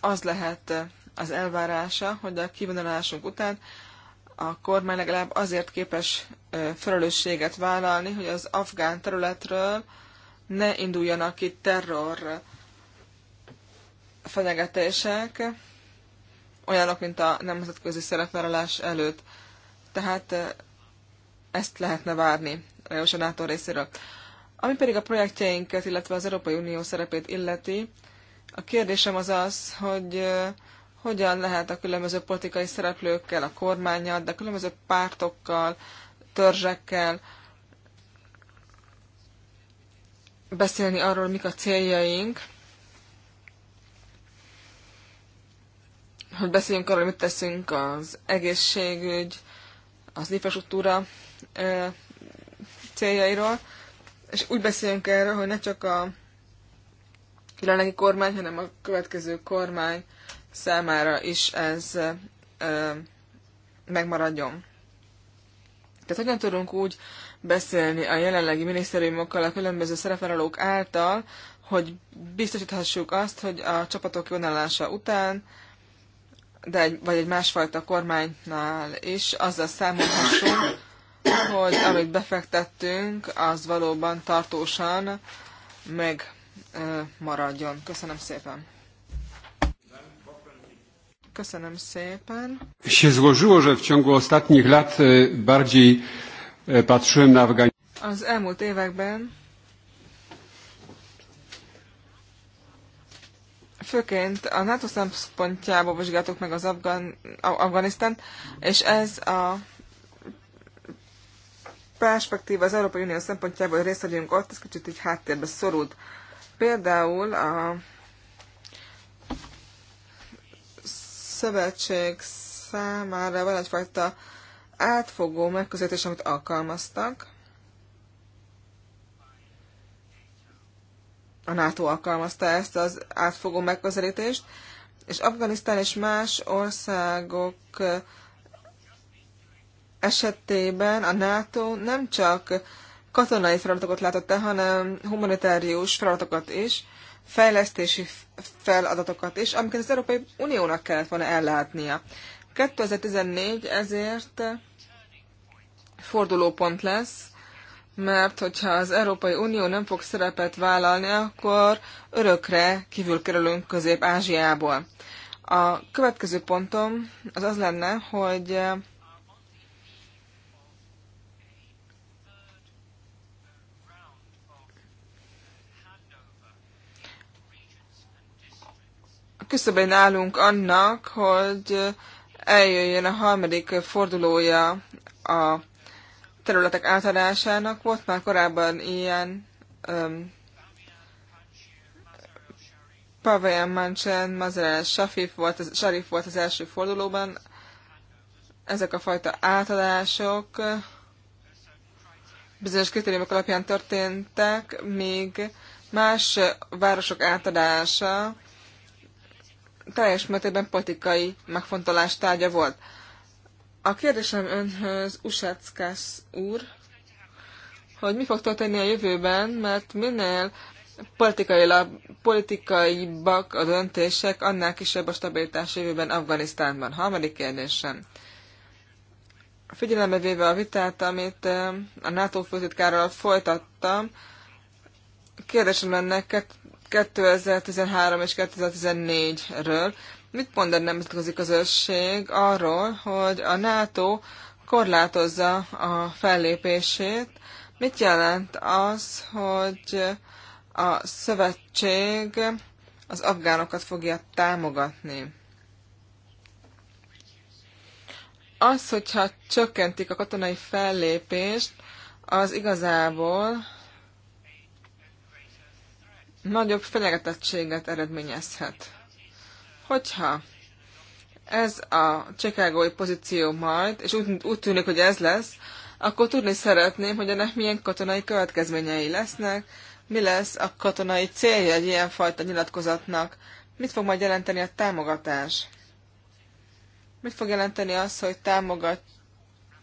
az lehet eh, az elvárása, hogy a kivonulásunk után a kormány legalább azért képes eh, felelősséget vállalni, hogy az afgán területről ne induljanak ki terror fenyegetések, olyanok, mint a nemzetközi szerepvállalás előtt. Tehát ezt lehetne várni és a NATO részéről. Ami pedig a projektjeinket, illetve az Európai Unió szerepét illeti, a kérdésem az az, hogy hogyan lehet a különböző politikai szereplőkkel, a kormányjal, de a különböző pártokkal, törzsekkel beszélni arról, mik a céljaink, hogy beszéljünk arról, mit teszünk az egészségügy, az infrastruktúra céljairól, és úgy beszéljünk erről, hogy ne csak a jelenlegi kormány, hanem a következő kormány számára is ez ö, megmaradjon. Tehát hogyan tudunk úgy beszélni a jelenlegi minisztériumokkal, a különböző szerepvállalók által, hogy biztosíthassuk azt, hogy a csapatok vonalása után, de egy, vagy egy másfajta kormánynál is azzal számolhassunk, hogy amit befektettünk, az valóban tartósan megmaradjon. Köszönöm szépen! Köszönöm szépen. Się złożyło, że w ciągu ostatnich lat e, bardziej e, patrzyłem na Az elmúlt években főként a NATO szempontjából vizsgáltuk meg az Afgan, Afganisztánt, és ez a perspektíva az Európai Unió szempontjából részt vegyünk ott, ez kicsit így háttérbe szorult. Például a szövetség számára van egyfajta átfogó megközelítés, amit alkalmaztak. A NATO alkalmazta ezt az átfogó megközelítést, és Afganisztán és más országok esetében a NATO nem csak katonai feladatokat látott el, hanem humanitárius feladatokat is, fejlesztési feladatokat is, amiket az Európai Uniónak kellett volna ellátnia. 2014 ezért fordulópont lesz, mert hogyha az Európai Unió nem fog szerepet vállalni, akkor örökre kívül kerülünk Közép-Ázsiából. A következő pontom az az lenne, hogy küszöbén állunk annak, hogy eljöjjön a harmadik fordulója a területek átadásának. Volt már korábban ilyen um, Pavel Manchen, Mazel Shafif volt, az, Sharif volt az első fordulóban. Ezek a fajta átadások bizonyos kritériumok alapján történtek, még más városok átadása teljes mértékben politikai megfontolás tárgya volt. A kérdésem önhöz, Usáckász úr, hogy mi fog történni a jövőben, mert minél politikai, politikaibak a döntések, annál kisebb a stabilitás jövőben Afganisztánban. Harmadik kérdésem. Figyelembe véve a vitát, amit eh, a NATO főtitkárral folytattam, kérdésem lenne 2013 és 2014-ről. Mit mond a nemzetközi közösség arról, hogy a NATO korlátozza a fellépését? Mit jelent az, hogy a szövetség az afgánokat fogja támogatni? Az, hogyha csökkentik a katonai fellépést, az igazából nagyobb fenyegetettséget eredményezhet. Hogyha ez a csekágói pozíció majd, és úgy, úgy tűnik, hogy ez lesz, akkor tudni szeretném, hogy ennek milyen katonai következményei lesznek, mi lesz a katonai célja egy ilyenfajta nyilatkozatnak, mit fog majd jelenteni a támogatás, mit fog jelenteni az, hogy támogat,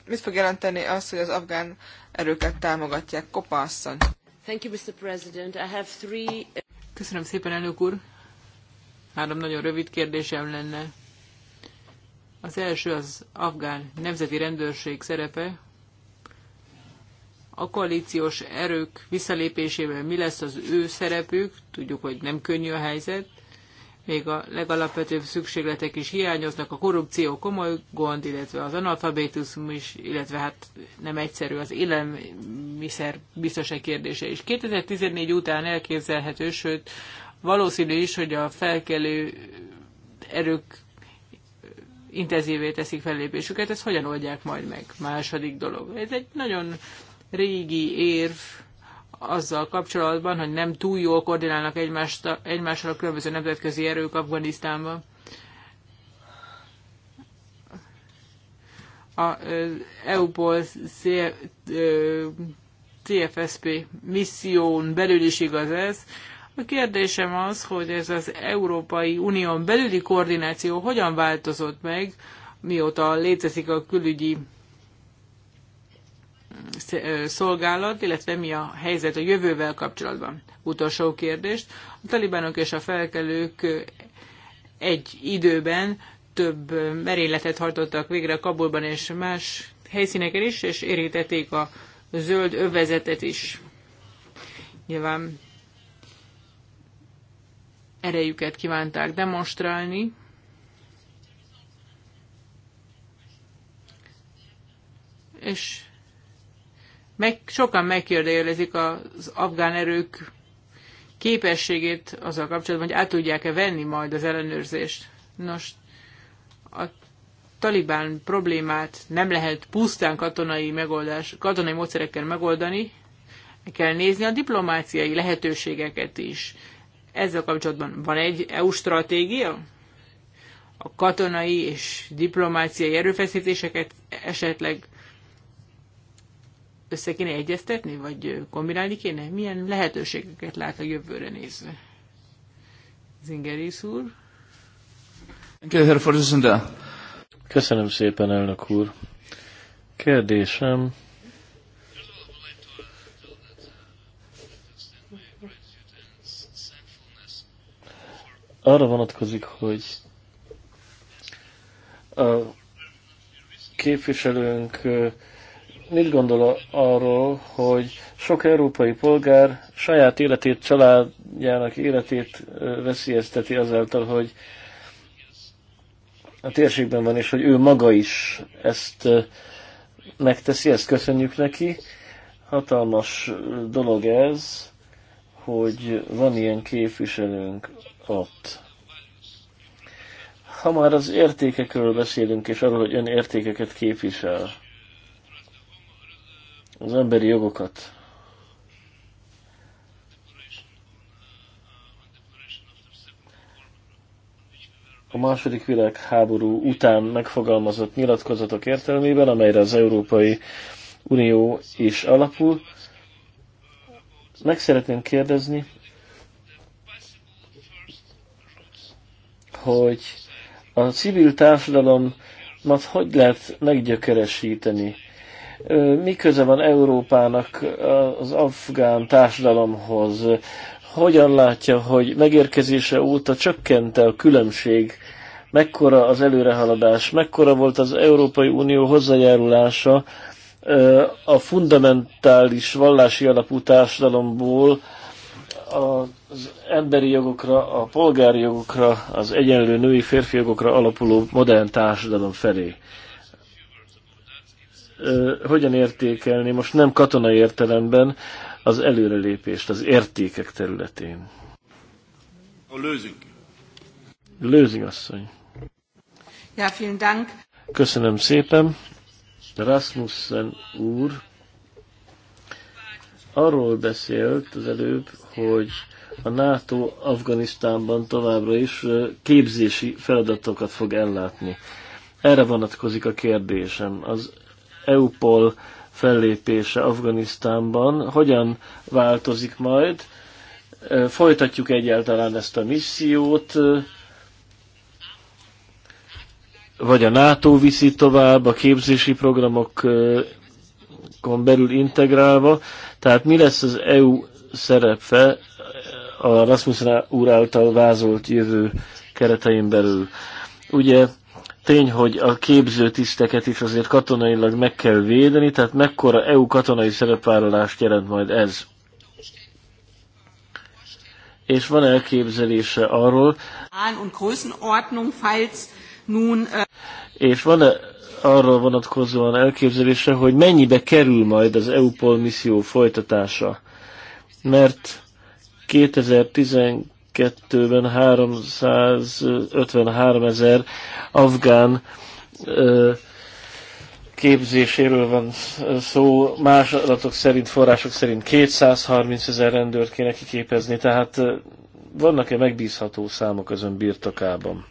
mit fog jelenteni az, hogy az afgán erőket támogatják, asszony. Thank you, Mr. President. I have three... Uh, Köszönöm szépen, elnök úr. Három nagyon rövid kérdésem lenne. Az első az afgán nemzeti rendőrség szerepe. A koalíciós erők visszalépésével mi lesz az ő szerepük? Tudjuk, hogy nem könnyű a helyzet még a legalapvetőbb szükségletek is hiányoznak, a korrupció komoly gond, illetve az analfabétuszum is, illetve hát nem egyszerű az élelmiszer biztonság kérdése is. 2014 után elképzelhető, sőt valószínű is, hogy a felkelő erők intenzívé teszik fellépésüket, ezt hogyan oldják majd meg? Második dolog. Ez egy nagyon régi érv, azzal kapcsolatban, hogy nem túl jól koordinálnak egymást, egymással a különböző nemzetközi erők Afganisztánban. A EU-ból CFSP misszión belül is igaz ez. A kérdésem az, hogy ez az Európai Unión belüli koordináció hogyan változott meg, mióta létezik a külügyi szolgálat, illetve mi a helyzet a jövővel kapcsolatban? Utolsó kérdést. A talibánok és a felkelők egy időben több merényletet hajtottak végre Kabulban és más helyszíneken is, és érítették a zöld övezetet is. Nyilván erejüket kívánták demonstrálni. És meg, sokan megkérdőjelezik az afgán erők képességét azzal kapcsolatban, hogy át tudják-e venni majd az ellenőrzést. Nos, a talibán problémát nem lehet pusztán katonai, megoldás, katonai módszerekkel megoldani, kell nézni a diplomáciai lehetőségeket is. Ezzel kapcsolatban van egy EU stratégia? A katonai és diplomáciai erőfeszítéseket esetleg össze kéne egyeztetni, vagy kombinálni kéne? Milyen lehetőségeket lát a jövőre nézve? Zingeris úr. Köszönöm szépen, elnök úr. Kérdésem, arra vonatkozik, hogy a képviselőnk mit gondol arról, hogy sok európai polgár saját életét, családjának életét veszélyezteti azáltal, hogy a térségben van, és hogy ő maga is ezt megteszi, ezt köszönjük neki. Hatalmas dolog ez, hogy van ilyen képviselőnk ott. Ha már az értékekről beszélünk, és arról, hogy ön értékeket képvisel, az emberi jogokat. A második világháború után megfogalmazott nyilatkozatok értelmében, amelyre az Európai Unió is alapul, meg szeretném kérdezni, hogy a civil társadalomat hogy lehet meggyökeresíteni? mi köze van Európának az afgán társadalomhoz, hogyan látja, hogy megérkezése óta csökkente a különbség, mekkora az előrehaladás, mekkora volt az Európai Unió hozzájárulása a fundamentális vallási alapú társadalomból az emberi jogokra, a polgári jogokra, az egyenlő női férfi jogokra alapuló modern társadalom felé hogyan értékelni most nem katonai értelemben az előrelépést az értékek területén? A lőzünk. Lőzing asszony. Ja, vielen Dank. Köszönöm szépen. Rasmussen úr arról beszélt az előbb, hogy a NATO Afganisztánban továbbra is képzési feladatokat fog ellátni. Erre vonatkozik a kérdésem. Az EUPOL fellépése Afganisztánban hogyan változik majd, folytatjuk egyáltalán ezt a missziót, vagy a NATO viszi tovább, a képzési programokon belül integrálva, tehát mi lesz az EU szerepe a Rasmussen úr által vázolt jövő keretein belül. Ugye Tény, hogy a képző tiszteket is azért katonailag meg kell védeni, tehát mekkora EU katonai szerepvállalást jelent majd ez. És van elképzelése arról, äh, és van -e arról vonatkozóan elképzelése, hogy mennyibe kerül majd az EU-Pol misszió folytatása. Mert 2012 2002-ben 353 ezer afgán képzéséről van szó, más adatok szerint, források szerint 230 ezer rendőrt kéne kiképezni, tehát vannak-e megbízható számok az ön birtokában?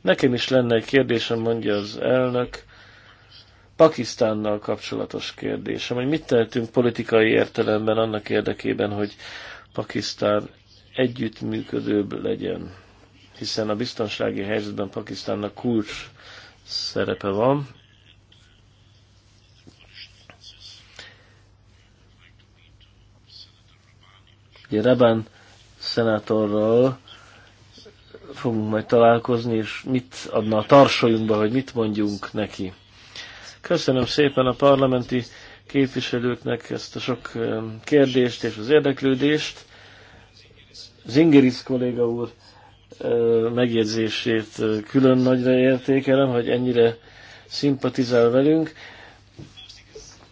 Nekem is lenne egy kérdésem, mondja az elnök, Pakisztánnal kapcsolatos kérdésem, hogy mit tehetünk politikai értelemben annak érdekében, hogy Pakisztán együttműködőbb legyen, hiszen a biztonsági helyzetben Pakisztánnak kulcs szerepe van. Ugye Rabán szenátorral fogunk majd találkozni, és mit adna a tarsolyunkba, hogy mit mondjunk neki. Köszönöm szépen a parlamenti képviselőknek ezt a sok eh, kérdést és az érdeklődést. Zingeris kolléga úr megjegyzését külön nagyra értékelem, hogy ennyire szimpatizál velünk.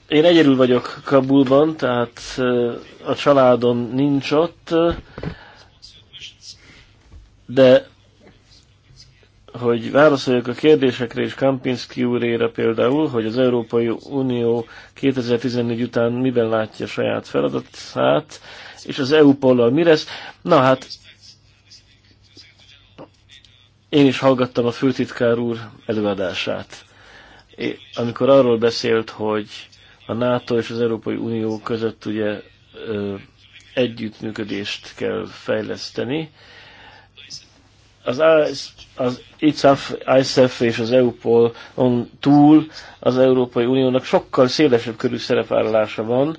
Én egyedül vagyok Kabulban, tehát a családom nincs ott, de hogy válaszoljak a kérdésekre és Kampinski úrére például, hogy az Európai Unió 2014 után miben látja saját feladatát, és az EU-pollal mi lesz. Na hát, én is hallgattam a főtitkár úr előadását, amikor arról beszélt, hogy a NATO és az Európai Unió között ugye ö, együttműködést kell fejleszteni. Az, az ICAF, ICEF és az EUPOL on túl az Európai Uniónak sokkal szélesebb körű szerepvállalása van,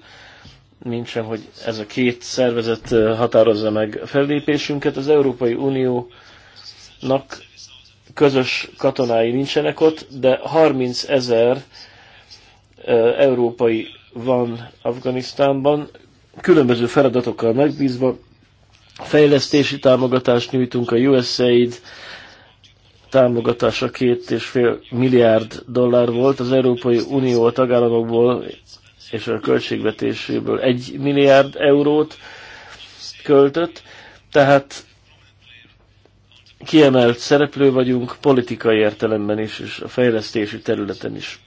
mintsem, hogy ez a két szervezet határozza meg fellépésünket. Az Európai Uniónak közös katonái nincsenek ott, de 30 ezer európai van Afganisztánban, különböző feladatokkal megbízva, fejlesztési támogatást nyújtunk, a USAID támogatása két és fél milliárd dollár volt, az Európai Unió a tagállamokból és a költségvetéséből egy milliárd eurót költött, tehát kiemelt szereplő vagyunk politikai értelemben is, és a fejlesztési területen is.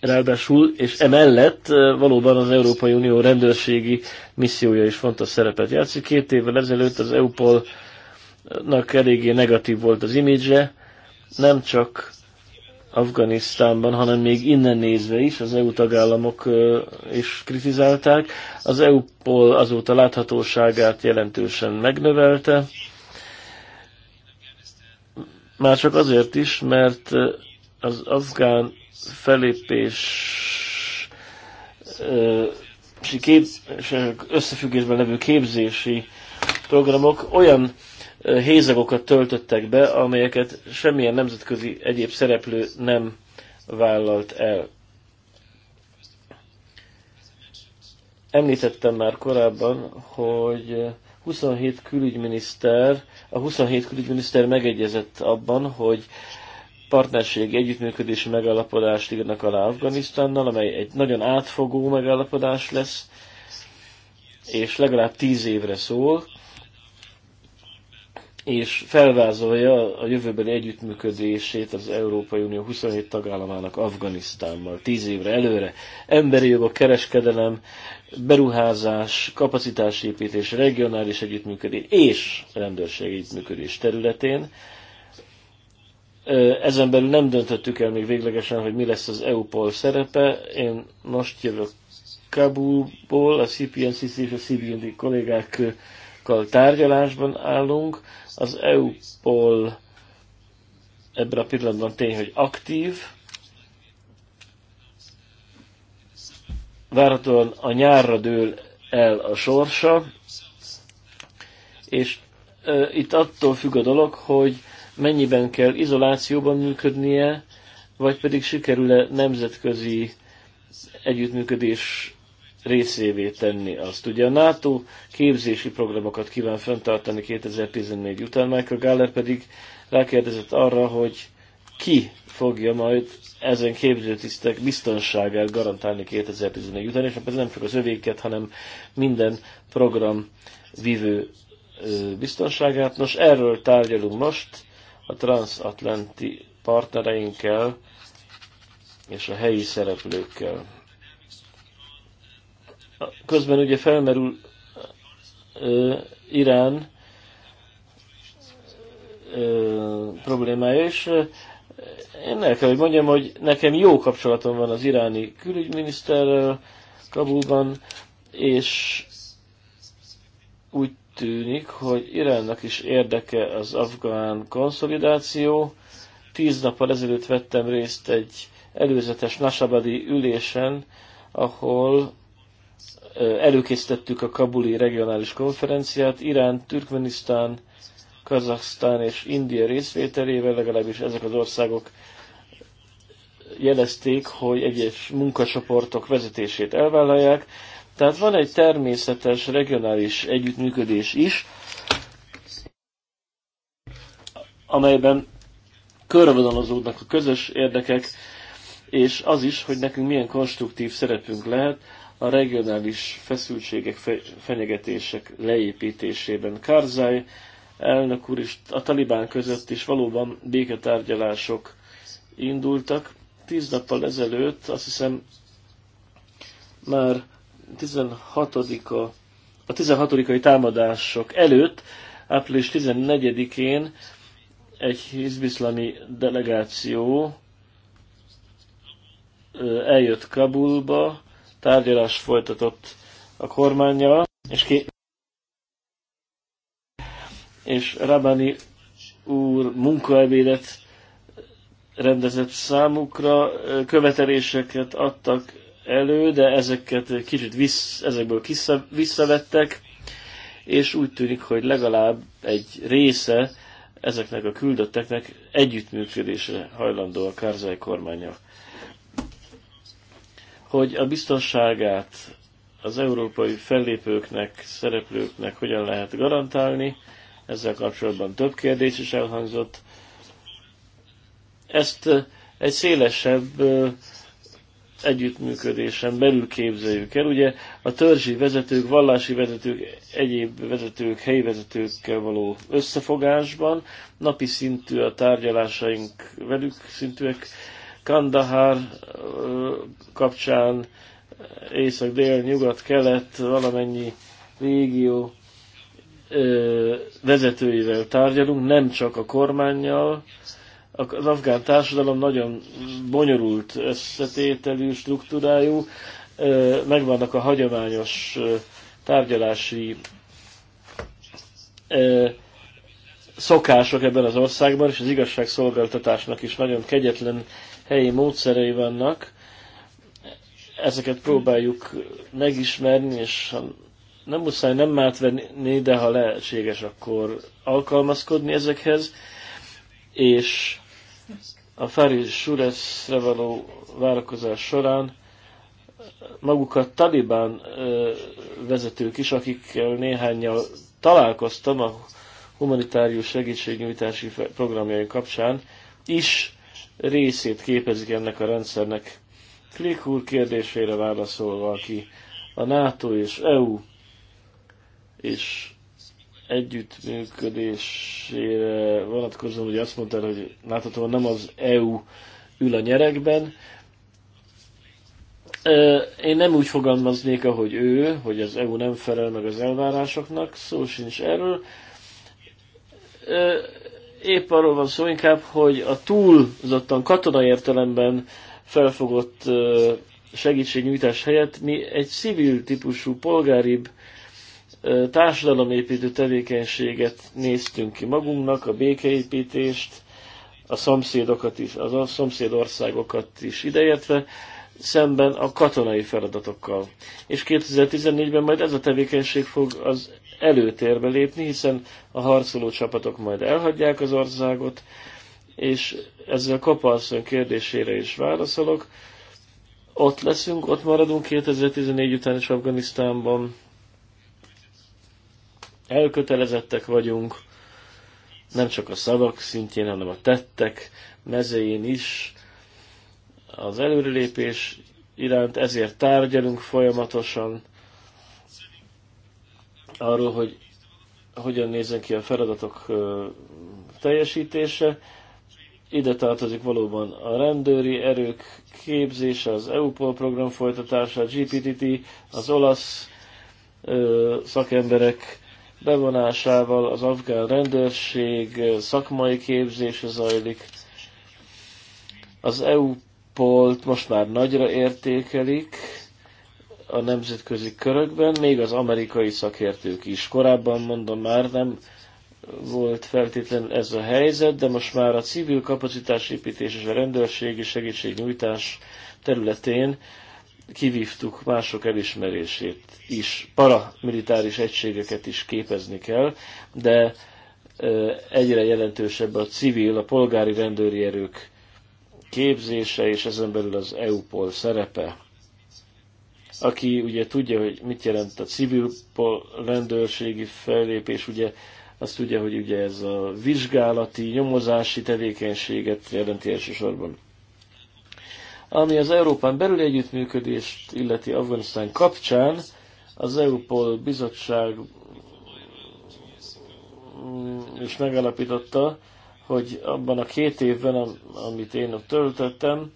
Ráadásul, és emellett eh, valóban az Európai Unió rendőrségi missziója is fontos szerepet játszik. Két évvel ezelőtt az EUPOL-nak eléggé negatív volt az imidzse, nem csak Afganisztánban, hanem még innen nézve is, az EU tagállamok is kritizálták. Az EU-pol azóta láthatóságát jelentősen megnövelte, már csak azért is, mert az afgán felépés és összefüggésben levő képzési programok olyan hézagokat töltöttek be, amelyeket semmilyen nemzetközi egyéb szereplő nem vállalt el. Említettem már korábban, hogy 27 külügyminiszter, a 27 külügyminiszter megegyezett abban, hogy partnerségi együttműködési megállapodást írnak alá Afganisztánnal, amely egy nagyon átfogó megállapodás lesz, és legalább tíz évre szól és felvázolja a jövőbeni együttműködését az Európai Unió 27 tagállamának Afganisztánmal tíz évre előre. Emberi jogok, kereskedelem, beruházás, kapacitásépítés, regionális együttműködés és rendőrség együttműködés területén. Ezen belül nem döntöttük el még véglegesen, hogy mi lesz az EUPOL szerepe. Én most jövök Kabulból, a CPNCC és a CBND kollégákkal tárgyalásban állunk az eu ból ebben a pillanatban tény, hogy aktív. Várhatóan a nyárra dől el a sorsa, és e, itt attól függ a dolog, hogy mennyiben kell izolációban működnie, vagy pedig sikerül-e nemzetközi együttműködés részévé tenni azt. Ugye a NATO képzési programokat kíván fenntartani 2014 után, Michael Galler pedig rákérdezett arra, hogy ki fogja majd ezen képzőtisztek biztonságát garantálni 2014 után, és hát ez nem csak az övéket, hanem minden program vívő biztonságát. Nos, erről tárgyalunk most a transatlanti partnereinkkel és a helyi szereplőkkel közben ugye felmerül uh, Irán uh, problémája, és én el kell, hogy mondjam, hogy nekem jó kapcsolatom van az iráni külügyminiszterrel Kabulban, és úgy tűnik, hogy Iránnak is érdeke az afgán konszolidáció. Tíz nappal ezelőtt vettem részt egy előzetes Nasabadi ülésen, ahol előkészítettük a Kabuli regionális konferenciát, Irán, Türkmenisztán, Kazaksztán és India részvételével, legalábbis ezek az országok jelezték, hogy egyes munkacsoportok vezetését elvállalják. Tehát van egy természetes regionális együttműködés is, amelyben körvonalazódnak a közös érdekek, és az is, hogy nekünk milyen konstruktív szerepünk lehet a regionális feszültségek, fenyegetések leépítésében. Karzai elnök úr is a talibán között is valóban béketárgyalások indultak. Tíz nappal ezelőtt, azt hiszem már 16 -a, a 16 támadások előtt, április 14-én egy hizbiszlami delegáció eljött Kabulba, tárgyalást folytatott a kormányjal, és, ki, és Rabani úr munkaebédet rendezett számukra, követeléseket adtak elő, de ezeket kicsit vissz, ezekből vissza, visszavettek, és úgy tűnik, hogy legalább egy része ezeknek a küldötteknek együttműködésre hajlandó a Kárzai kormányjal hogy a biztonságát az európai fellépőknek, szereplőknek hogyan lehet garantálni, ezzel kapcsolatban több kérdés is elhangzott. Ezt egy szélesebb együttműködésen belül képzeljük el. Ugye a törzsi vezetők, vallási vezetők, egyéb vezetők, helyi vezetőkkel való összefogásban napi szintű a tárgyalásaink velük szintűek, Kandahár kapcsán észak, dél, nyugat, kelet, valamennyi régió vezetőivel tárgyalunk, nem csak a kormányjal. Az afgán társadalom nagyon bonyolult összetételű, struktúrájú, megvannak a hagyományos tárgyalási szokások ebben az országban, és az igazságszolgáltatásnak is nagyon kegyetlen helyi módszerei vannak, ezeket próbáljuk megismerni, és nem muszáj nem átvenni, de ha lehetséges, akkor alkalmazkodni ezekhez, és a Fári Sureszre való várakozás során magukat talibán vezetők is, akikkel néhányal találkoztam a humanitárius segítségnyújtási programjai kapcsán, is részét képezik ennek a rendszernek. Klik úr kérdésére válaszolva, aki a NATO és EU és együttműködésére vonatkozóan, hogy azt mondta, hogy láthatóan nem az EU ül a nyerekben. Én nem úgy fogalmaznék, ahogy ő, hogy az EU nem felel meg az elvárásoknak, szó sincs erről épp arról van szó inkább, hogy a túlzottan katona értelemben felfogott segítségnyújtás helyett mi egy civil típusú, polgáribb társadalomépítő tevékenységet néztünk ki magunknak, a békeépítést, a szomszédokat is, az a szomszédországokat is ideértve, szemben a katonai feladatokkal. És 2014-ben majd ez a tevékenység fog az előtérbe lépni, hiszen a harcoló csapatok majd elhagyják az országot, és ezzel Kapalszön kérdésére is válaszolok. Ott leszünk, ott maradunk 2014 után is Afganisztánban. Elkötelezettek vagyunk, nem csak a szavak szintjén, hanem a tettek mezején is az előrelépés iránt, ezért tárgyalunk folyamatosan arról, hogy hogyan nézzen ki a feladatok teljesítése. Ide tartozik valóban a rendőri erők képzése, az EUPOL program folytatása, a GPTT, az olasz ö, szakemberek bevonásával, az afgán rendőrség szakmai képzése zajlik. Az EU Európolt most már nagyra értékelik a nemzetközi körökben, még az amerikai szakértők is. Korábban mondom már nem volt feltétlen ez a helyzet, de most már a civil kapacitásépítés és a rendőrségi segítségnyújtás területén kivívtuk mások elismerését is. Paramilitáris egységeket is képezni kell, de egyre jelentősebb a civil, a polgári rendőri erők képzése, és ezen belül az EUPOL szerepe. Aki ugye tudja, hogy mit jelent a civil rendőrségi fellépés, ugye azt tudja, hogy ugye ez a vizsgálati, nyomozási tevékenységet jelenti elsősorban. Ami az Európán belül együttműködést illeti Afganisztán kapcsán, az EUPOL bizottság és mm, megalapította, hogy abban a két évben, amit én ott töltöttem,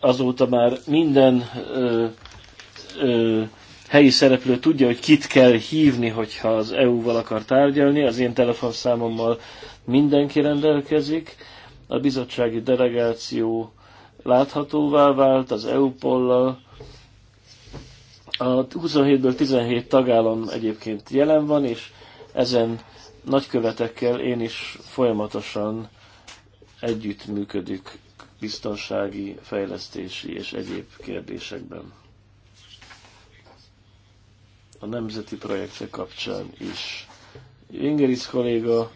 azóta már minden helyi szereplő tudja, hogy kit kell hívni, hogyha az EU-val akar tárgyalni. Az én telefonszámommal mindenki rendelkezik. A bizottsági delegáció láthatóvá vált, az EU-pollal a 27-ből 17 tagállam egyébként jelen van, és ezen nagykövetekkel én is folyamatosan együttműködik biztonsági, fejlesztési és egyéb kérdésekben. A nemzeti projektek kapcsán is. Ingeris kolléga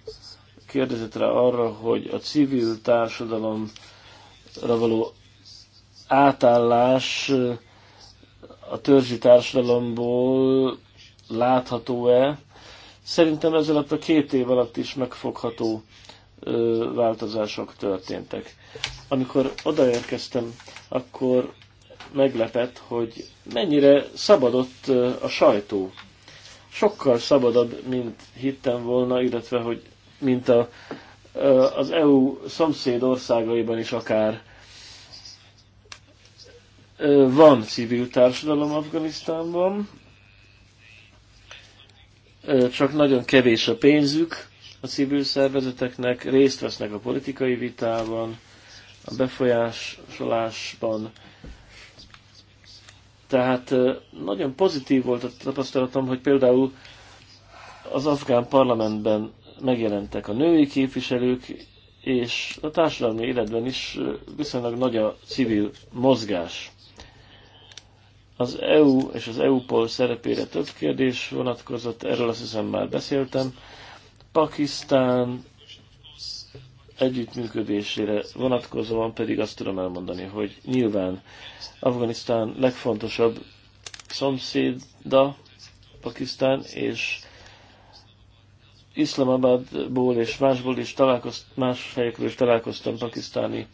kérdezett rá arra, hogy a civil társadalomra való átállás a törzsi társadalomból látható-e. Szerintem ez alatt a két év alatt is megfogható ö, változások történtek. Amikor odaérkeztem, akkor meglepett, hogy mennyire szabadott a sajtó. Sokkal szabadabb, mint hittem volna, illetve hogy mint a, az EU szomszéd országaiban is akár van civil társadalom Afganisztánban, csak nagyon kevés a pénzük a civil szervezeteknek, részt vesznek a politikai vitában, a befolyásolásban. Tehát nagyon pozitív volt a tapasztalatom, hogy például az afgán parlamentben megjelentek a női képviselők, és a társadalmi életben is viszonylag nagy a civil mozgás. Az EU és az EU-POL szerepére több kérdés vonatkozott, erről azt hiszem már beszéltem. Pakisztán együttműködésére vonatkozóan pedig azt tudom elmondani, hogy nyilván Afganisztán legfontosabb szomszéda Pakisztán, és Islamabadból és másból is találkoztam, más helyekről is találkoztam pakisztáni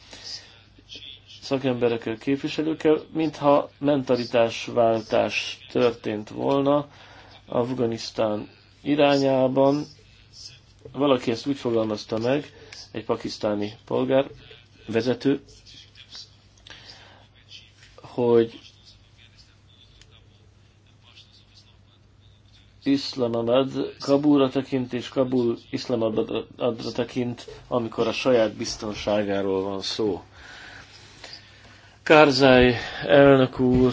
szakemberekkel, képviselőkkel, mintha mentalitásváltás történt volna Afganisztán irányában. Valaki ezt úgy fogalmazta meg, egy pakisztáni polgár, vezető, hogy Iszlamabad Kabulra tekint, és Kabul Iszlamabadra tekint, amikor a saját biztonságáról van szó. Kárzáj elnök úr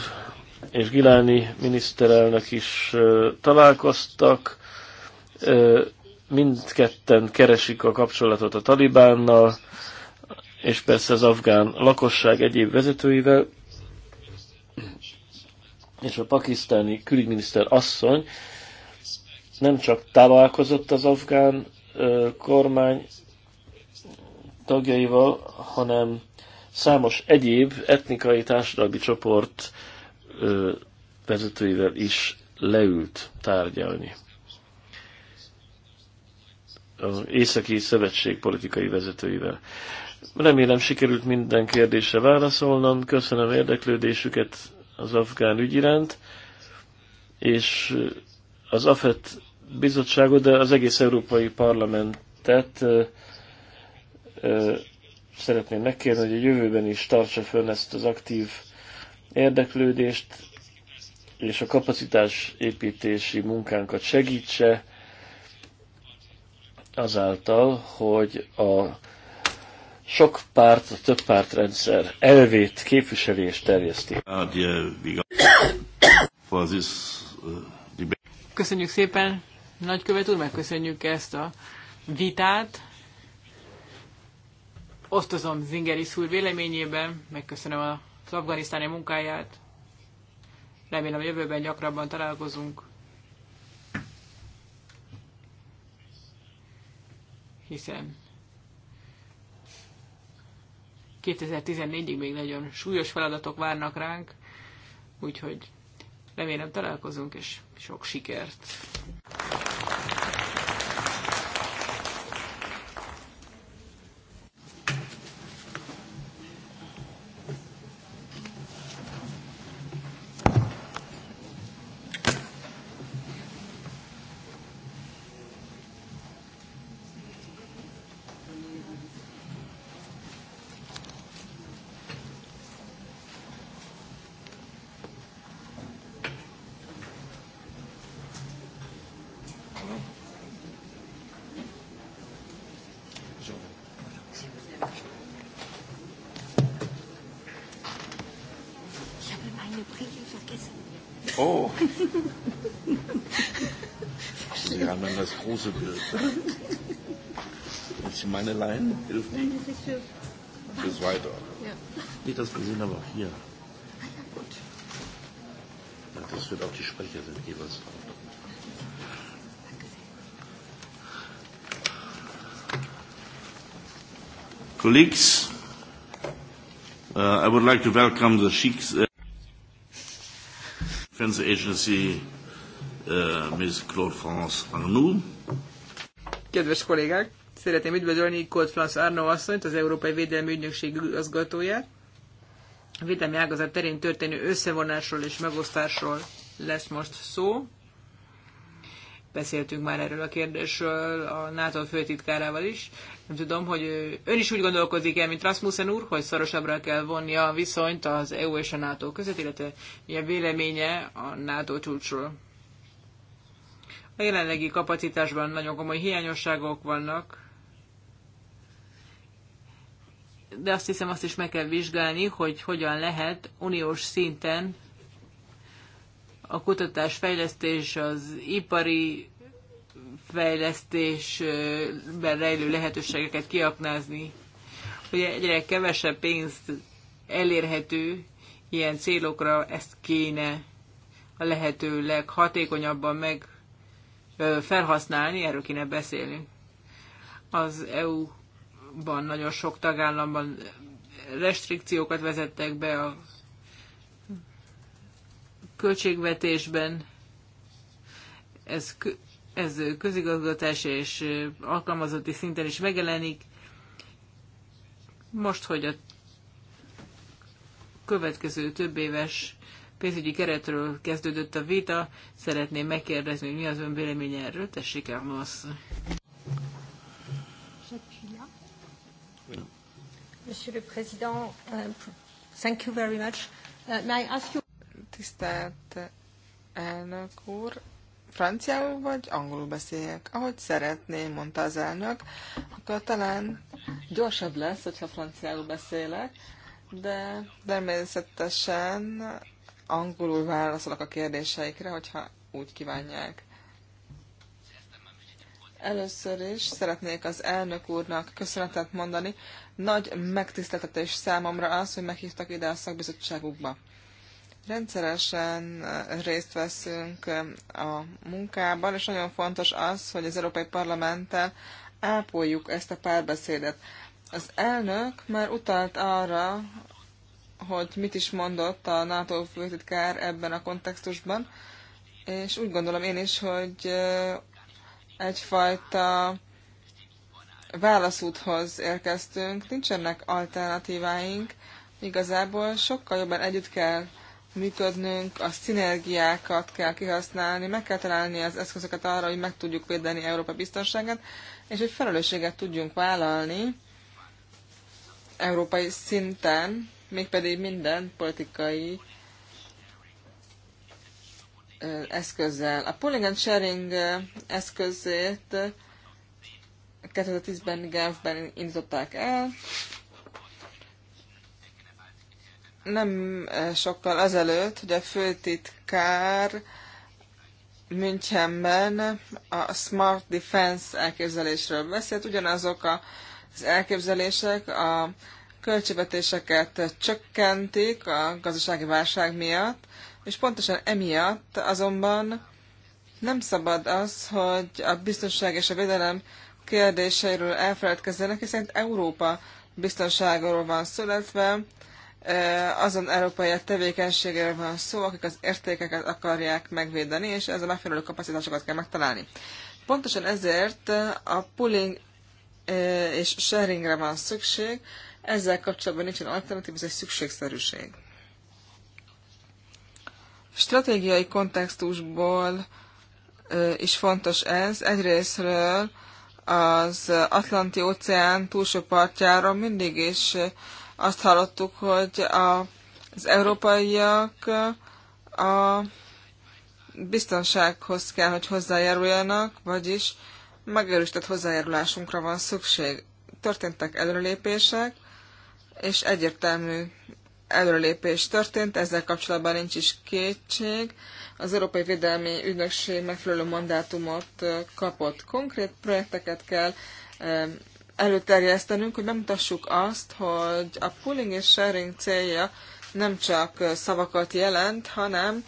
és Giláni miniszterelnök is találkoztak. Mindketten keresik a kapcsolatot a Talibánnal, és persze az afgán lakosság egyéb vezetőivel, és a pakisztáni külügyminiszter asszony nem csak találkozott az afgán kormány tagjaival, hanem számos egyéb etnikai társadalmi csoport ö, vezetőivel is leült tárgyalni. Az Északi Szövetség politikai vezetőivel. Remélem sikerült minden kérdésre válaszolnom. Köszönöm érdeklődésüket az afgán ügy iránt, és az AFET bizottságot, de az egész Európai Parlamentet ö, ö, szeretném megkérni, hogy a jövőben is tartsa fönn ezt az aktív érdeklődést, és a kapacitás építési munkánkat segítse, azáltal, hogy a sok párt, a több párt rendszer elvét képviseli és terjeszti. Köszönjük szépen, nagykövet úr, megköszönjük ezt a vitát osztozom Zingeris úr véleményében, megköszönöm az afganisztáni munkáját. Remélem a jövőben gyakrabban találkozunk. Hiszen 2014-ig még nagyon súlyos feladatok várnak ránk, úgyhogy remélem találkozunk, és sok sikert! so Das ist meine Leine hilft nicht. Bis weiter. Ja. Nicht das gesehen, aber auch hier. Ah ja, das wird auch die Sprecher sind jeweils Colleagues, uh, I would like to welcome the Sheikh's uh, Defense Agency, uh, Ms. Claude France Arnoux. Kedves kollégák, szeretném üdvözölni Kolt Franz Arno asszonyt, az Európai Védelmi Ügynökség igazgatóját. A védelmi ágazat terén történő összevonásról és megosztásról lesz most szó. Beszéltünk már erről a kérdésről a NATO főtitkárával is. Nem tudom, hogy ön is úgy gondolkozik el, mint Rasmussen úr, hogy szorosabbra kell vonni a viszonyt az EU és a NATO között, illetve mi a véleménye a NATO csúcsról. A jelenlegi kapacitásban nagyon komoly hiányosságok vannak, de azt hiszem azt is meg kell vizsgálni, hogy hogyan lehet uniós szinten a kutatás fejlesztés, az ipari fejlesztésben rejlő lehetőségeket kiaknázni. Ugye egyre kevesebb pénzt elérhető ilyen célokra, ezt kéne a lehető leghatékonyabban meg felhasználni, erről kéne beszélni. Az EU-ban nagyon sok tagállamban restrikciókat vezettek be a költségvetésben. Ez, ez közigazgatás és alkalmazotti szinten is megjelenik. Most, hogy a következő több éves pénzügyi keretről kezdődött a vita. Szeretném megkérdezni, hogy mi az ön véleménye erről. Tessék, Arnosz. Monsieur le Président, euh, thank you very much. Euh, may I ask you... Tisztelt elnök úr, franciául vagy angolul beszéljek? Ahogy szeretném, mondta az elnök, akkor talán gyorsabb lesz, hogyha franciául beszélek, de természetesen angolul válaszolok a kérdéseikre, hogyha úgy kívánják. Először is szeretnék az elnök úrnak köszönetet mondani. Nagy megtiszteltetés számomra az, hogy meghívtak ide a szakbizottságukba. Rendszeresen eh, részt veszünk eh, a munkában, és nagyon fontos az, hogy az Európai Parlamenttel ápoljuk ezt a párbeszédet. Az elnök már utalt arra, hogy mit is mondott a NATO főtitkár ebben a kontextusban, és úgy gondolom én is, hogy eh, egyfajta válaszúthoz érkeztünk, nincsenek alternatíváink, igazából sokkal jobban együtt kell működnünk, a szinergiákat kell kihasználni, meg kell találni az eszközöket arra, hogy meg tudjuk védeni Európa biztonságát, és hogy felelősséget tudjunk vállalni európai szinten mégpedig minden politikai eszközzel. A pooling and sharing eszközét 2010-ben Genfben indították el. Nem sokkal azelőtt, hogy a főtitkár Münchenben a Smart Defense elképzelésről beszélt. Ugyanazok az elképzelések a költségvetéseket csökkentik a gazdasági válság miatt, és pontosan emiatt azonban nem szabad az, hogy a biztonság és a védelem kérdéseiről elfeledkezzenek, hiszen Európa biztonságról van szó, illetve e, azon európai tevékenységéről van szó, akik az értékeket akarják megvédeni, és ez a megfelelő kapacitásokat kell megtalálni. Pontosan ezért a pooling e, és sharingre van szükség, ezzel kapcsolatban nincsen alternatív, ez egy szükségszerűség. Stratégiai kontextusból is fontos ez. Egyrésztről az Atlanti óceán túlsó partjáról mindig is azt hallottuk, hogy a, az európaiak a biztonsághoz kell, hogy hozzájáruljanak, vagyis megerősített hozzájárulásunkra van szükség. Történtek előlépések és egyértelmű előrelépés történt, ezzel kapcsolatban nincs is kétség. Az Európai Védelmi Ügynökség megfelelő mandátumot kapott. Konkrét projekteket kell előterjesztenünk, hogy bemutassuk azt, hogy a pooling és sharing célja nem csak szavakat jelent, hanem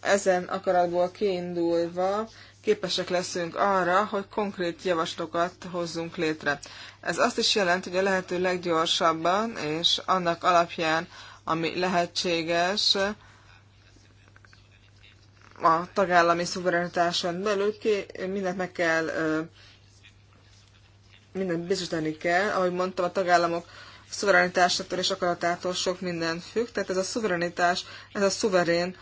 ezen akaratból kiindulva képesek leszünk arra, hogy konkrét javaslatokat hozzunk létre. Ez azt is jelenti, hogy a lehető leggyorsabban és annak alapján, ami lehetséges, a tagállami szuverenitáson belül ki, mindent meg kell, mindent biztosítani kell. Ahogy mondtam, a tagállamok szuverenitásától és akaratától sok minden függ, tehát ez a szuverenitás, ez a szuverén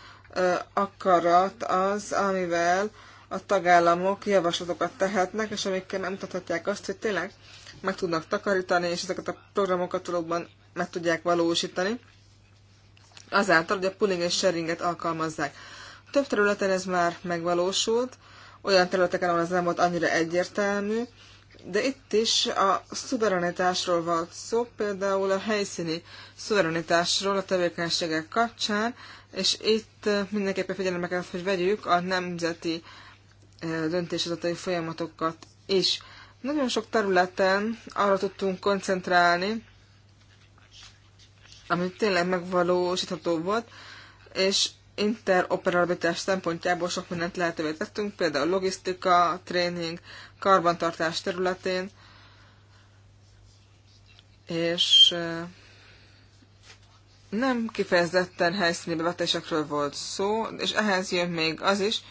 akarat az, amivel a tagállamok javaslatokat tehetnek, és amikkel megmutathatják azt, hogy tényleg meg tudnak takarítani, és ezeket a programokat valóban meg tudják valósítani, azáltal, hogy a pooling és sharinget alkalmazzák. Több területen ez már megvalósult, olyan területeken, ahol ez nem volt annyira egyértelmű, de itt is a szuverenitásról van szó, például a helyszíni szuverenitásról a tevékenységek kapcsán, és itt mindenképpen figyelembe kell, hogy vegyük a nemzeti döntéshozatai folyamatokat és Nagyon sok területen arra tudtunk koncentrálni, ami tényleg megvalósítható volt, és interoperabilitás szempontjából sok mindent lehetővé tettünk, például logisztika, tréning, karbantartás területén, és nem kifejezetten helyszíni bevetésekről volt szó, és ehhez jön még az is,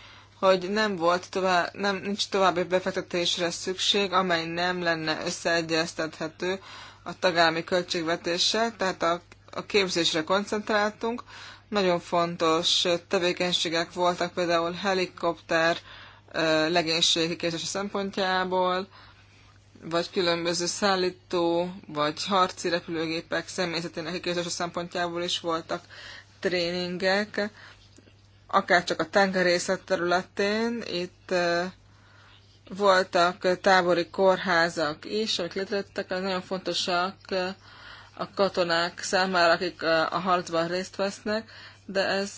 hogy nem volt tovább, nem, nincs további befektetésre szükség, amely nem lenne összeegyeztethető a tagállami költségvetéssel, tehát a, a képzésre koncentráltunk. Nagyon fontos tevékenységek voltak, például helikopter legénységi képzése szempontjából, vagy különböző szállító, vagy harci repülőgépek személyzetének képzése szempontjából is voltak tréningek akár csak a tengerészet területén. Itt voltak tábori kórházak is, amik létrejöttek, nagyon fontosak a katonák számára, akik a harcban részt vesznek, de ez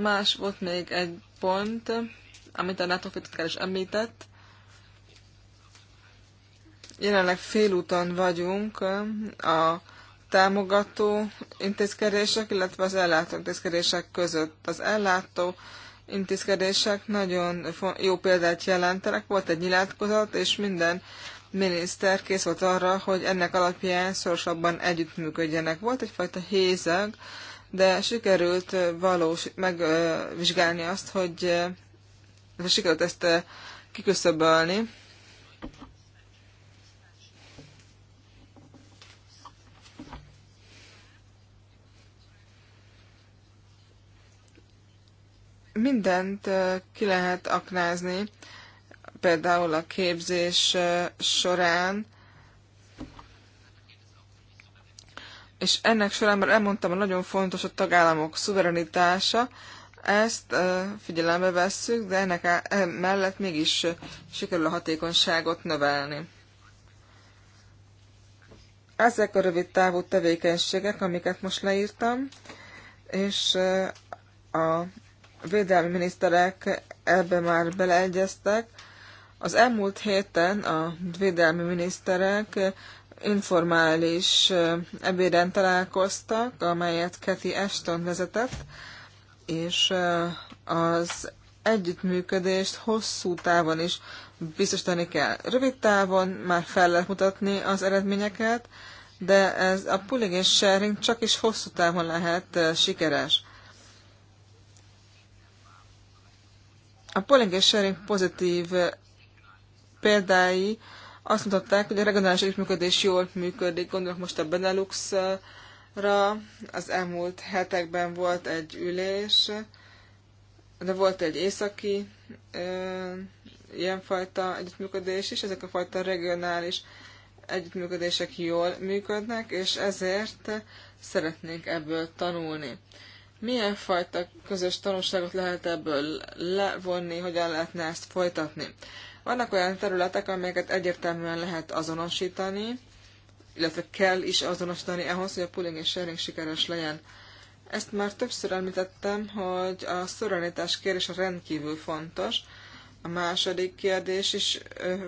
más volt még egy pont, amit a NATO fitkár is említett. Jelenleg félúton vagyunk a támogató intézkedések, illetve az ellátó intézkedések között. Az ellátó intézkedések nagyon jó példát jelentenek. Volt egy nyilatkozat, és minden miniszter kész volt arra, hogy ennek alapján szorosabban együttműködjenek. Volt egyfajta hézeg, de sikerült valós megvizsgálni azt, hogy sikerült ezt eh, kiküszöbölni, mindent ki lehet aknázni, például a képzés során, és ennek során már elmondtam, hogy nagyon fontos a tagállamok szuverenitása, ezt figyelembe vesszük, de ennek e mellett mégis sikerül a hatékonyságot növelni. Ezek a rövid távú tevékenységek, amiket most leírtam, és a védelmi miniszterek ebbe már beleegyeztek. Az elmúlt héten a védelmi miniszterek informális ebéden találkoztak, amelyet Kathy Ashton vezetett, és az együttműködést hosszú távon is biztosítani kell. Rövid távon már fel lehet mutatni az eredményeket, de ez a pooling és sharing csak is hosszú távon lehet sikeres. A polling és sharing pozitív eh, példái azt mutatták, hogy a regionális együttműködés jól működik. Gondolok most a Beneluxra, az elmúlt hetekben volt egy ülés, de volt egy északi eh, ilyenfajta együttműködés is, ezek a fajta regionális együttműködések jól működnek, és ezért szeretnénk ebből tanulni. Milyen fajta közös tanulságot lehet ebből levonni, hogyan lehetne ezt folytatni? Vannak olyan területek, amelyeket egyértelműen lehet azonosítani, illetve kell is azonosítani ahhoz, hogy a pooling és sharing sikeres legyen. Ezt már többször említettem, hogy a szuverenitás kérdése rendkívül fontos. A második kérdés is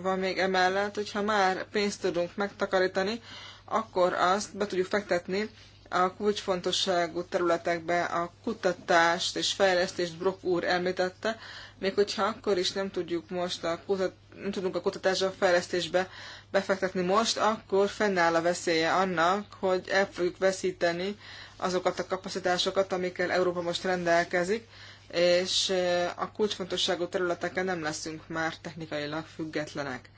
van még emellett, hogyha már pénzt tudunk megtakarítani, akkor azt be tudjuk fektetni a kulcsfontosságú területekbe a kutatást és fejlesztést Brock úr említette, még hogyha akkor is nem tudjuk most a kutat, nem tudunk a kutatásra a fejlesztésbe befektetni most, akkor fennáll a veszélye annak, hogy el fogjuk veszíteni azokat a kapacitásokat, amikkel Európa most rendelkezik, és a kulcsfontosságú területeken nem leszünk már technikailag függetlenek.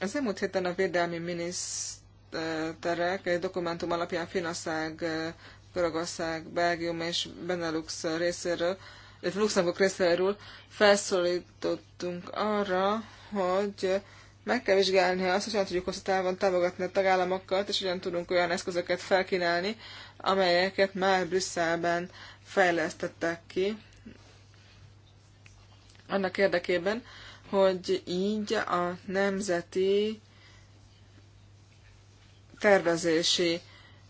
Az elmúlt héten a védelmi miniszterek egy dokumentum alapján Finország, eh, Görögország, Belgium és Benelux részéről, illetve Luxemburg részéről felszólítottunk arra, hogy meg kell vizsgálni azt, hogy hogyan tudjuk hosszú távon támogatni a tagállamokat, és hogyan tudunk olyan eszközöket felkínálni, amelyeket már Brüsszelben fejlesztettek ki annak érdekében, hogy így a nemzeti tervezési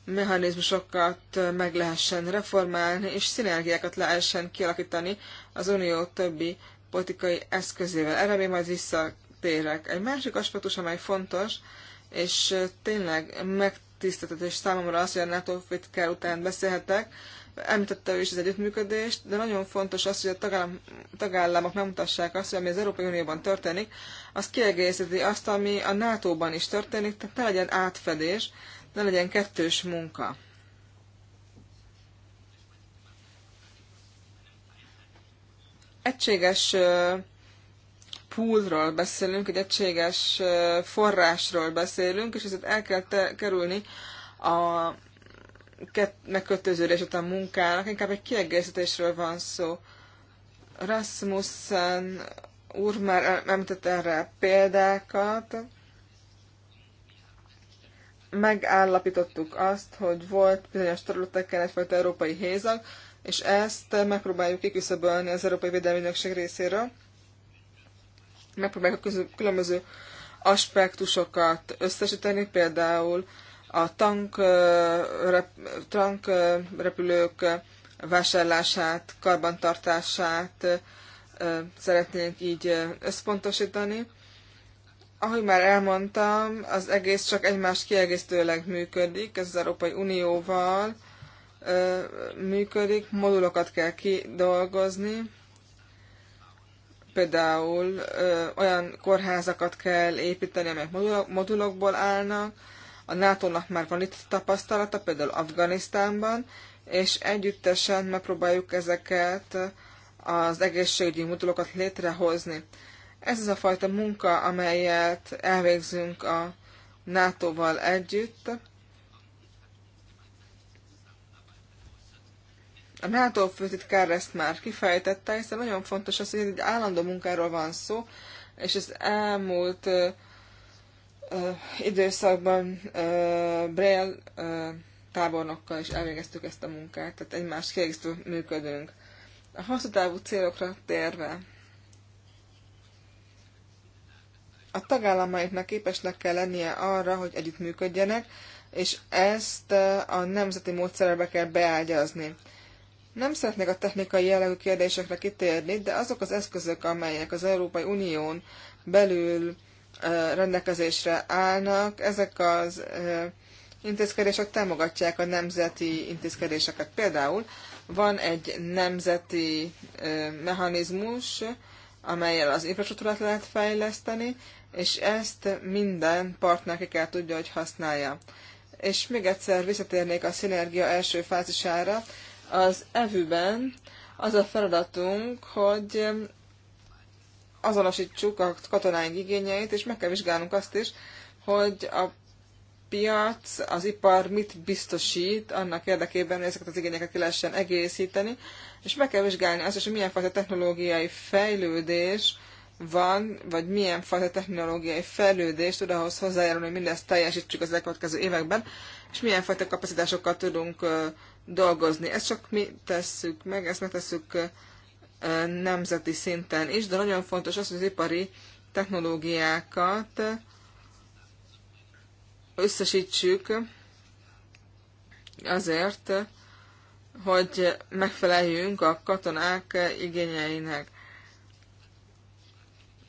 mechanizmusokat meg lehessen reformálni, és szinergiákat lehessen kialakítani az unió többi politikai eszközével. Erre még majd visszatérek. Egy másik aspektus, amely fontos, és tényleg megtiszteltetés számomra az, hogy a NATO kell után beszélhetek, Említette ő is az együttműködést, de nagyon fontos az, hogy a tagállam, tagállamok megmutassák azt, hogy ami az Európai Unióban történik, az kiegészíti azt, ami a NATO-ban is történik, tehát ne legyen átfedés, ne legyen kettős munka. Egységes poolról beszélünk, egy egységes forrásról beszélünk, és ezért el kell kerülni a megkötöződés után munkának, inkább egy kiegészítésről van szó. Rasmussen úr már említett erre példákat. Megállapítottuk azt, hogy volt bizonyos területeken egyfajta európai hézag, és ezt megpróbáljuk kiküszöbölni az Európai Védelmi Ügynökség részéről. Megpróbáljuk a különböző aspektusokat összesíteni, például a tank, tank repülők vásárlását, karbantartását szeretnénk így összpontosítani. Ahogy már elmondtam, az egész csak egymást kiegészítőleg működik, ez az Európai Unióval működik, modulokat kell kidolgozni, például olyan kórházakat kell építeni, amelyek modulokból állnak, a NATO-nak már van itt tapasztalata, például Afganisztánban, és együttesen megpróbáljuk ezeket az egészségügyi modulokat létrehozni. Ez az a fajta munka, amelyet elvégzünk a NATO-val együtt. A NATO főtitkár ezt már kifejtette, hiszen nagyon fontos az, hogy egy állandó munkáról van szó, és az elmúlt időszakban Braille tábornokkal is elvégeztük ezt a munkát, tehát egymást kiegészítő működünk. A hosszú távú célokra térve, a tagállamaiknak képesnek kell lennie arra, hogy együttműködjenek, és ezt a nemzeti módszerbe kell beágyazni. Nem szeretnék a technikai jellegű kérdésekre kitérni, de azok az eszközök, amelyek az Európai Unión belül rendelkezésre állnak. Ezek az intézkedések támogatják a nemzeti intézkedéseket. Például van egy nemzeti mechanizmus, amelyel az infrastruktúrát lehet fejleszteni, és ezt minden partner ki kell tudja, hogy használja. És még egyszer visszatérnék a szinergia első fázisára. Az evűben az a feladatunk, hogy azonosítsuk a katonáink igényeit, és meg kell vizsgálnunk azt is, hogy a piac, az ipar mit biztosít annak érdekében, hogy ezeket az igényeket ki lehessen egészíteni, és meg kell vizsgálni azt is, hogy milyen fajta technológiai fejlődés van, vagy milyen fajta technológiai fejlődés tud ahhoz hozzájárulni, hogy mindezt teljesítsük az elkövetkező években, és milyen fajta kapacitásokkal tudunk dolgozni. Ezt csak mi tesszük meg, ezt megtesszük nemzeti szinten is, de nagyon fontos az, hogy az ipari technológiákat összesítsük azért, hogy megfeleljünk a katonák igényeinek.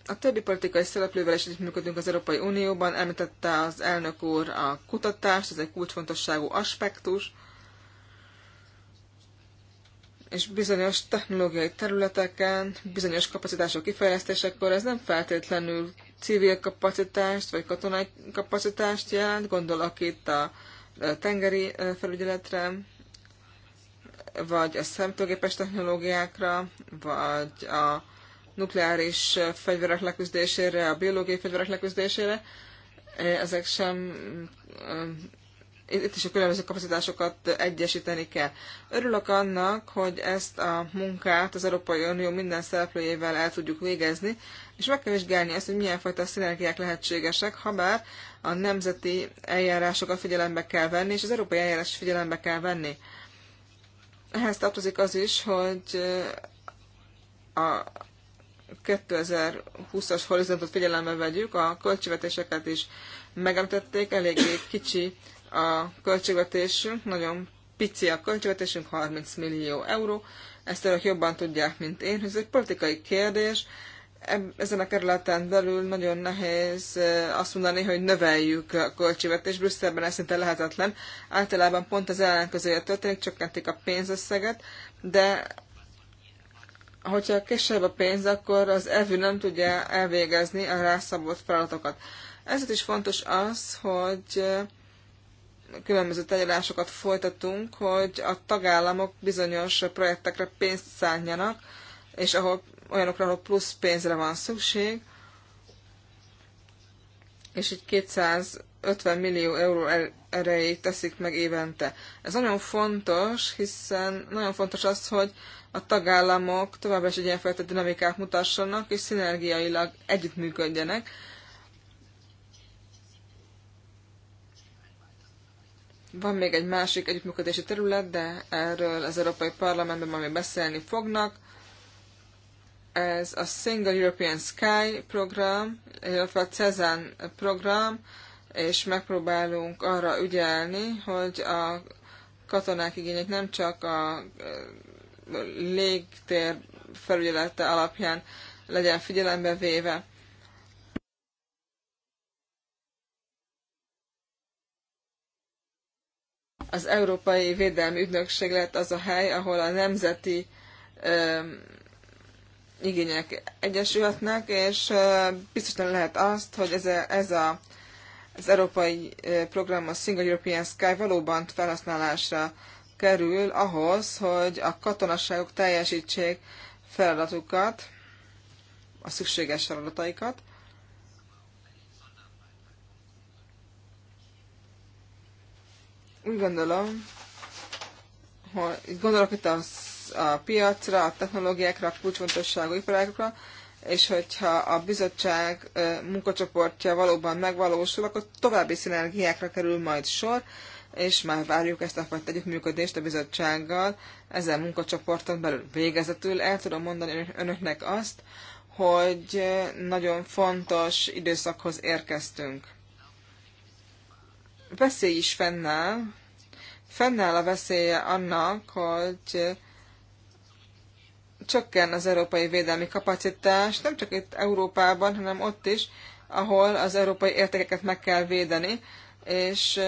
A többi politikai szereplővel is működünk az Európai Unióban, említette az elnök úr a kutatást, ez egy kulcsfontosságú aspektus, és bizonyos technológiai területeken, bizonyos kapacitások kifejlesztésekor ez nem feltétlenül civil kapacitást vagy katonai kapacitást jelent, gondolok itt a e, tengeri e, felügyeletre, vagy a szemtőgépes technológiákra, vagy a nukleáris fegyverek leküzdésére, a biológiai fegyverek leküzdésére. E, ezek sem itt is a különböző kapacitásokat egyesíteni kell. Örülök annak, hogy ezt a munkát az Európai Unió minden szereplőjével el tudjuk végezni, és meg kell vizsgálni azt, hogy milyen fajta szinergiák lehetségesek, ha bár a nemzeti eljárásokat figyelembe kell venni, és az európai eljárás figyelembe kell venni. Ehhez tartozik az is, hogy a 2020-as horizontot figyelembe vegyük, a költségvetéseket is megemtették, eléggé kicsi a költségvetésünk, nagyon pici a költségvetésünk, 30 millió euró. Ezt önök jobban tudják, mint én, hogy ez egy politikai kérdés. Ezen a kerületen belül nagyon nehéz azt mondani, hogy növeljük a költségvetést. Brüsszelben ez szinte lehetetlen. Általában pont az ellenkezője történik, csökkentik a pénzösszeget, de hogyha kisebb a pénz, akkor az elvű nem tudja elvégezni a rászabott feladatokat. Ezért is fontos az, hogy különböző tárgyalásokat folytatunk, hogy a tagállamok bizonyos projektekre pénzt szálljanak, és ahol, olyanokra, ahol plusz pénzre van szükség, és így 250 millió euró er- erejét teszik meg évente. Ez nagyon fontos, hiszen nagyon fontos az, hogy a tagállamok továbbra is egy ilyenfajta dinamikát mutassanak, és szinergiailag együttműködjenek, Van még egy másik együttműködési terület, de erről az Európai Parlamentben majd beszélni fognak. Ez a Single European Sky program, illetve a CESAN program, és megpróbálunk arra ügyelni, hogy a katonák igényeit nem csak a légtér felügyelete alapján legyen figyelembe véve. Az Európai Védelmi Ügynökség lett az a hely, ahol a nemzeti ö, igények egyesülhetnek, és ö, biztosan lehet azt, hogy ez a, ez a az európai program, a Single European Sky valóban felhasználásra kerül ahhoz, hogy a katonaságok teljesítsék feladatukat, a szükséges feladataikat, Úgy gondolom, hogy gondolok itt a, a piacra, a technológiákra, a kulcsfontosságú iparágokra, és hogyha a bizottság munkacsoportja valóban megvalósul, akkor további szinergiákra kerül majd sor, és már várjuk ezt a fajta együttműködést a bizottsággal ezen munkacsoporton belül végezetül. El tudom mondani önöknek azt, hogy nagyon fontos időszakhoz érkeztünk veszély is fennáll. Fennáll a veszélye annak, hogy csökken az európai védelmi kapacitás, nem csak itt Európában, hanem ott is, ahol az európai értékeket meg kell védeni, és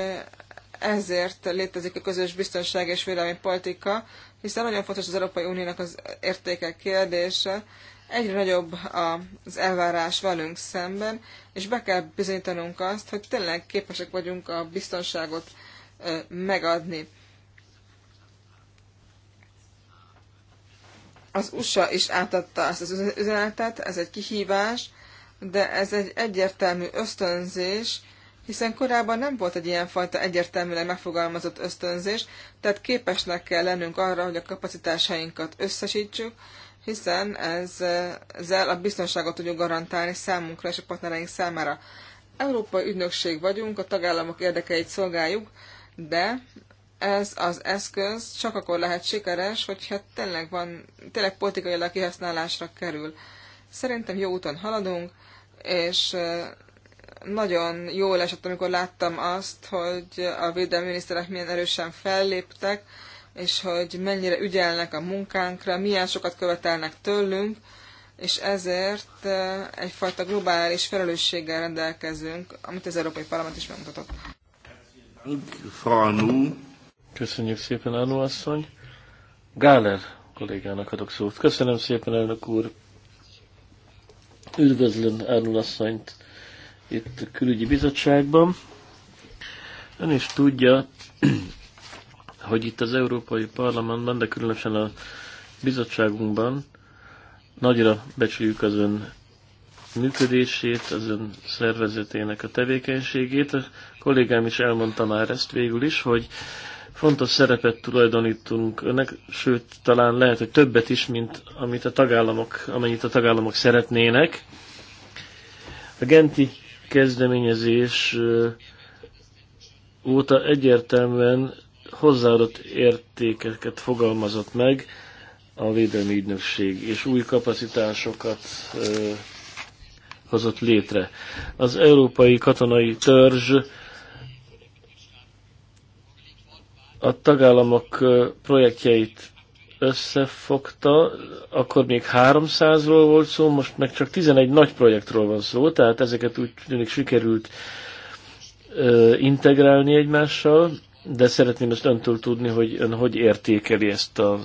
ezért létezik a közös biztonság és védelmi politika, hiszen nagyon fontos az Európai Uniónak az értékek kérdése, egyre nagyobb az elvárás velünk szemben, és be kell bizonyítanunk azt, hogy tényleg képesek vagyunk a biztonságot megadni. Az USA is átadta ezt az üzenetet, ez egy kihívás, de ez egy egyértelmű ösztönzés, hiszen korábban nem volt egy ilyenfajta egyértelműen megfogalmazott ösztönzés, tehát képesnek kell lennünk arra, hogy a kapacitásainkat összesítsük, hiszen ez, ezzel a biztonságot tudjuk garantálni számunkra és a partnereink számára. Európai ügynökség vagyunk, a tagállamok érdekeit szolgáljuk, de ez az eszköz csak akkor lehet sikeres, hogyha tényleg, van, tényleg politikai kihasználásra kerül. Szerintem jó úton haladunk, és nagyon jól esett, amikor láttam azt, hogy a védelmi miniszterek milyen erősen felléptek, és hogy mennyire ügyelnek a munkánkra, milyen sokat követelnek tőlünk, és ezért egyfajta globális felelősséggel rendelkezünk, amit az Európai Parlament is megmutatott. Köszönjük szépen, Anu asszony. Gáler kollégának adok szót. Köszönöm szépen, elnök úr. Üdvözlöm Anu asszonyt itt a külügyi bizottságban. Ön is tudja, hogy itt az Európai Parlamentben, de különösen a bizottságunkban nagyra becsüljük az ön működését, az ön szervezetének a tevékenységét. A kollégám is elmondta már ezt végül is, hogy fontos szerepet tulajdonítunk önnek, sőt, talán lehet, hogy többet is, mint amit a tagállamok, amennyit a tagállamok szeretnének. A genti kezdeményezés óta egyértelműen hozzáadott értékeket fogalmazott meg a Védelmi Ügynökség, és új kapacitásokat ö, hozott létre. Az Európai Katonai Törzs a tagállamok projektjeit összefogta, akkor még 300-ról volt szó, most meg csak 11 nagy projektről van szó, tehát ezeket úgy tűnik sikerült ö, integrálni egymással de szeretném ezt öntől tudni, hogy ön hogy értékeli ezt az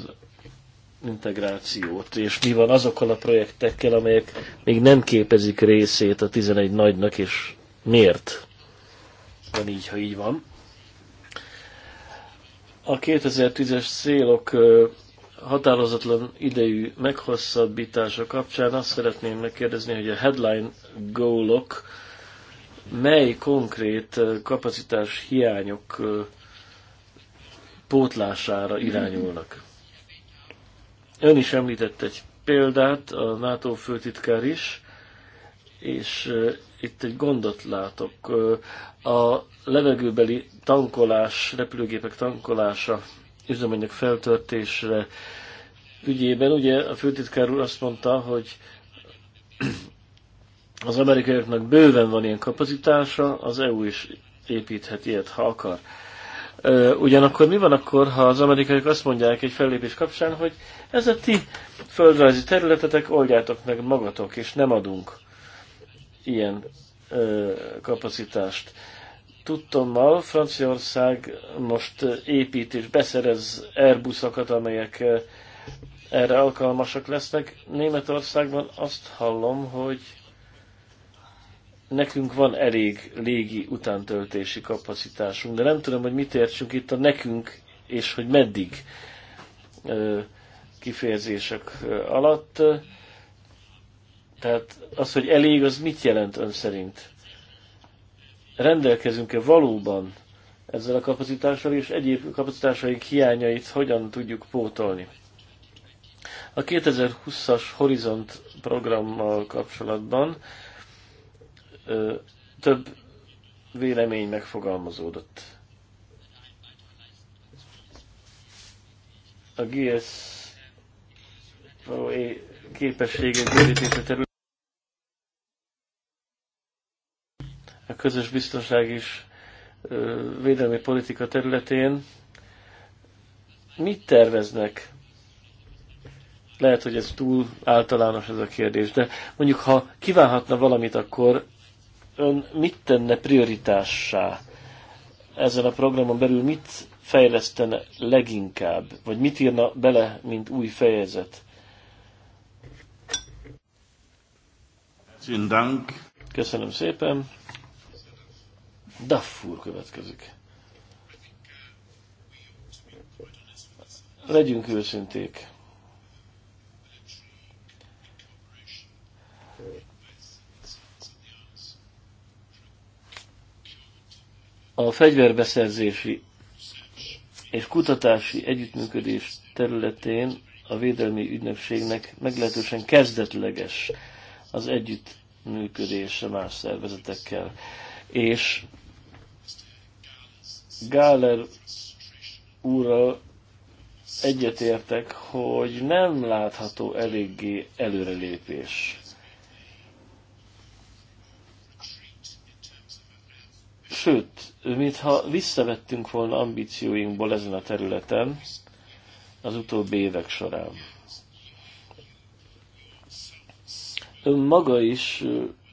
integrációt, és mi van azokkal a projektekkel, amelyek még nem képezik részét a 11 nagynak, és miért van így, ha így van. A 2010-es célok határozatlan idejű meghosszabbítása kapcsán azt szeretném megkérdezni, hogy a headline goalok mely konkrét kapacitás hiányok pótlására irányulnak. Ön is említett egy példát, a NATO főtitkár is, és eh, itt egy gondot látok. Eh, a levegőbeli tankolás, repülőgépek tankolása, üzemanyag feltörtésre ügyében, ugye a főtitkár úr azt mondta, hogy az amerikaiaknak bőven van ilyen kapacitása, az EU is építhet ilyet, ha akar. Ugyanakkor mi van akkor, ha az amerikaiak azt mondják egy fellépés kapcsán, hogy ez a ti földrajzi területetek, oldjátok meg magatok, és nem adunk ilyen ö, kapacitást. Tudtommal Franciaország most épít és beszerez Airbusokat, amelyek erre alkalmasak lesznek. Németországban azt hallom, hogy nekünk van elég légi utántöltési kapacitásunk, de nem tudom, hogy mit értsünk itt a nekünk, és hogy meddig kifejezések alatt. Tehát az, hogy elég, az mit jelent ön szerint? Rendelkezünk-e valóban ezzel a kapacitással, és egyéb kapacitásaink hiányait hogyan tudjuk pótolni? A 2020-as Horizont programmal kapcsolatban ö, több vélemény megfogalmazódott. A GS e képességek bővítése terület a közös biztonság és védelmi politika területén mit terveznek? Lehet, hogy ez túl általános ez a kérdés, de mondjuk ha kívánhatna valamit, akkor ön mit tenne prioritássá ezen a programon belül, mit fejlesztene leginkább, vagy mit írna bele, mint új fejezet? Köszönöm szépen. Daffur következik. Legyünk őszinték. A fegyverbeszerzési és kutatási együttműködés területén a védelmi ügynökségnek meglehetősen kezdetleges az együttműködése más szervezetekkel. És Gáler úrral egyetértek, hogy nem látható eléggé előrelépés Sőt, mintha visszavettünk volna ambícióinkból ezen a területen az utóbbi évek során. Ön maga is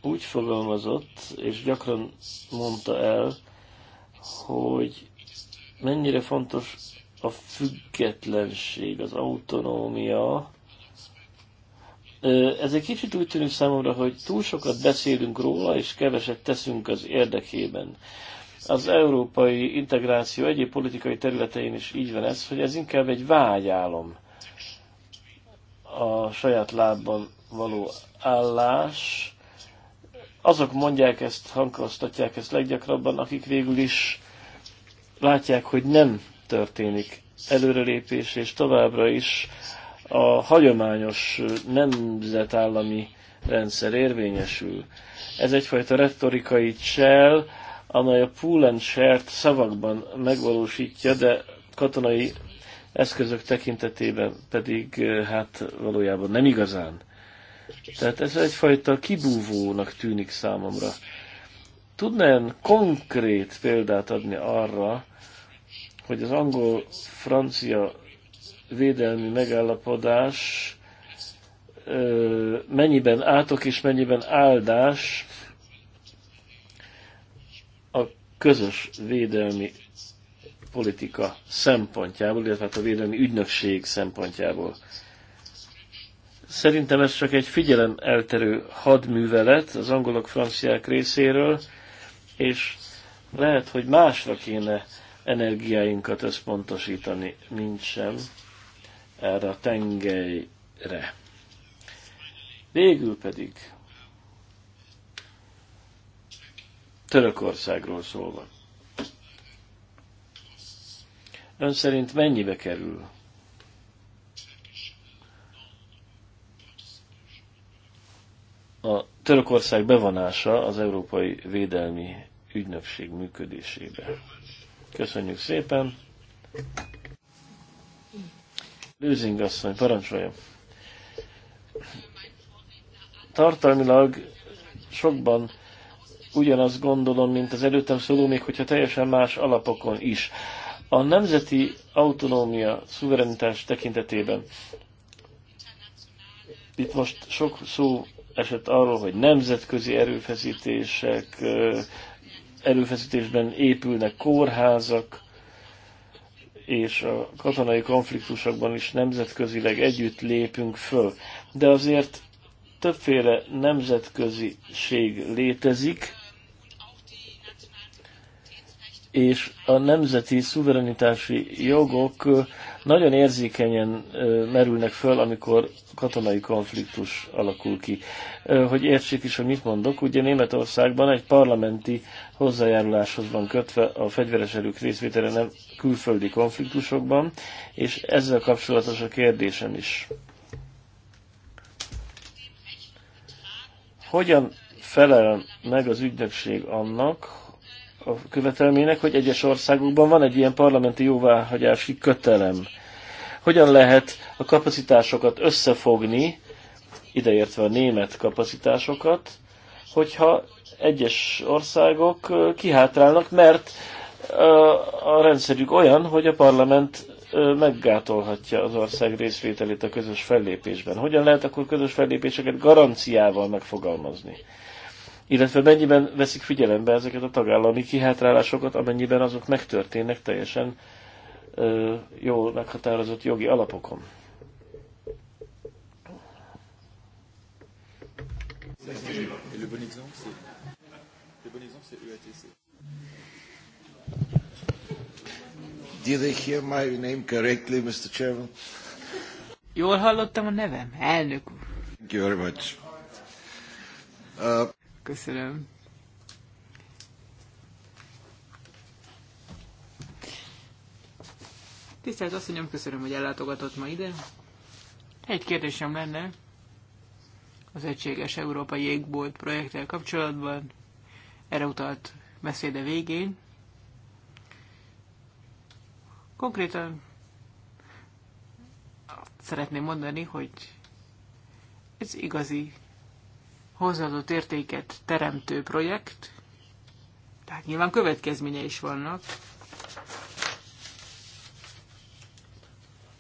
úgy fogalmazott, és gyakran mondta el, hogy mennyire fontos a függetlenség, az autonómia, ez egy kicsit úgy tűnik számomra, hogy túl sokat beszélünk róla, és keveset teszünk az érdekében. Az európai integráció egyéb politikai területein is így van ez, hogy ez inkább egy vágyálom a saját lábban való állás. Azok mondják ezt, hangkoztatják ezt leggyakrabban, akik végül is látják, hogy nem történik előrelépés, és továbbra is a hagyományos nemzetállami rendszer érvényesül. Ez egyfajta retorikai csel, amely a pool and shared szavakban megvalósítja, de katonai eszközök tekintetében pedig eh, hát valójában nem igazán. Tehát ez egyfajta kibúvónak tűnik számomra. Tudnán konkrét példát adni arra, hogy az angol-francia védelmi megállapodás mennyiben átok és mennyiben áldás a közös védelmi politika szempontjából, illetve hát a védelmi ügynökség szempontjából. Szerintem ez csak egy figyelem elterő hadművelet az angolok franciák részéről, és lehet, hogy másra kéne energiáinkat összpontosítani, mint sem erre a tengelyre. Végül pedig Törökországról szólva. Ön szerint mennyibe kerül a Törökország bevonása az Európai Védelmi Ügynökség működésébe? Köszönjük szépen! Lőzing asszony, parancsoljon. Tartalmilag sokban ugyanazt gondolom, mint az előttem szóló, még hogyha teljesen más alapokon is. A nemzeti autonómia, szuverenitás tekintetében itt most sok szó esett arról, hogy nemzetközi erőfeszítések, erőfeszítésben épülnek kórházak, és a katonai konfliktusokban is nemzetközileg együtt lépünk föl. De azért többféle nemzetköziség létezik, és a nemzeti szuverenitási jogok nagyon érzékenyen merülnek föl, amikor katonai konfliktus alakul ki. Hogy értsék is, hogy mit mondok, ugye Németországban egy parlamenti hozzájáruláshoz van kötve a fegyveres erők részvétele nem külföldi konfliktusokban, és ezzel kapcsolatos a kérdésem is. Hogyan felel meg az ügynökség annak a követelmének, hogy egyes országokban van egy ilyen parlamenti jóváhagyási kötelem? Hogyan lehet a kapacitásokat összefogni, ideértve a német kapacitásokat, hogyha egyes országok kihátrálnak, mert a, a rendszerük olyan, hogy a parlament meggátolhatja az ország részvételét a közös fellépésben. Hogyan lehet akkor közös fellépéseket garanciával megfogalmazni? Illetve mennyiben veszik figyelembe ezeket a tagállami kihátrálásokat, amennyiben azok megtörténnek teljesen ö, jól meghatározott jogi alapokon? Le bon exemple, c'est Did I hear my name correctly, Mr. Chairman? Jól hallottam a nevem, elnök úr. Thank you very much. Uh, Köszönöm. Tisztelt asszonyom, köszönöm, hogy ellátogatott ma ide. Egy kérdésem lenne az Egységes Európai Jégbolt projekttel kapcsolatban. Erre utalt beszéde végén. Konkrétan szeretném mondani, hogy ez igazi hozzáadott értéket teremtő projekt, tehát nyilván következménye is vannak.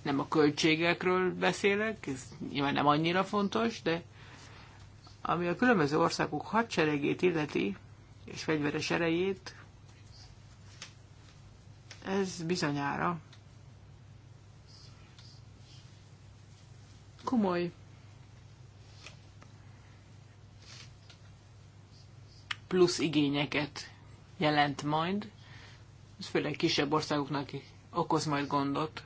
Nem a költségekről beszélek, ez nyilván nem annyira fontos, de ami a különböző országok hadseregét illeti, és fegyveres erejét, ez bizonyára komoly plusz igényeket jelent majd, ez főleg kisebb országoknak okoz majd gondot,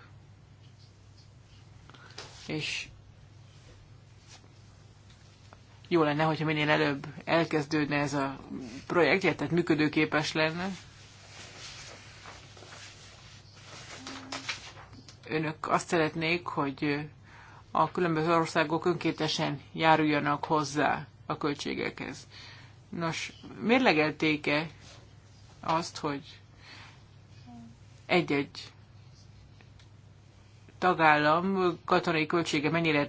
és jó lenne, hogyha minél előbb elkezdődne ez a projekt, tehát működőképes lenne. önök azt szeretnék, hogy a különböző országok önkétesen járuljanak hozzá a költségekhez. Nos, mérlegelték-e azt, hogy egy-egy tagállam katonai költsége mennyire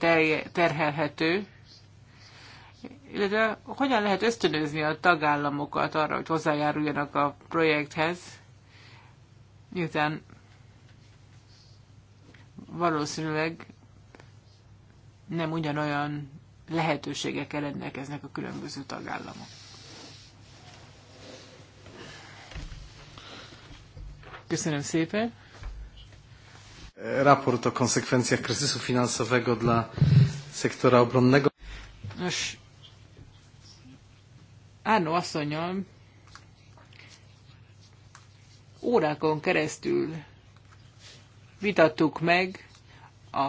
terhelhető, illetve hogyan lehet ösztönözni a tagállamokat arra, hogy hozzájáruljanak a projekthez, miután valószínűleg nem ugyanolyan lehetőségekkel rendelkeznek a különböző tagállamok. Köszönöm szépen. Raport a konsekvenciák kryzysu finanszavego dla szektora obronnego. Nos, Árnó asszonyom órákon keresztül vitattuk meg a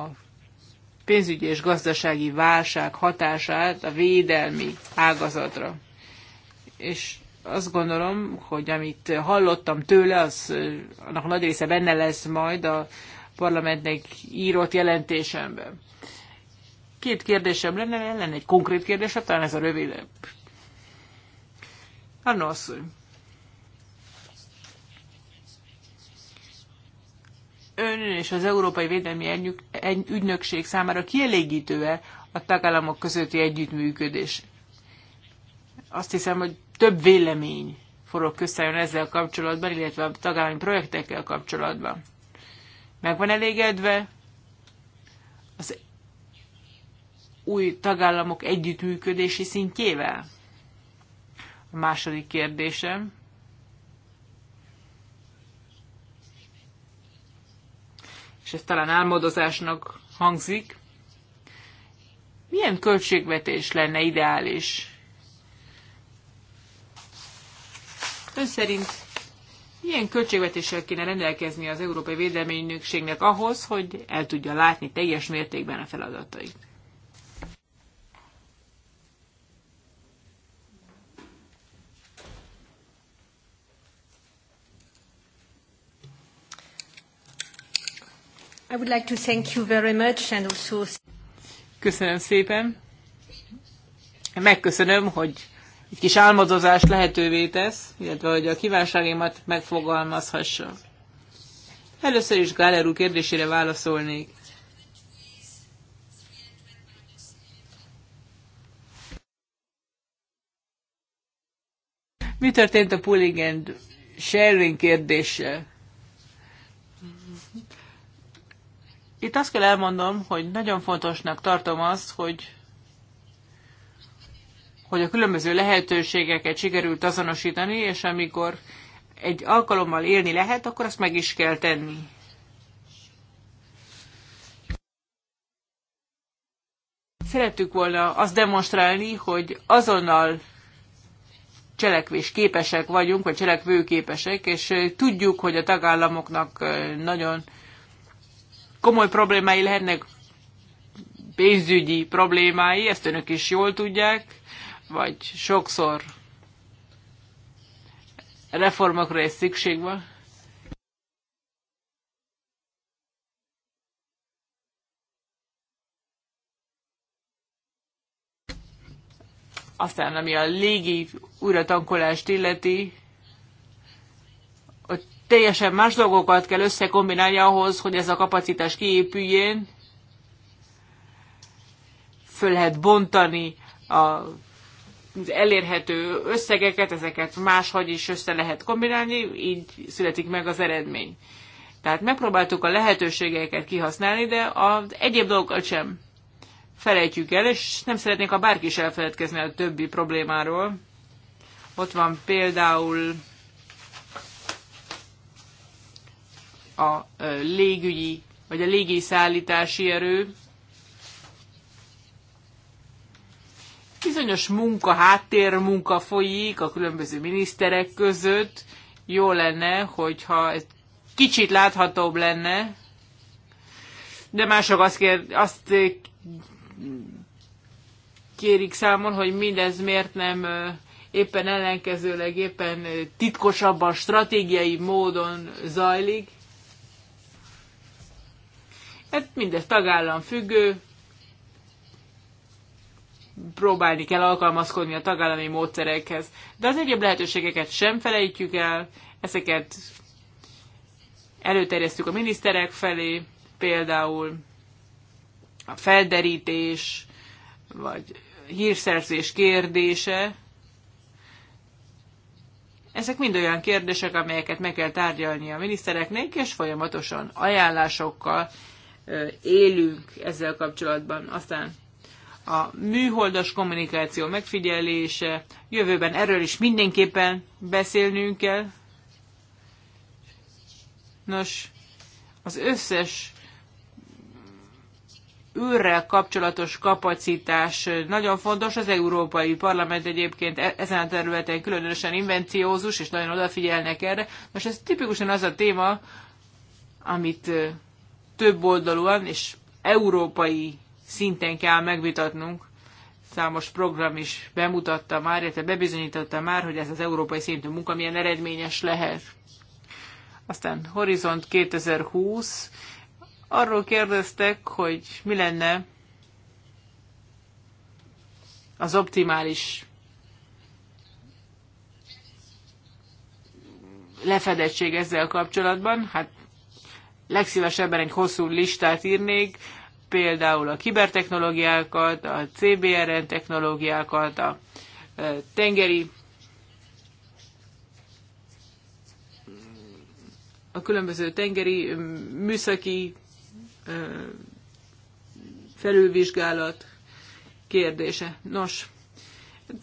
pénzügyi és gazdasági válság hatását a védelmi ágazatra. És azt gondolom, hogy amit hallottam tőle, az, annak nagy része benne lesz majd a parlamentnek írott jelentésemben. Két kérdésem lenne, lenne egy konkrét kérdés, talán ez a rövidebb. Anna asszony, ön és az Európai Védelmi Ügynökség számára kielégítő-e a tagállamok közötti együttműködés? Azt hiszem, hogy több vélemény forog közszájon ezzel a kapcsolatban, illetve a tagállami projektekkel kapcsolatban. Meg van elégedve az új tagállamok együttműködési szintjével? A második kérdésem és ez talán álmodozásnak hangzik, milyen költségvetés lenne ideális? Ön szerint milyen költségvetéssel kéne rendelkezni az Európai Védelmi Ügynökségnek ahhoz, hogy el tudja látni teljes mértékben a feladatait? I would like to thank you very much and also... Köszönöm szépen. Megköszönöm, hogy egy kis álmodozást lehetővé tesz, illetve hogy a kívánságaimat megfogalmazhassa. Először is Gáler kérdésére válaszolnék. Mi történt a pooling and sharing kérdéssel? Itt azt kell elmondom, hogy nagyon fontosnak tartom azt, hogy hogy a különböző lehetőségeket sikerült azonosítani, és amikor egy alkalommal élni lehet, akkor azt meg is kell tenni. Szerettük volna azt demonstrálni, hogy azonnal cselekvés képesek vagyunk, vagy cselekvőképesek, és eh, tudjuk, hogy a tagállamoknak eh, nagyon komoly problémái lehetnek, pénzügyi problémái, ezt önök is jól tudják, vagy sokszor reformokra is szükség van. Aztán, ami a légi újratankolást illeti, hogy teljesen más dolgokat kell összekombinálni ahhoz, hogy ez a kapacitás kiépüljén. Föl lehet bontani a az elérhető összegeket, ezeket máshogy is össze lehet kombinálni, így születik meg az eredmény. Tehát megpróbáltuk a lehetőségeket kihasználni, de az egyéb dolgokat sem felejtjük el, és nem szeretnék, ha bárki is elfeledkezne a többi problémáról. Ott van például a légügyi, vagy a légészállítási erő. Bizonyos munka, háttér munka folyik a különböző miniszterek között. Jó lenne, hogyha ez kicsit láthatóbb lenne, de mások azt, kér, azt kérik számon, hogy mindez miért nem éppen ellenkezőleg, éppen titkosabban, stratégiai módon zajlik. Hát mindez tagállam függő, próbálni kell alkalmazkodni a tagállami módszerekhez. De az egyéb lehetőségeket sem felejtjük el, ezeket előterjesztjük a miniszterek felé, például a felderítés, vagy hírszerzés kérdése. Ezek mind olyan kérdések, amelyeket meg kell tárgyalni a minisztereknek, és folyamatosan ajánlásokkal élünk ezzel kapcsolatban. Aztán a műholdas kommunikáció megfigyelése, jövőben erről is mindenképpen beszélnünk kell. Nos, az összes űrrel kapcsolatos kapacitás nagyon fontos. Az Európai Parlament egyébként e- ezen a területen különösen invenciózus, és nagyon odafigyelnek erre. Most ez tipikusan az a téma, amit több oldalúan és európai szinten kell megvitatnunk. Számos program is bemutatta már, illetve bebizonyította már, hogy ez az európai szintű munka milyen eredményes lehet. Aztán Horizont 2020. Arról kérdeztek, hogy mi lenne az optimális lefedettség ezzel kapcsolatban. Hát legszívesebben egy hosszú listát írnék, például a kibertechnológiákat, a CBRN technológiákat, a tengeri a különböző tengeri műszaki felülvizsgálat kérdése. Nos,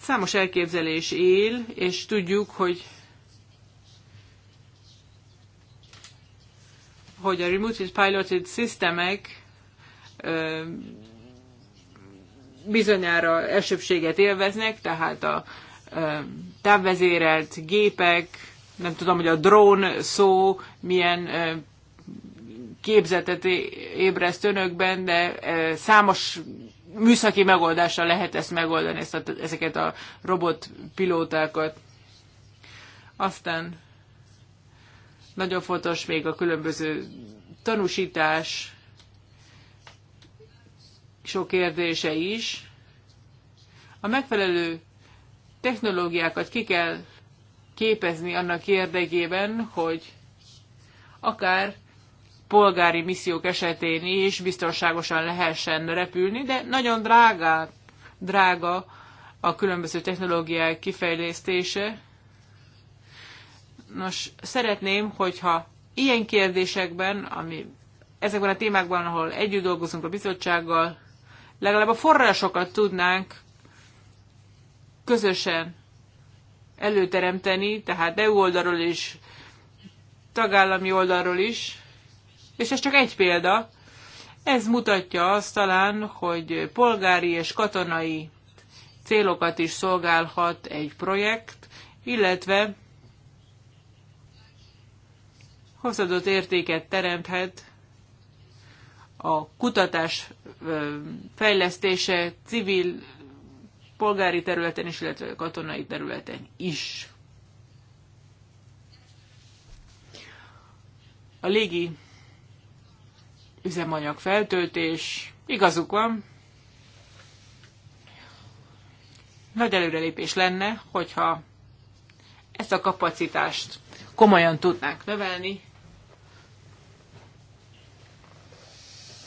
számos elképzelés él, és tudjuk, hogy hogy a Remote Piloted Systemek bizonyára elsőbséget élveznek, tehát a távvezérelt gépek, nem tudom, hogy a drón szó milyen képzetet ébreszt önökben, de számos műszaki megoldással lehet ezt megoldani, ezt a, ezeket a robotpilótákat. Aztán nagyon fontos még a különböző tanúsítás, sok kérdése is. A megfelelő technológiákat ki kell képezni annak érdekében, hogy akár polgári missziók esetén is biztonságosan lehessen repülni, de nagyon drága, drága a különböző technológiák kifejlesztése. Nos, szeretném, hogyha ilyen kérdésekben, ami ezekben a témákban, ahol együtt dolgozunk a bizottsággal, legalább a forrásokat tudnánk közösen előteremteni, tehát EU oldalról is, tagállami oldalról is, és ez csak egy példa. Ez mutatja azt talán, hogy polgári és katonai célokat is szolgálhat egy projekt, illetve hozadott értéket teremthet a kutatás fejlesztése civil, polgári területen is, illetve katonai területen is. A légi üzemanyag feltöltés, igazuk van, nagy előrelépés lenne, hogyha ezt a kapacitást komolyan tudnánk növelni,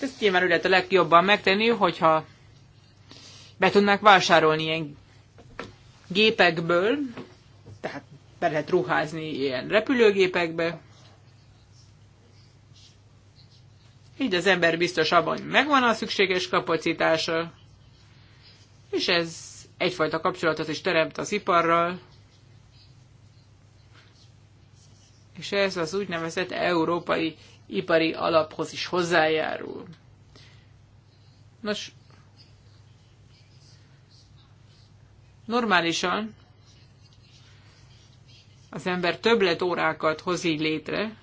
Ezt nyilván ő lehet a legjobban megtenni, hogyha be tudnák vásárolni ilyen gépekből, tehát be lehet ruházni ilyen repülőgépekbe. Így az ember biztos abban, hogy megvan a szükséges kapacitása, és ez egyfajta kapcsolatot is teremt az iparral, és ez az úgynevezett európai ipari alaphoz is hozzájárul. Nos, normálisan az ember többlet órákat hoz így létre.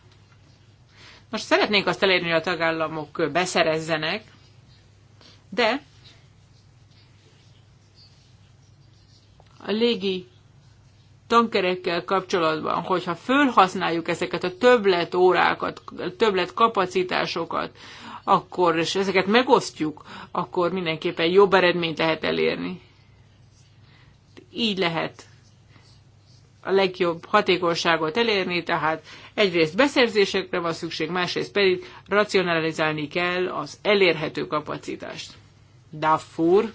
Most szeretnénk azt elérni, hogy a tagállamok beszerezzenek, de a légi tankerekkel kapcsolatban, hogyha fölhasználjuk ezeket a többlet órákat, többlet kapacitásokat, akkor, és ezeket megosztjuk, akkor mindenképpen jobb eredményt lehet elérni. Így lehet a legjobb hatékonyságot elérni, tehát egyrészt beszerzésekre van szükség, másrészt pedig racionalizálni kell az elérhető kapacitást. Duffur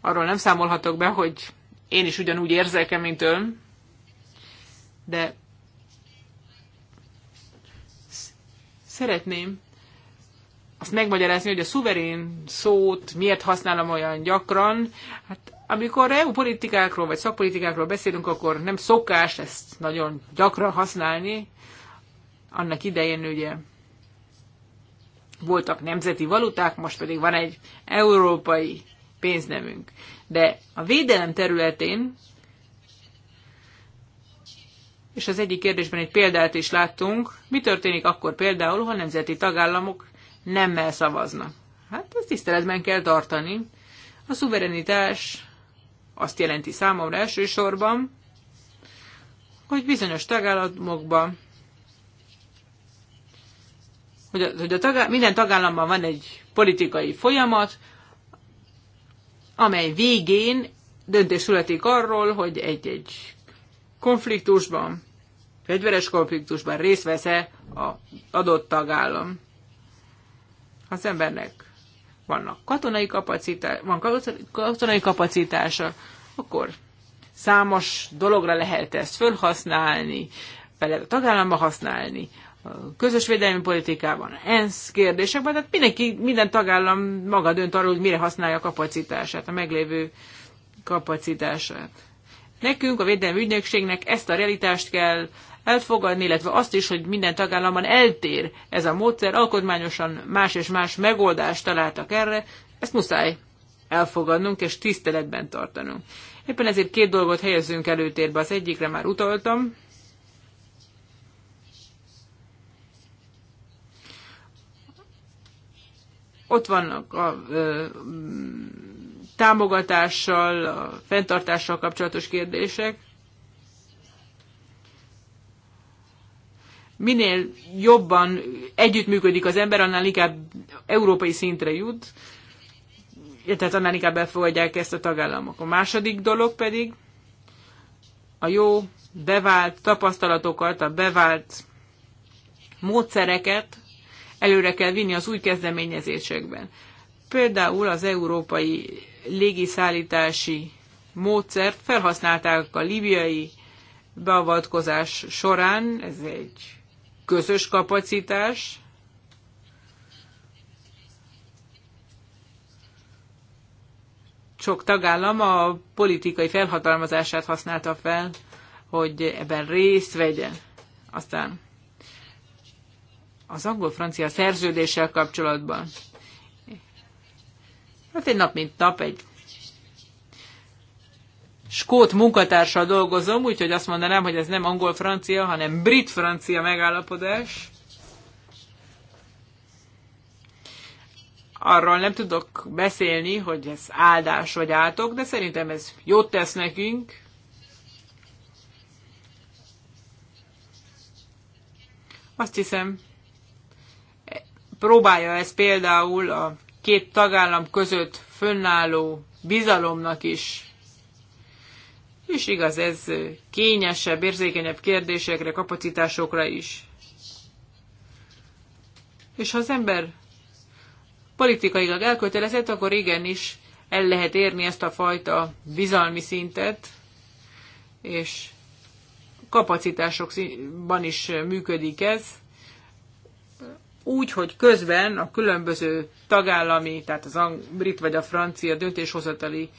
arról nem számolhatok be, hogy én is ugyanúgy érzek-e, mint ön, de szeretném azt megmagyarázni, hogy a szuverén szót miért használom olyan gyakran. Hát amikor EU politikákról vagy szakpolitikákról beszélünk, akkor nem szokás ezt nagyon gyakran használni. Annak idején ugye voltak nemzeti valuták, most pedig van egy európai pénznemünk. De a védelem területén, és az egyik kérdésben egy példát is láttunk, mi történik akkor például, ha nemzeti tagállamok nemmel szavaznak? Hát ezt tiszteletben kell tartani. A szuverenitás azt jelenti számomra elsősorban, hogy bizonyos tagállamokban, hogy a, hogy a tagá, minden tagállamban van egy politikai folyamat, amely végén döntés születik arról, hogy egy-egy konfliktusban, fegyveres konfliktusban részt vesz-e az adott tagállam. Ha az embernek vannak katonai kapacitás, van katonai kapacitása, akkor számos dologra lehet ezt fölhasználni, fel lehet a tagállamba használni közös védelmi politikában, ENSZ kérdésekben, tehát mindenki, minden tagállam maga dönt arról, hogy mire használja a kapacitását, a meglévő kapacitását. Nekünk, a védelmi ügynökségnek ezt a realitást kell elfogadni, illetve azt is, hogy minden tagállamban eltér ez a módszer, alkotmányosan más és más megoldást találtak erre, ezt muszáj elfogadnunk és tiszteletben tartanunk. Éppen ezért két dolgot helyezünk előtérbe, az egyikre már utaltam, Ott vannak a ö, támogatással, a fenntartással kapcsolatos kérdések. Minél jobban együttműködik az ember, annál inkább európai szintre jut, tehát annál inkább elfogadják ezt a tagállamok. A második dolog pedig a jó bevált tapasztalatokat, a bevált módszereket előre kell vinni az új kezdeményezésekben. Például az európai légiszállítási módszert felhasználták a libiai beavatkozás során, ez egy közös kapacitás, sok tagállam a politikai felhatalmazását használta fel, hogy ebben részt vegyen. Aztán az angol-francia szerződéssel kapcsolatban. Hát egy nap mint nap egy skót munkatársa dolgozom, úgyhogy azt mondanám, hogy ez nem angol-francia, hanem brit-francia megállapodás. Arról nem tudok beszélni, hogy ez áldás vagy átok, de szerintem ez jót tesz nekünk. Azt hiszem, próbálja ez például a két tagállam között fönnálló bizalomnak is. És igaz, ez kényesebb, érzékenyebb kérdésekre, kapacitásokra is. És ha az ember politikailag elkötelezett, akkor igenis el lehet érni ezt a fajta bizalmi szintet, és kapacitásokban is működik ez úgy, hogy közben a különböző tagállami, tehát az brit vagy a francia döntéshozatali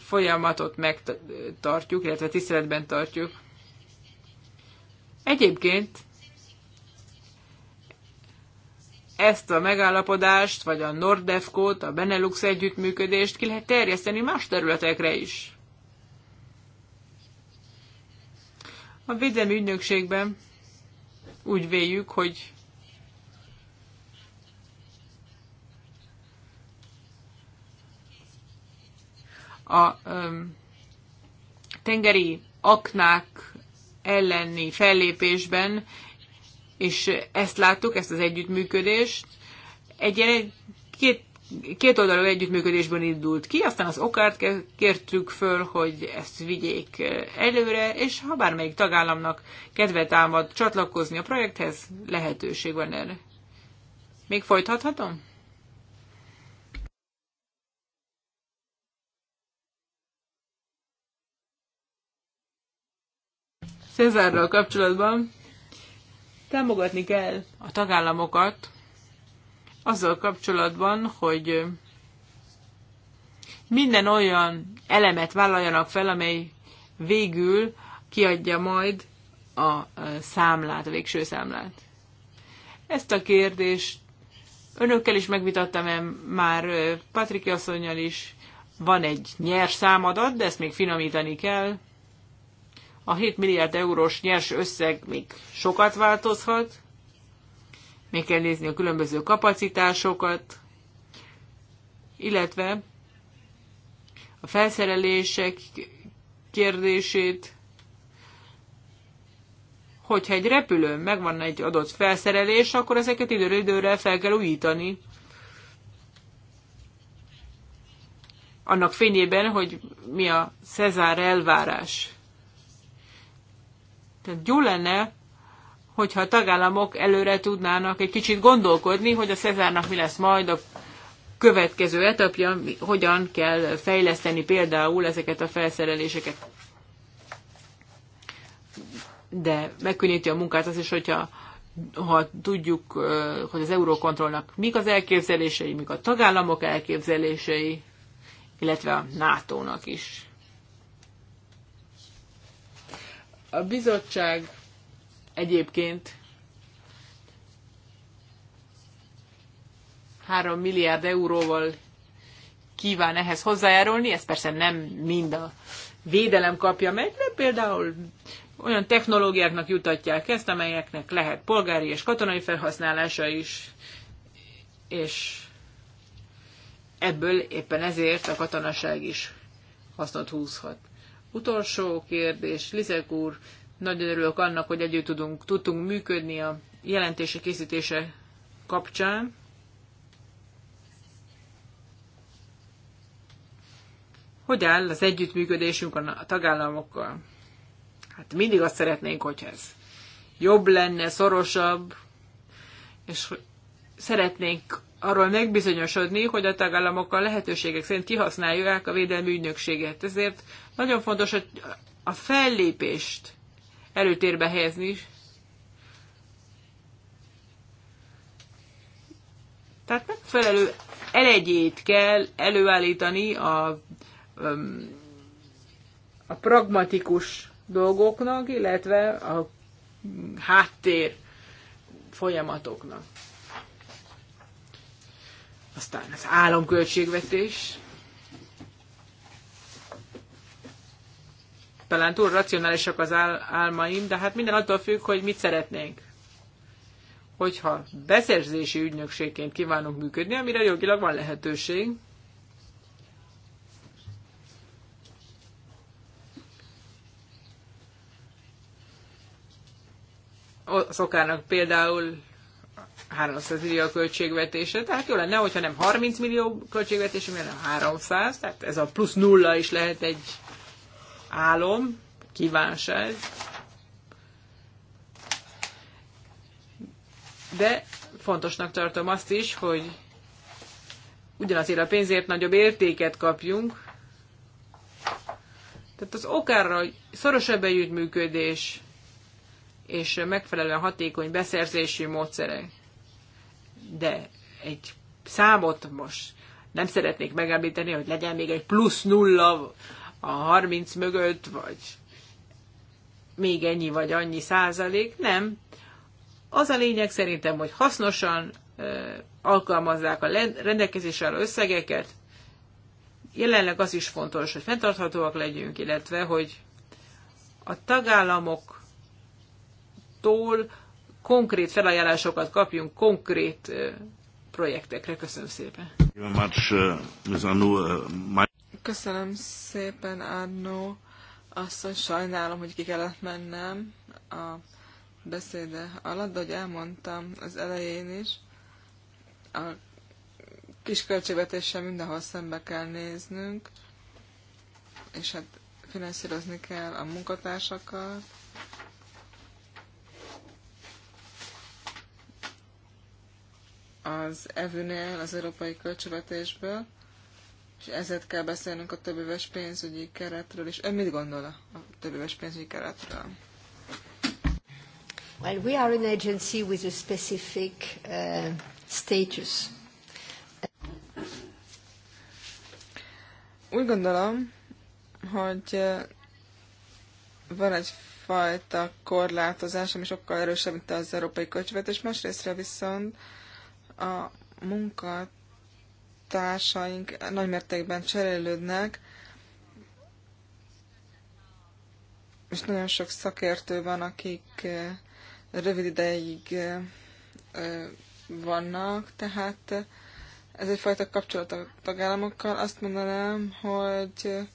folyamatot megtartjuk, illetve tiszteletben tartjuk. Egyébként ezt a megállapodást, vagy a Nordefkót, a Benelux együttműködést ki lehet terjeszteni más területekre is. A védelmi ügynökségben úgy véljük, hogy a tengeri aknák elleni fellépésben, és ezt láttuk, ezt az együttműködést. Egy ilyen két, két oldalú együttműködésben indult ki, aztán az okárt kértük föl, hogy ezt vigyék előre, és ha bármelyik tagállamnak kedve támad csatlakozni a projekthez, lehetőség van erre. Még folytathatom? Cezárral kapcsolatban támogatni kell a tagállamokat azzal kapcsolatban, hogy minden olyan elemet vállaljanak fel, amely végül kiadja majd a számlát, a végső számlát. Ezt a kérdést önökkel is megvitattam, -e már Patrik asszonynal is van egy nyers számadat, de ezt még finomítani kell. A 7 milliárd eurós nyers összeg még sokat változhat, még kell nézni a különböző kapacitásokat, illetve a felszerelések kérdését, hogyha egy repülőn megvan egy adott felszerelés, akkor ezeket időről időre fel kell újítani. Annak fényében, hogy mi a Cezár elvárás. Tehát jó lenne, hogyha a tagállamok előre tudnának egy kicsit gondolkodni, hogy a Szezárnak mi lesz majd a következő etapja, hogyan kell fejleszteni például ezeket a felszereléseket. De megkönnyíti a munkát az is, hogyha ha tudjuk, hogy az Eurókontrollnak mik az elképzelései, mik a tagállamok elképzelései, illetve a NATO-nak is. A bizottság egyébként 3 milliárd euróval kíván ehhez hozzájárulni, ez persze nem mind a védelem kapja meg, de például olyan technológiáknak jutatják ezt, amelyeknek lehet polgári és katonai felhasználása is, és ebből éppen ezért a katonaság is hasznot húzhat. Utolsó kérdés, Lizek úr, nagyon örülök annak, hogy együtt tudunk, tudtunk működni a jelentése készítése kapcsán. Hogy áll az együttműködésünk a tagállamokkal? Hát mindig azt szeretnénk, hogy ez jobb lenne, szorosabb, és szeretnénk arról megbizonyosodni, hogy a tagállamok a lehetőségek szerint kihasználják a védelmi ügynökséget. Ezért nagyon fontos hogy a fellépést előtérbe helyezni. Tehát megfelelő elegyét kell előállítani a, a pragmatikus dolgoknak, illetve a háttér folyamatoknak. Aztán az államköltségvetés. Talán túl racionálisak az ál- álmaim, de hát minden attól függ, hogy mit szeretnénk. Hogyha beszerzési ügynökségként kívánunk működni, amire jogilag van lehetőség, szokának például 300 millió a költségvetése, tehát jó lenne, hogyha nem 30 millió költségvetése, hanem 300, tehát ez a plusz nulla is lehet egy álom, kívánság. De fontosnak tartom azt is, hogy ugyanazért a pénzért nagyobb értéket kapjunk. Tehát az okára, hogy szorosabb együttműködés és megfelelően hatékony beszerzési módszerek de egy számot most nem szeretnék megemlíteni, hogy legyen még egy plusz nulla a 30 mögött, vagy még ennyi vagy annyi százalék, nem. Az a lényeg szerintem, hogy hasznosan alkalmazzák a rendelkezésre álló összegeket. Jelenleg az is fontos, hogy fenntarthatóak legyünk, illetve hogy a tagállamoktól konkrét felajánlásokat kapjunk konkrét projektekre. Köszönöm szépen. Köszönöm szépen, Arno. hogy sajnálom, hogy ki kellett mennem a beszéde alatt, de hogy elmondtam az elején is, a kis költségvetéssel mindenhol szembe kell néznünk, és hát finanszírozni kell a munkatársakat, az evőnél, az európai költségvetésből, és ezért kell beszélnünk a többéves pénzügyi keretről és Ön mit gondol a többéves pénzügyi keretről? Well, we are an agency with a specific uh, status. Úgy gondolom, hogy uh, van egyfajta korlátozás, ami sokkal erősebb, mint az európai költségvetés, másrészt viszont uh, a munkatársaink nagymértékben cserélődnek, és nagyon sok szakértő van, akik rövid ideig vannak, tehát ez egyfajta kapcsolat a tagállamokkal. Azt mondanám, hogy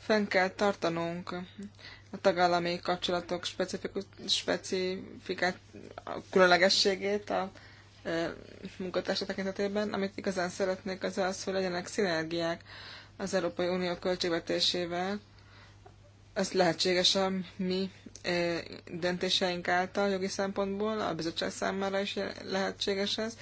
fenn kell tartanunk a tagállami kapcsolatok specifikus, specifikát, különlegességét a munkatársa tekintetében. Amit igazán szeretnék, az az, hogy legyenek szinergiák az Európai Unió költségvetésével. Ez lehetséges a mi döntéseink által jogi szempontból, a bizottság számára is lehetséges ez.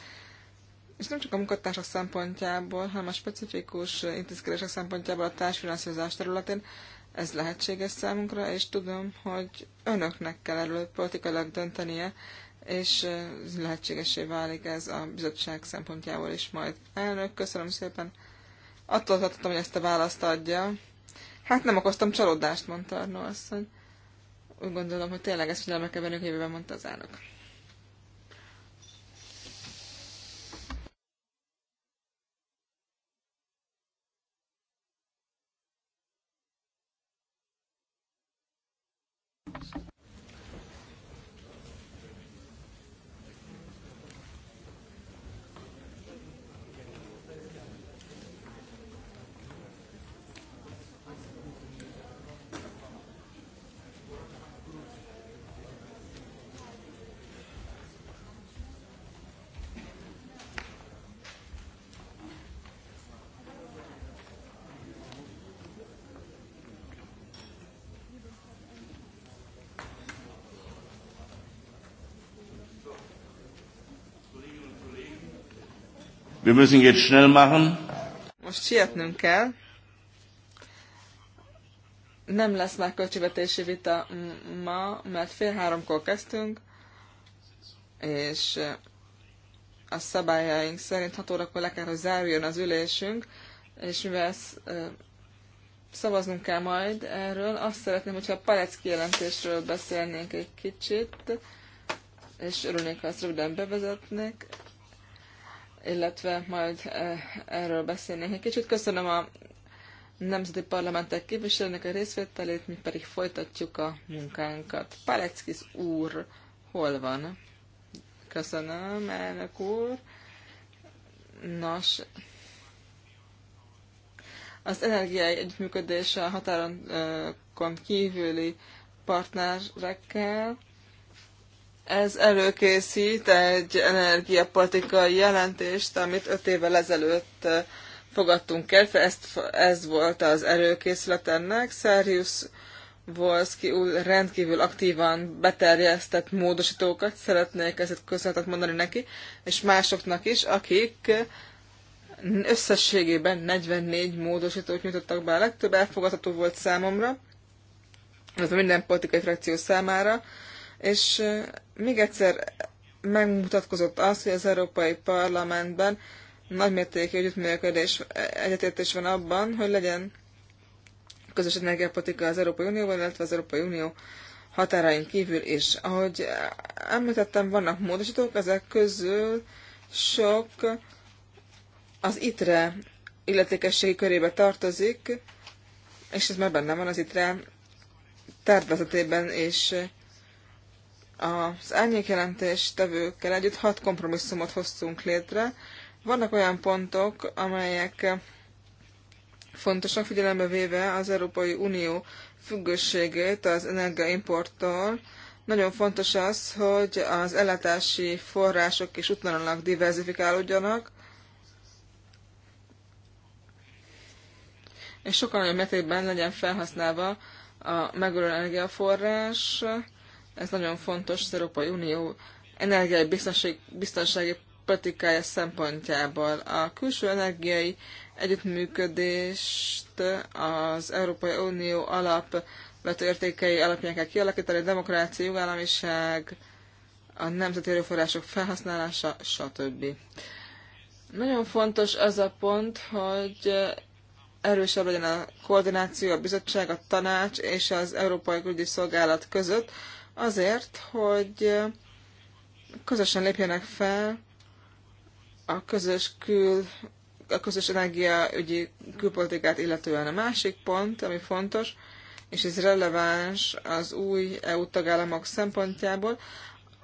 És nem csak a munkatársak szempontjából, hanem a specifikus intézkedések szempontjából a társfinanszírozás területén ez lehetséges számunkra, és tudom, hogy önöknek kell erről politikailag döntenie, és lehetségesé válik ez a bizottság szempontjából is majd. Elnök, köszönöm szépen. Attól tartottam, hogy ezt a választ adja. Hát nem okoztam csalódást, mondta Arno asszony. Úgy gondolom, hogy tényleg ezt figyelme kell vennünk, jövőben mondta az elnök. Wir müssen jetzt schnell machen. Most sietnünk kell. Nem lesz már költségvetési vita ma, mert fél háromkor kezdtünk, és a szabályaink szerint hat órakor le kell, hogy záruljon az ülésünk, és mivel ezt, szavaznunk kell majd erről, azt szeretném, hogyha a palec jelentésről beszélnénk egy kicsit, és örülnék, ha ezt röviden bevezetnék illetve majd eh, erről beszélnék egy kicsit. Köszönöm a nemzeti parlamentek képviselőnek a részvételét, mi pedig folytatjuk a munkánkat. Paleckis úr, hol van? Köszönöm, elnök úr. Nos, az energiai együttműködés a határon eh, kívüli partnerekkel, ez előkészít egy energiapolitikai jelentést, amit öt évvel ezelőtt eh, fogadtunk el, ezt, ez volt az előkészület ennek. Szerjusz Volszki rendkívül aktívan beterjesztett módosítókat, szeretnék ezt köszönetet mondani neki, és másoknak is, akik összességében 44 módosítót nyújtottak be, a legtöbb elfogadható volt számomra, illetve minden politikai frakció számára és még egyszer megmutatkozott az, hogy az Európai Parlamentben nagymértékű együttműködés, e, egyetértés van abban, hogy legyen közös energiapolitika az Európai Unióban, illetve az Európai Unió határain kívül is. Ahogy említettem, vannak módosítók, ezek közül sok az ITRE illetékességi körébe tartozik, és ez már benne van az ITRE tervezetében és az árnyékjelentés tevőkkel együtt hat kompromisszumot hoztunk létre. Vannak olyan pontok, amelyek fontosak figyelembe véve az Európai Unió függőségét az energiaimporttól. Nagyon fontos az, hogy az ellátási források is útvonalak diversifikálódjanak, és sokkal nagyobb mértékben legyen felhasználva a megújuló energiaforrás, ez nagyon fontos az Európai Unió energiai biztonság, biztonsági politikája szempontjából. A külső energiai együttműködést az Európai Unió alap értékei alapján kell kialakítani, a demokrácia, jogállamiság, a nemzeti erőforrások felhasználása, stb. Nagyon fontos az a pont, hogy erősebb legyen a koordináció a bizottság, a tanács és az Európai Külügyi Szolgálat között, azért, hogy közösen lépjenek fel a közös kül, a közös energiaügyi külpolitikát illetően. A másik pont, ami fontos, és ez releváns az új EU tagállamok szempontjából,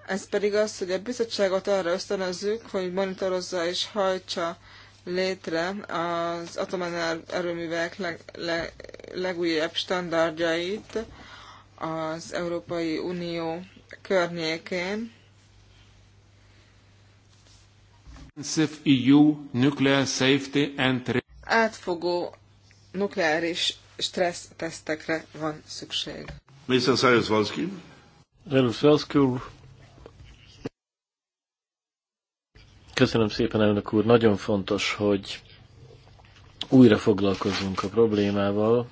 ez pedig az, hogy a bizottságot arra ösztönözzük, hogy monitorozza és hajtsa létre az atomenerőművek leg, le, legújabb standardjait az Európai Unió környékén. EU e nuclear safety and... Átfogó nukleáris stressz tesztekre van szükség. Mr. Sajewski. Köszönöm szépen, elnök úr. Nagyon fontos, hogy újra foglalkozunk a problémával,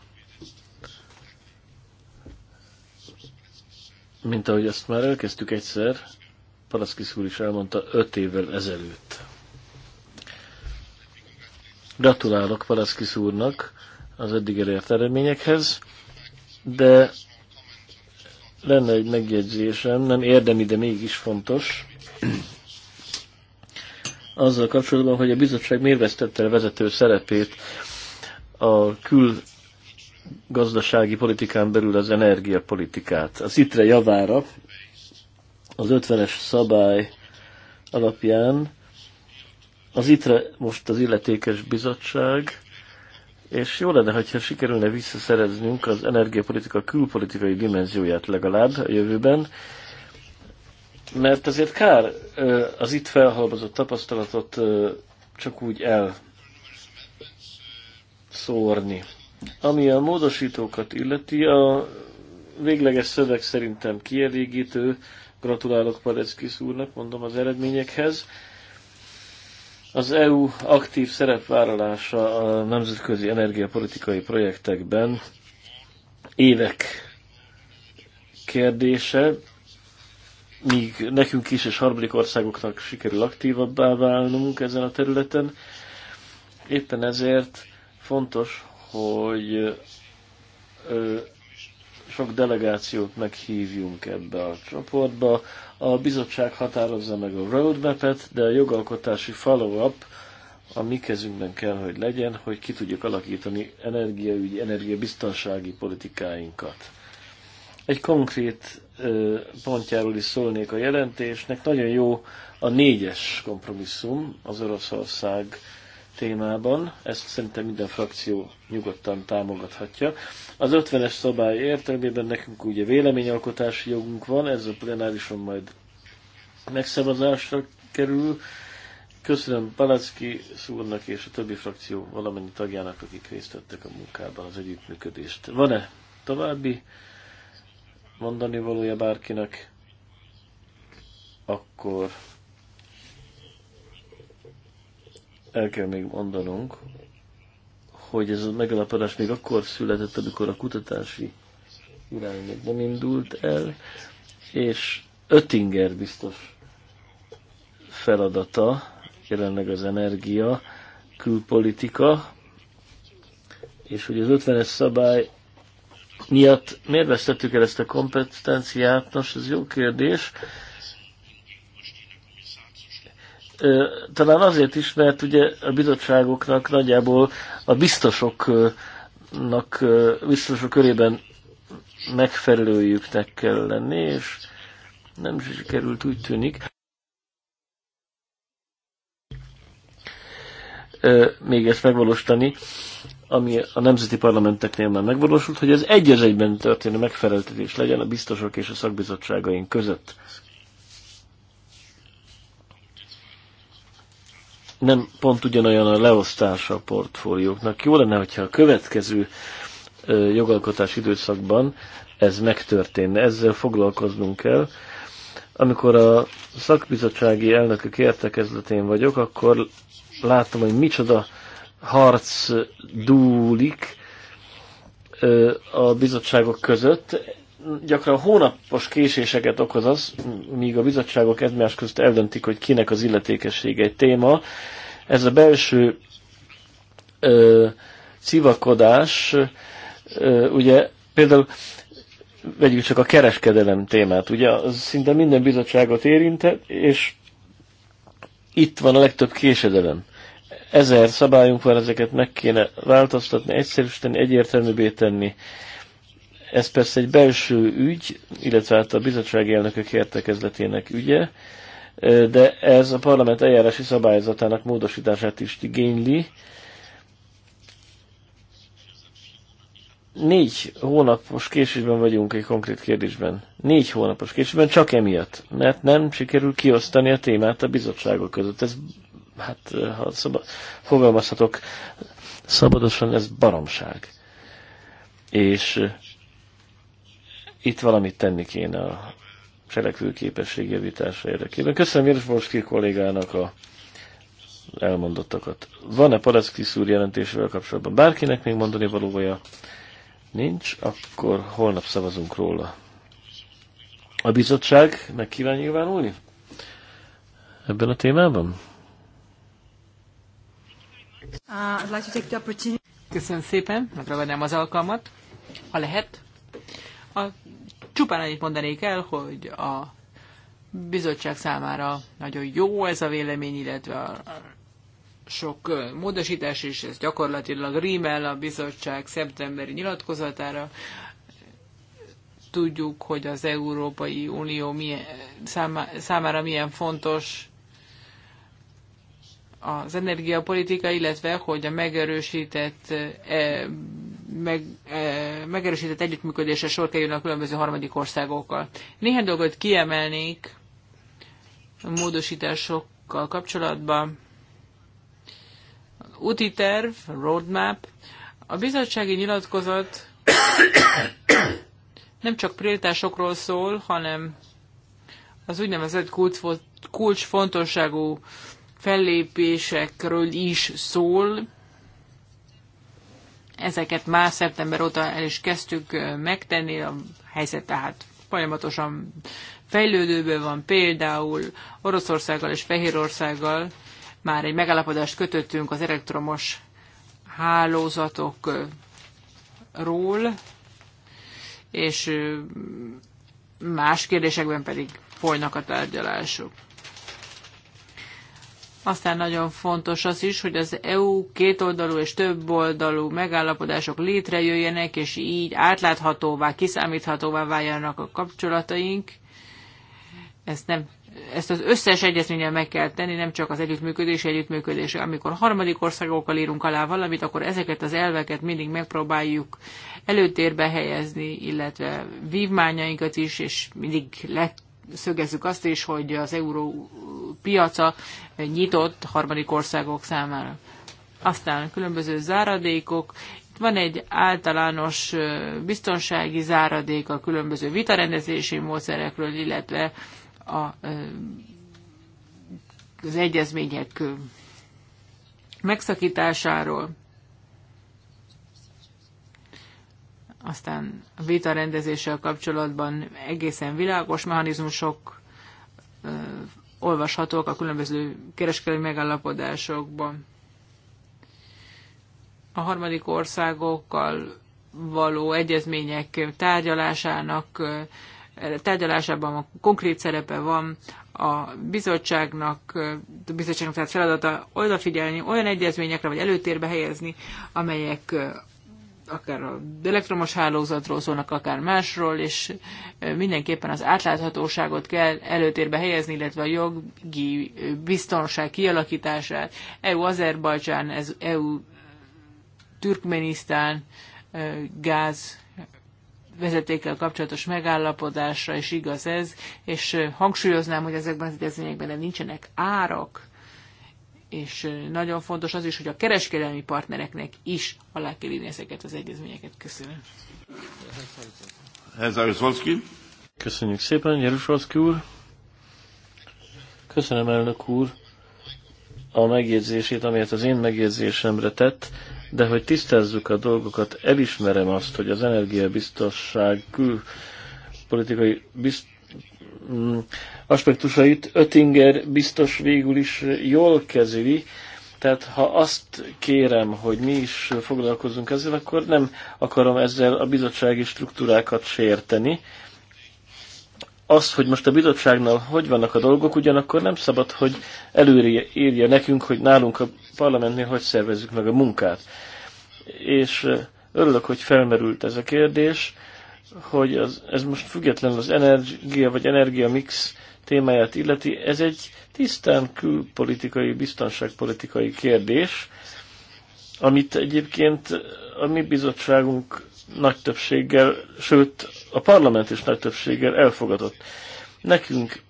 mint ahogy azt már elkezdtük egyszer, Paraszkis úr is elmondta öt évvel ezelőtt. Gratulálok Paraszkis úrnak az eddig elért eredményekhez, de lenne egy megjegyzésem, nem érdemi, de mégis fontos, azzal kapcsolatban, hogy a bizottság miért vesztette el vezető szerepét a kül gazdasági politikán belül az energiapolitikát. Az ITRE javára az 50-es szabály alapján az ITRE most az illetékes bizottság, és jó lenne, hogyha sikerülne visszaszereznünk az energiapolitika külpolitikai dimenzióját legalább a jövőben, mert azért kár az itt felhalmozott tapasztalatot csak úgy elszórni. Ami a módosítókat illeti, a végleges szöveg szerintem kielégítő. Gratulálok Padeckis úrnak, mondom az eredményekhez. Az EU aktív szerepvállalása a nemzetközi energiapolitikai projektekben évek kérdése, míg nekünk is és harmadik országoknak sikerül aktívabbá válnunk ezen a területen. Éppen ezért fontos, hogy ö, sok delegációt meghívjunk ebbe a csoportba. A bizottság határozza meg a roadmap-et, de a jogalkotási follow-up a mi kezünkben kell, hogy legyen, hogy ki tudjuk alakítani energiaügyi, energiabiztonsági politikáinkat. Egy konkrét ö, pontjáról is szólnék a jelentésnek. Nagyon jó a négyes kompromisszum az Oroszország témában, ezt szerintem minden frakció nyugodtan támogathatja. Az 50-es szabály értelmében nekünk ugye véleményalkotási jogunk van, ez a plenárison majd megszavazásra kerül. Köszönöm Palacki szúrnak és a többi frakció valamennyi tagjának, akik részt vettek a munkában, az együttműködést. Van-e további mondani valója bárkinek? Akkor el kell még mondanunk, hogy ez a megalapodás még akkor született, amikor a kutatási irány még nem indult el, és Öttinger biztos feladata, jelenleg az energia, külpolitika, és hogy az 50-es szabály miatt miért vesztettük el ezt a kompetenciát? Nos, ez jó kérdés talán azért is, mert ugye a bizottságoknak nagyjából a biztosoknak, biztosok körében megfelelőjüknek kell lenni, és nem sikerült úgy tűnik. még ezt megvalósítani, ami a nemzeti parlamenteknél már megvalósult, hogy ez egy egyben történő megfeleltetés legyen a biztosok és a szakbizottságaink között. nem pont ugyanolyan a leosztása a portfólióknak. Jó lenne, hogyha a következő jogalkotás időszakban ez megtörténne. Ezzel foglalkoznunk kell. Amikor a szakbizottsági elnökök értekezletén vagyok, akkor látom, hogy micsoda harc dúlik a bizottságok között gyakran hónapos késéseket okoz az, míg a bizottságok egymás között eldöntik, hogy kinek az illetékessége egy téma. Ez a belső ö, civakodás, ö, ugye például vegyük csak a kereskedelem témát, ugye az szinte minden bizottságot érintett, és itt van a legtöbb késedelem. Ezer szabályunk van, ezeket meg kéne változtatni, egyszerűsíteni, egyértelműbbé tenni. Ö, ez persze egy belső ügy, illetve hát a bizottsági elnökök értekezletének ügye, de ez a parlament eljárási szabályzatának módosítását is igényli. Négy hónapos késésben vagyunk egy konkrét kérdésben. Négy hónapos késésben csak emiatt, mert nem sikerül kiosztani a témát a bizottságok között. Ez, hát, ha szabad, fogalmazhatok szabadosan, ez baromság. És itt valamit tenni kéne a cselekvőképesség javítása érdekében. Köszönöm Mirsborski kollégának a elmondottakat. Van-e Palackis úr jelentésével kapcsolatban bárkinek még mondani valója? Nincs, akkor holnap szavazunk róla. A bizottság meg kíván nyilvánulni? Ebben a témában? Uh, Köszönöm szépen, megragadnám az alkalmat. Ha lehet, a, csupán annyit mondanék el, hogy a bizottság számára nagyon jó ez a vélemény, illetve a sok módosítás, és ez gyakorlatilag rímel a bizottság szeptemberi nyilatkozatára. Tudjuk, hogy az Európai Unió milyen, számá, számára milyen fontos az energiapolitika, illetve hogy a megerősített meg, e, megerősített együttműködésre sor kerülne a különböző harmadik országokkal. Néhány dolgot kiemelnék a módosításokkal kapcsolatban. Úti terv, roadmap. A bizottsági nyilatkozat nem csak prioritásokról szól, hanem az úgynevezett kulcsfontosságú fellépésekről is szól, Ezeket már szeptember óta el is kezdtük megtenni, a helyzet tehát folyamatosan fejlődőben van, például Oroszországgal és Fehérországgal már egy megállapodást kötöttünk az elektromos hálózatokról, és más kérdésekben pedig folynak a tárgyalások. Aztán nagyon fontos az is, hogy az EU kétoldalú és többoldalú megállapodások létrejöjjenek, és így átláthatóvá, kiszámíthatóvá váljanak a kapcsolataink. Ezt, nem, ezt az összes egyezménnyel meg kell tenni, nem csak az együttműködés, együttműködés. Amikor harmadik országokkal írunk alá valamit, akkor ezeket az elveket mindig megpróbáljuk előtérbe helyezni, illetve vívmányainkat is, és mindig lett szögezzük azt is, hogy az Euró piaca nyitott harmadik országok számára. Aztán különböző záradékok, itt van egy általános biztonsági záradék a különböző vitarendezési módszerekről, illetve a, az egyezmények megszakításáról. Aztán a vitarendezéssel kapcsolatban egészen világos mechanizmusok olvashatók a különböző kereskedelmi megállapodásokban. A harmadik országokkal való egyezmények tárgyalásának eh, tárgyalásában a konkrét szerepe van a bizottságnak, eh, a bizottságnak tehát feladata odafigyelni olyan egyezményekre, vagy előtérbe helyezni, amelyek eh, akár a elektromos hálózatról szólnak, akár másról, és mindenképpen az átláthatóságot kell előtérbe helyezni, illetve a jogi biztonság kialakítását. EU-Azerbajdzsán, ez EU-Türkmenisztán gáz vezetékkel kapcsolatos megállapodásra is igaz ez, és hangsúlyoznám, hogy ezekben az egyezményekben nincsenek árak, és nagyon fontos az is, hogy a kereskedelmi partnereknek is alá kell írni ezeket az egyezményeket. Köszönöm. Köszönjük szépen, Jerusalszki úr. Köszönöm, elnök úr, a megjegyzését, amelyet az én megjegyzésemre tett, de hogy tisztázzuk a dolgokat, elismerem azt, hogy az energiabiztosság külpolitikai biztonság Mm, aspektusait Ötinger biztos végül is jól kezeli, tehát ha azt kérem, hogy mi is foglalkozunk ezzel, akkor nem akarom ezzel a bizottsági struktúrákat sérteni. Az, hogy most a bizottságnál hogy vannak a dolgok, ugyanakkor nem szabad, hogy előre írja nekünk, hogy nálunk a parlamentnél hogy szervezzük meg a munkát. És örülök, hogy felmerült ez a kérdés hogy az, ez most független az energia vagy energia mix témáját illeti, ez egy tisztán külpolitikai, biztonságpolitikai kérdés, amit egyébként a mi bizottságunk nagy többséggel, sőt a parlament is nagy többséggel elfogadott. Nekünk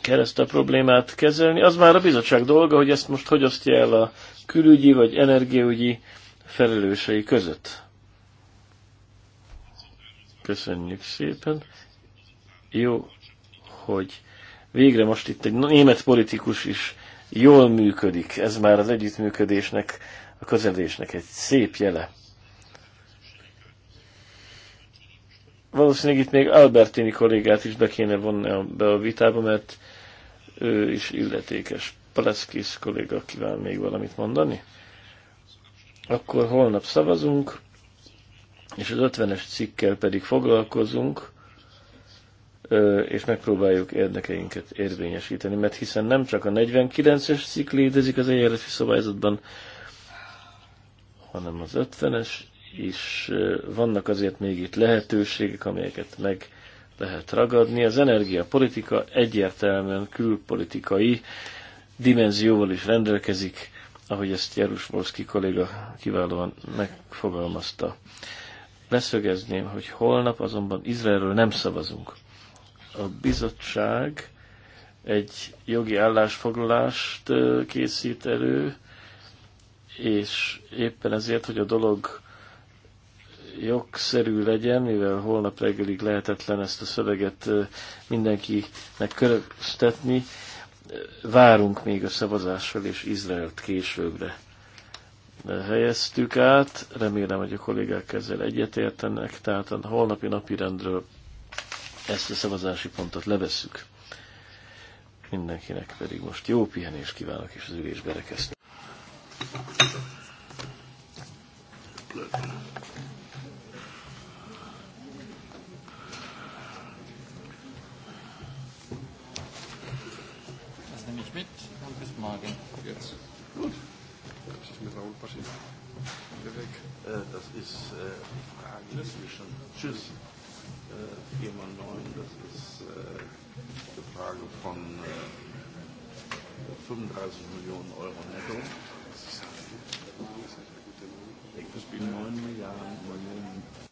kell ezt a problémát kezelni. Az már a bizottság dolga, hogy ezt most hogy osztja el a külügyi vagy energiaügyi felelősei között. Köszönjük szépen. Jó, hogy végre most itt egy német politikus is jól működik. Ez már az együttműködésnek, a közeledésnek egy szép jele. Valószínűleg itt még Albertini kollégát is be kéne vonni be a vitába, mert ő is illetékes. Paleszkis kolléga kíván még valamit mondani? Akkor holnap szavazunk és az 50-es cikkel pedig foglalkozunk, és megpróbáljuk érdekeinket érvényesíteni, mert hiszen nem csak a 49-es cikk létezik az eljárási szabályzatban, hanem az 50-es is vannak azért még itt lehetőségek, amelyeket meg lehet ragadni. Az energiapolitika egyértelműen külpolitikai dimenzióval is rendelkezik, ahogy ezt Jaruszborszki kolléga kiválóan megfogalmazta. Leszögezném, hogy holnap azonban Izraelről nem szavazunk. A bizottság egy jogi állásfoglalást készít elő, és éppen ezért, hogy a dolog jogszerű legyen, mivel holnap reggelig lehetetlen ezt a szöveget mindenkinek köröztetni, várunk még a szavazással és Izraelt későbbre helyeztük át. Remélem, hogy a kollégák ezzel egyetértenek, tehát a holnapi rendről ezt a szavazási pontot levesszük. Mindenkinek pedig most jó pihenést kívánok, és az ülésbe rekeztem. Ez nem ich mit Nem bis morgen. Jetzt. Verschiedene. Das ist äh, Frage zwischen Tschüss äh, 4x9, das ist äh, eine Frage von äh, 35 Millionen Euro netto. Ich verspiele 9 Milliarden Millionen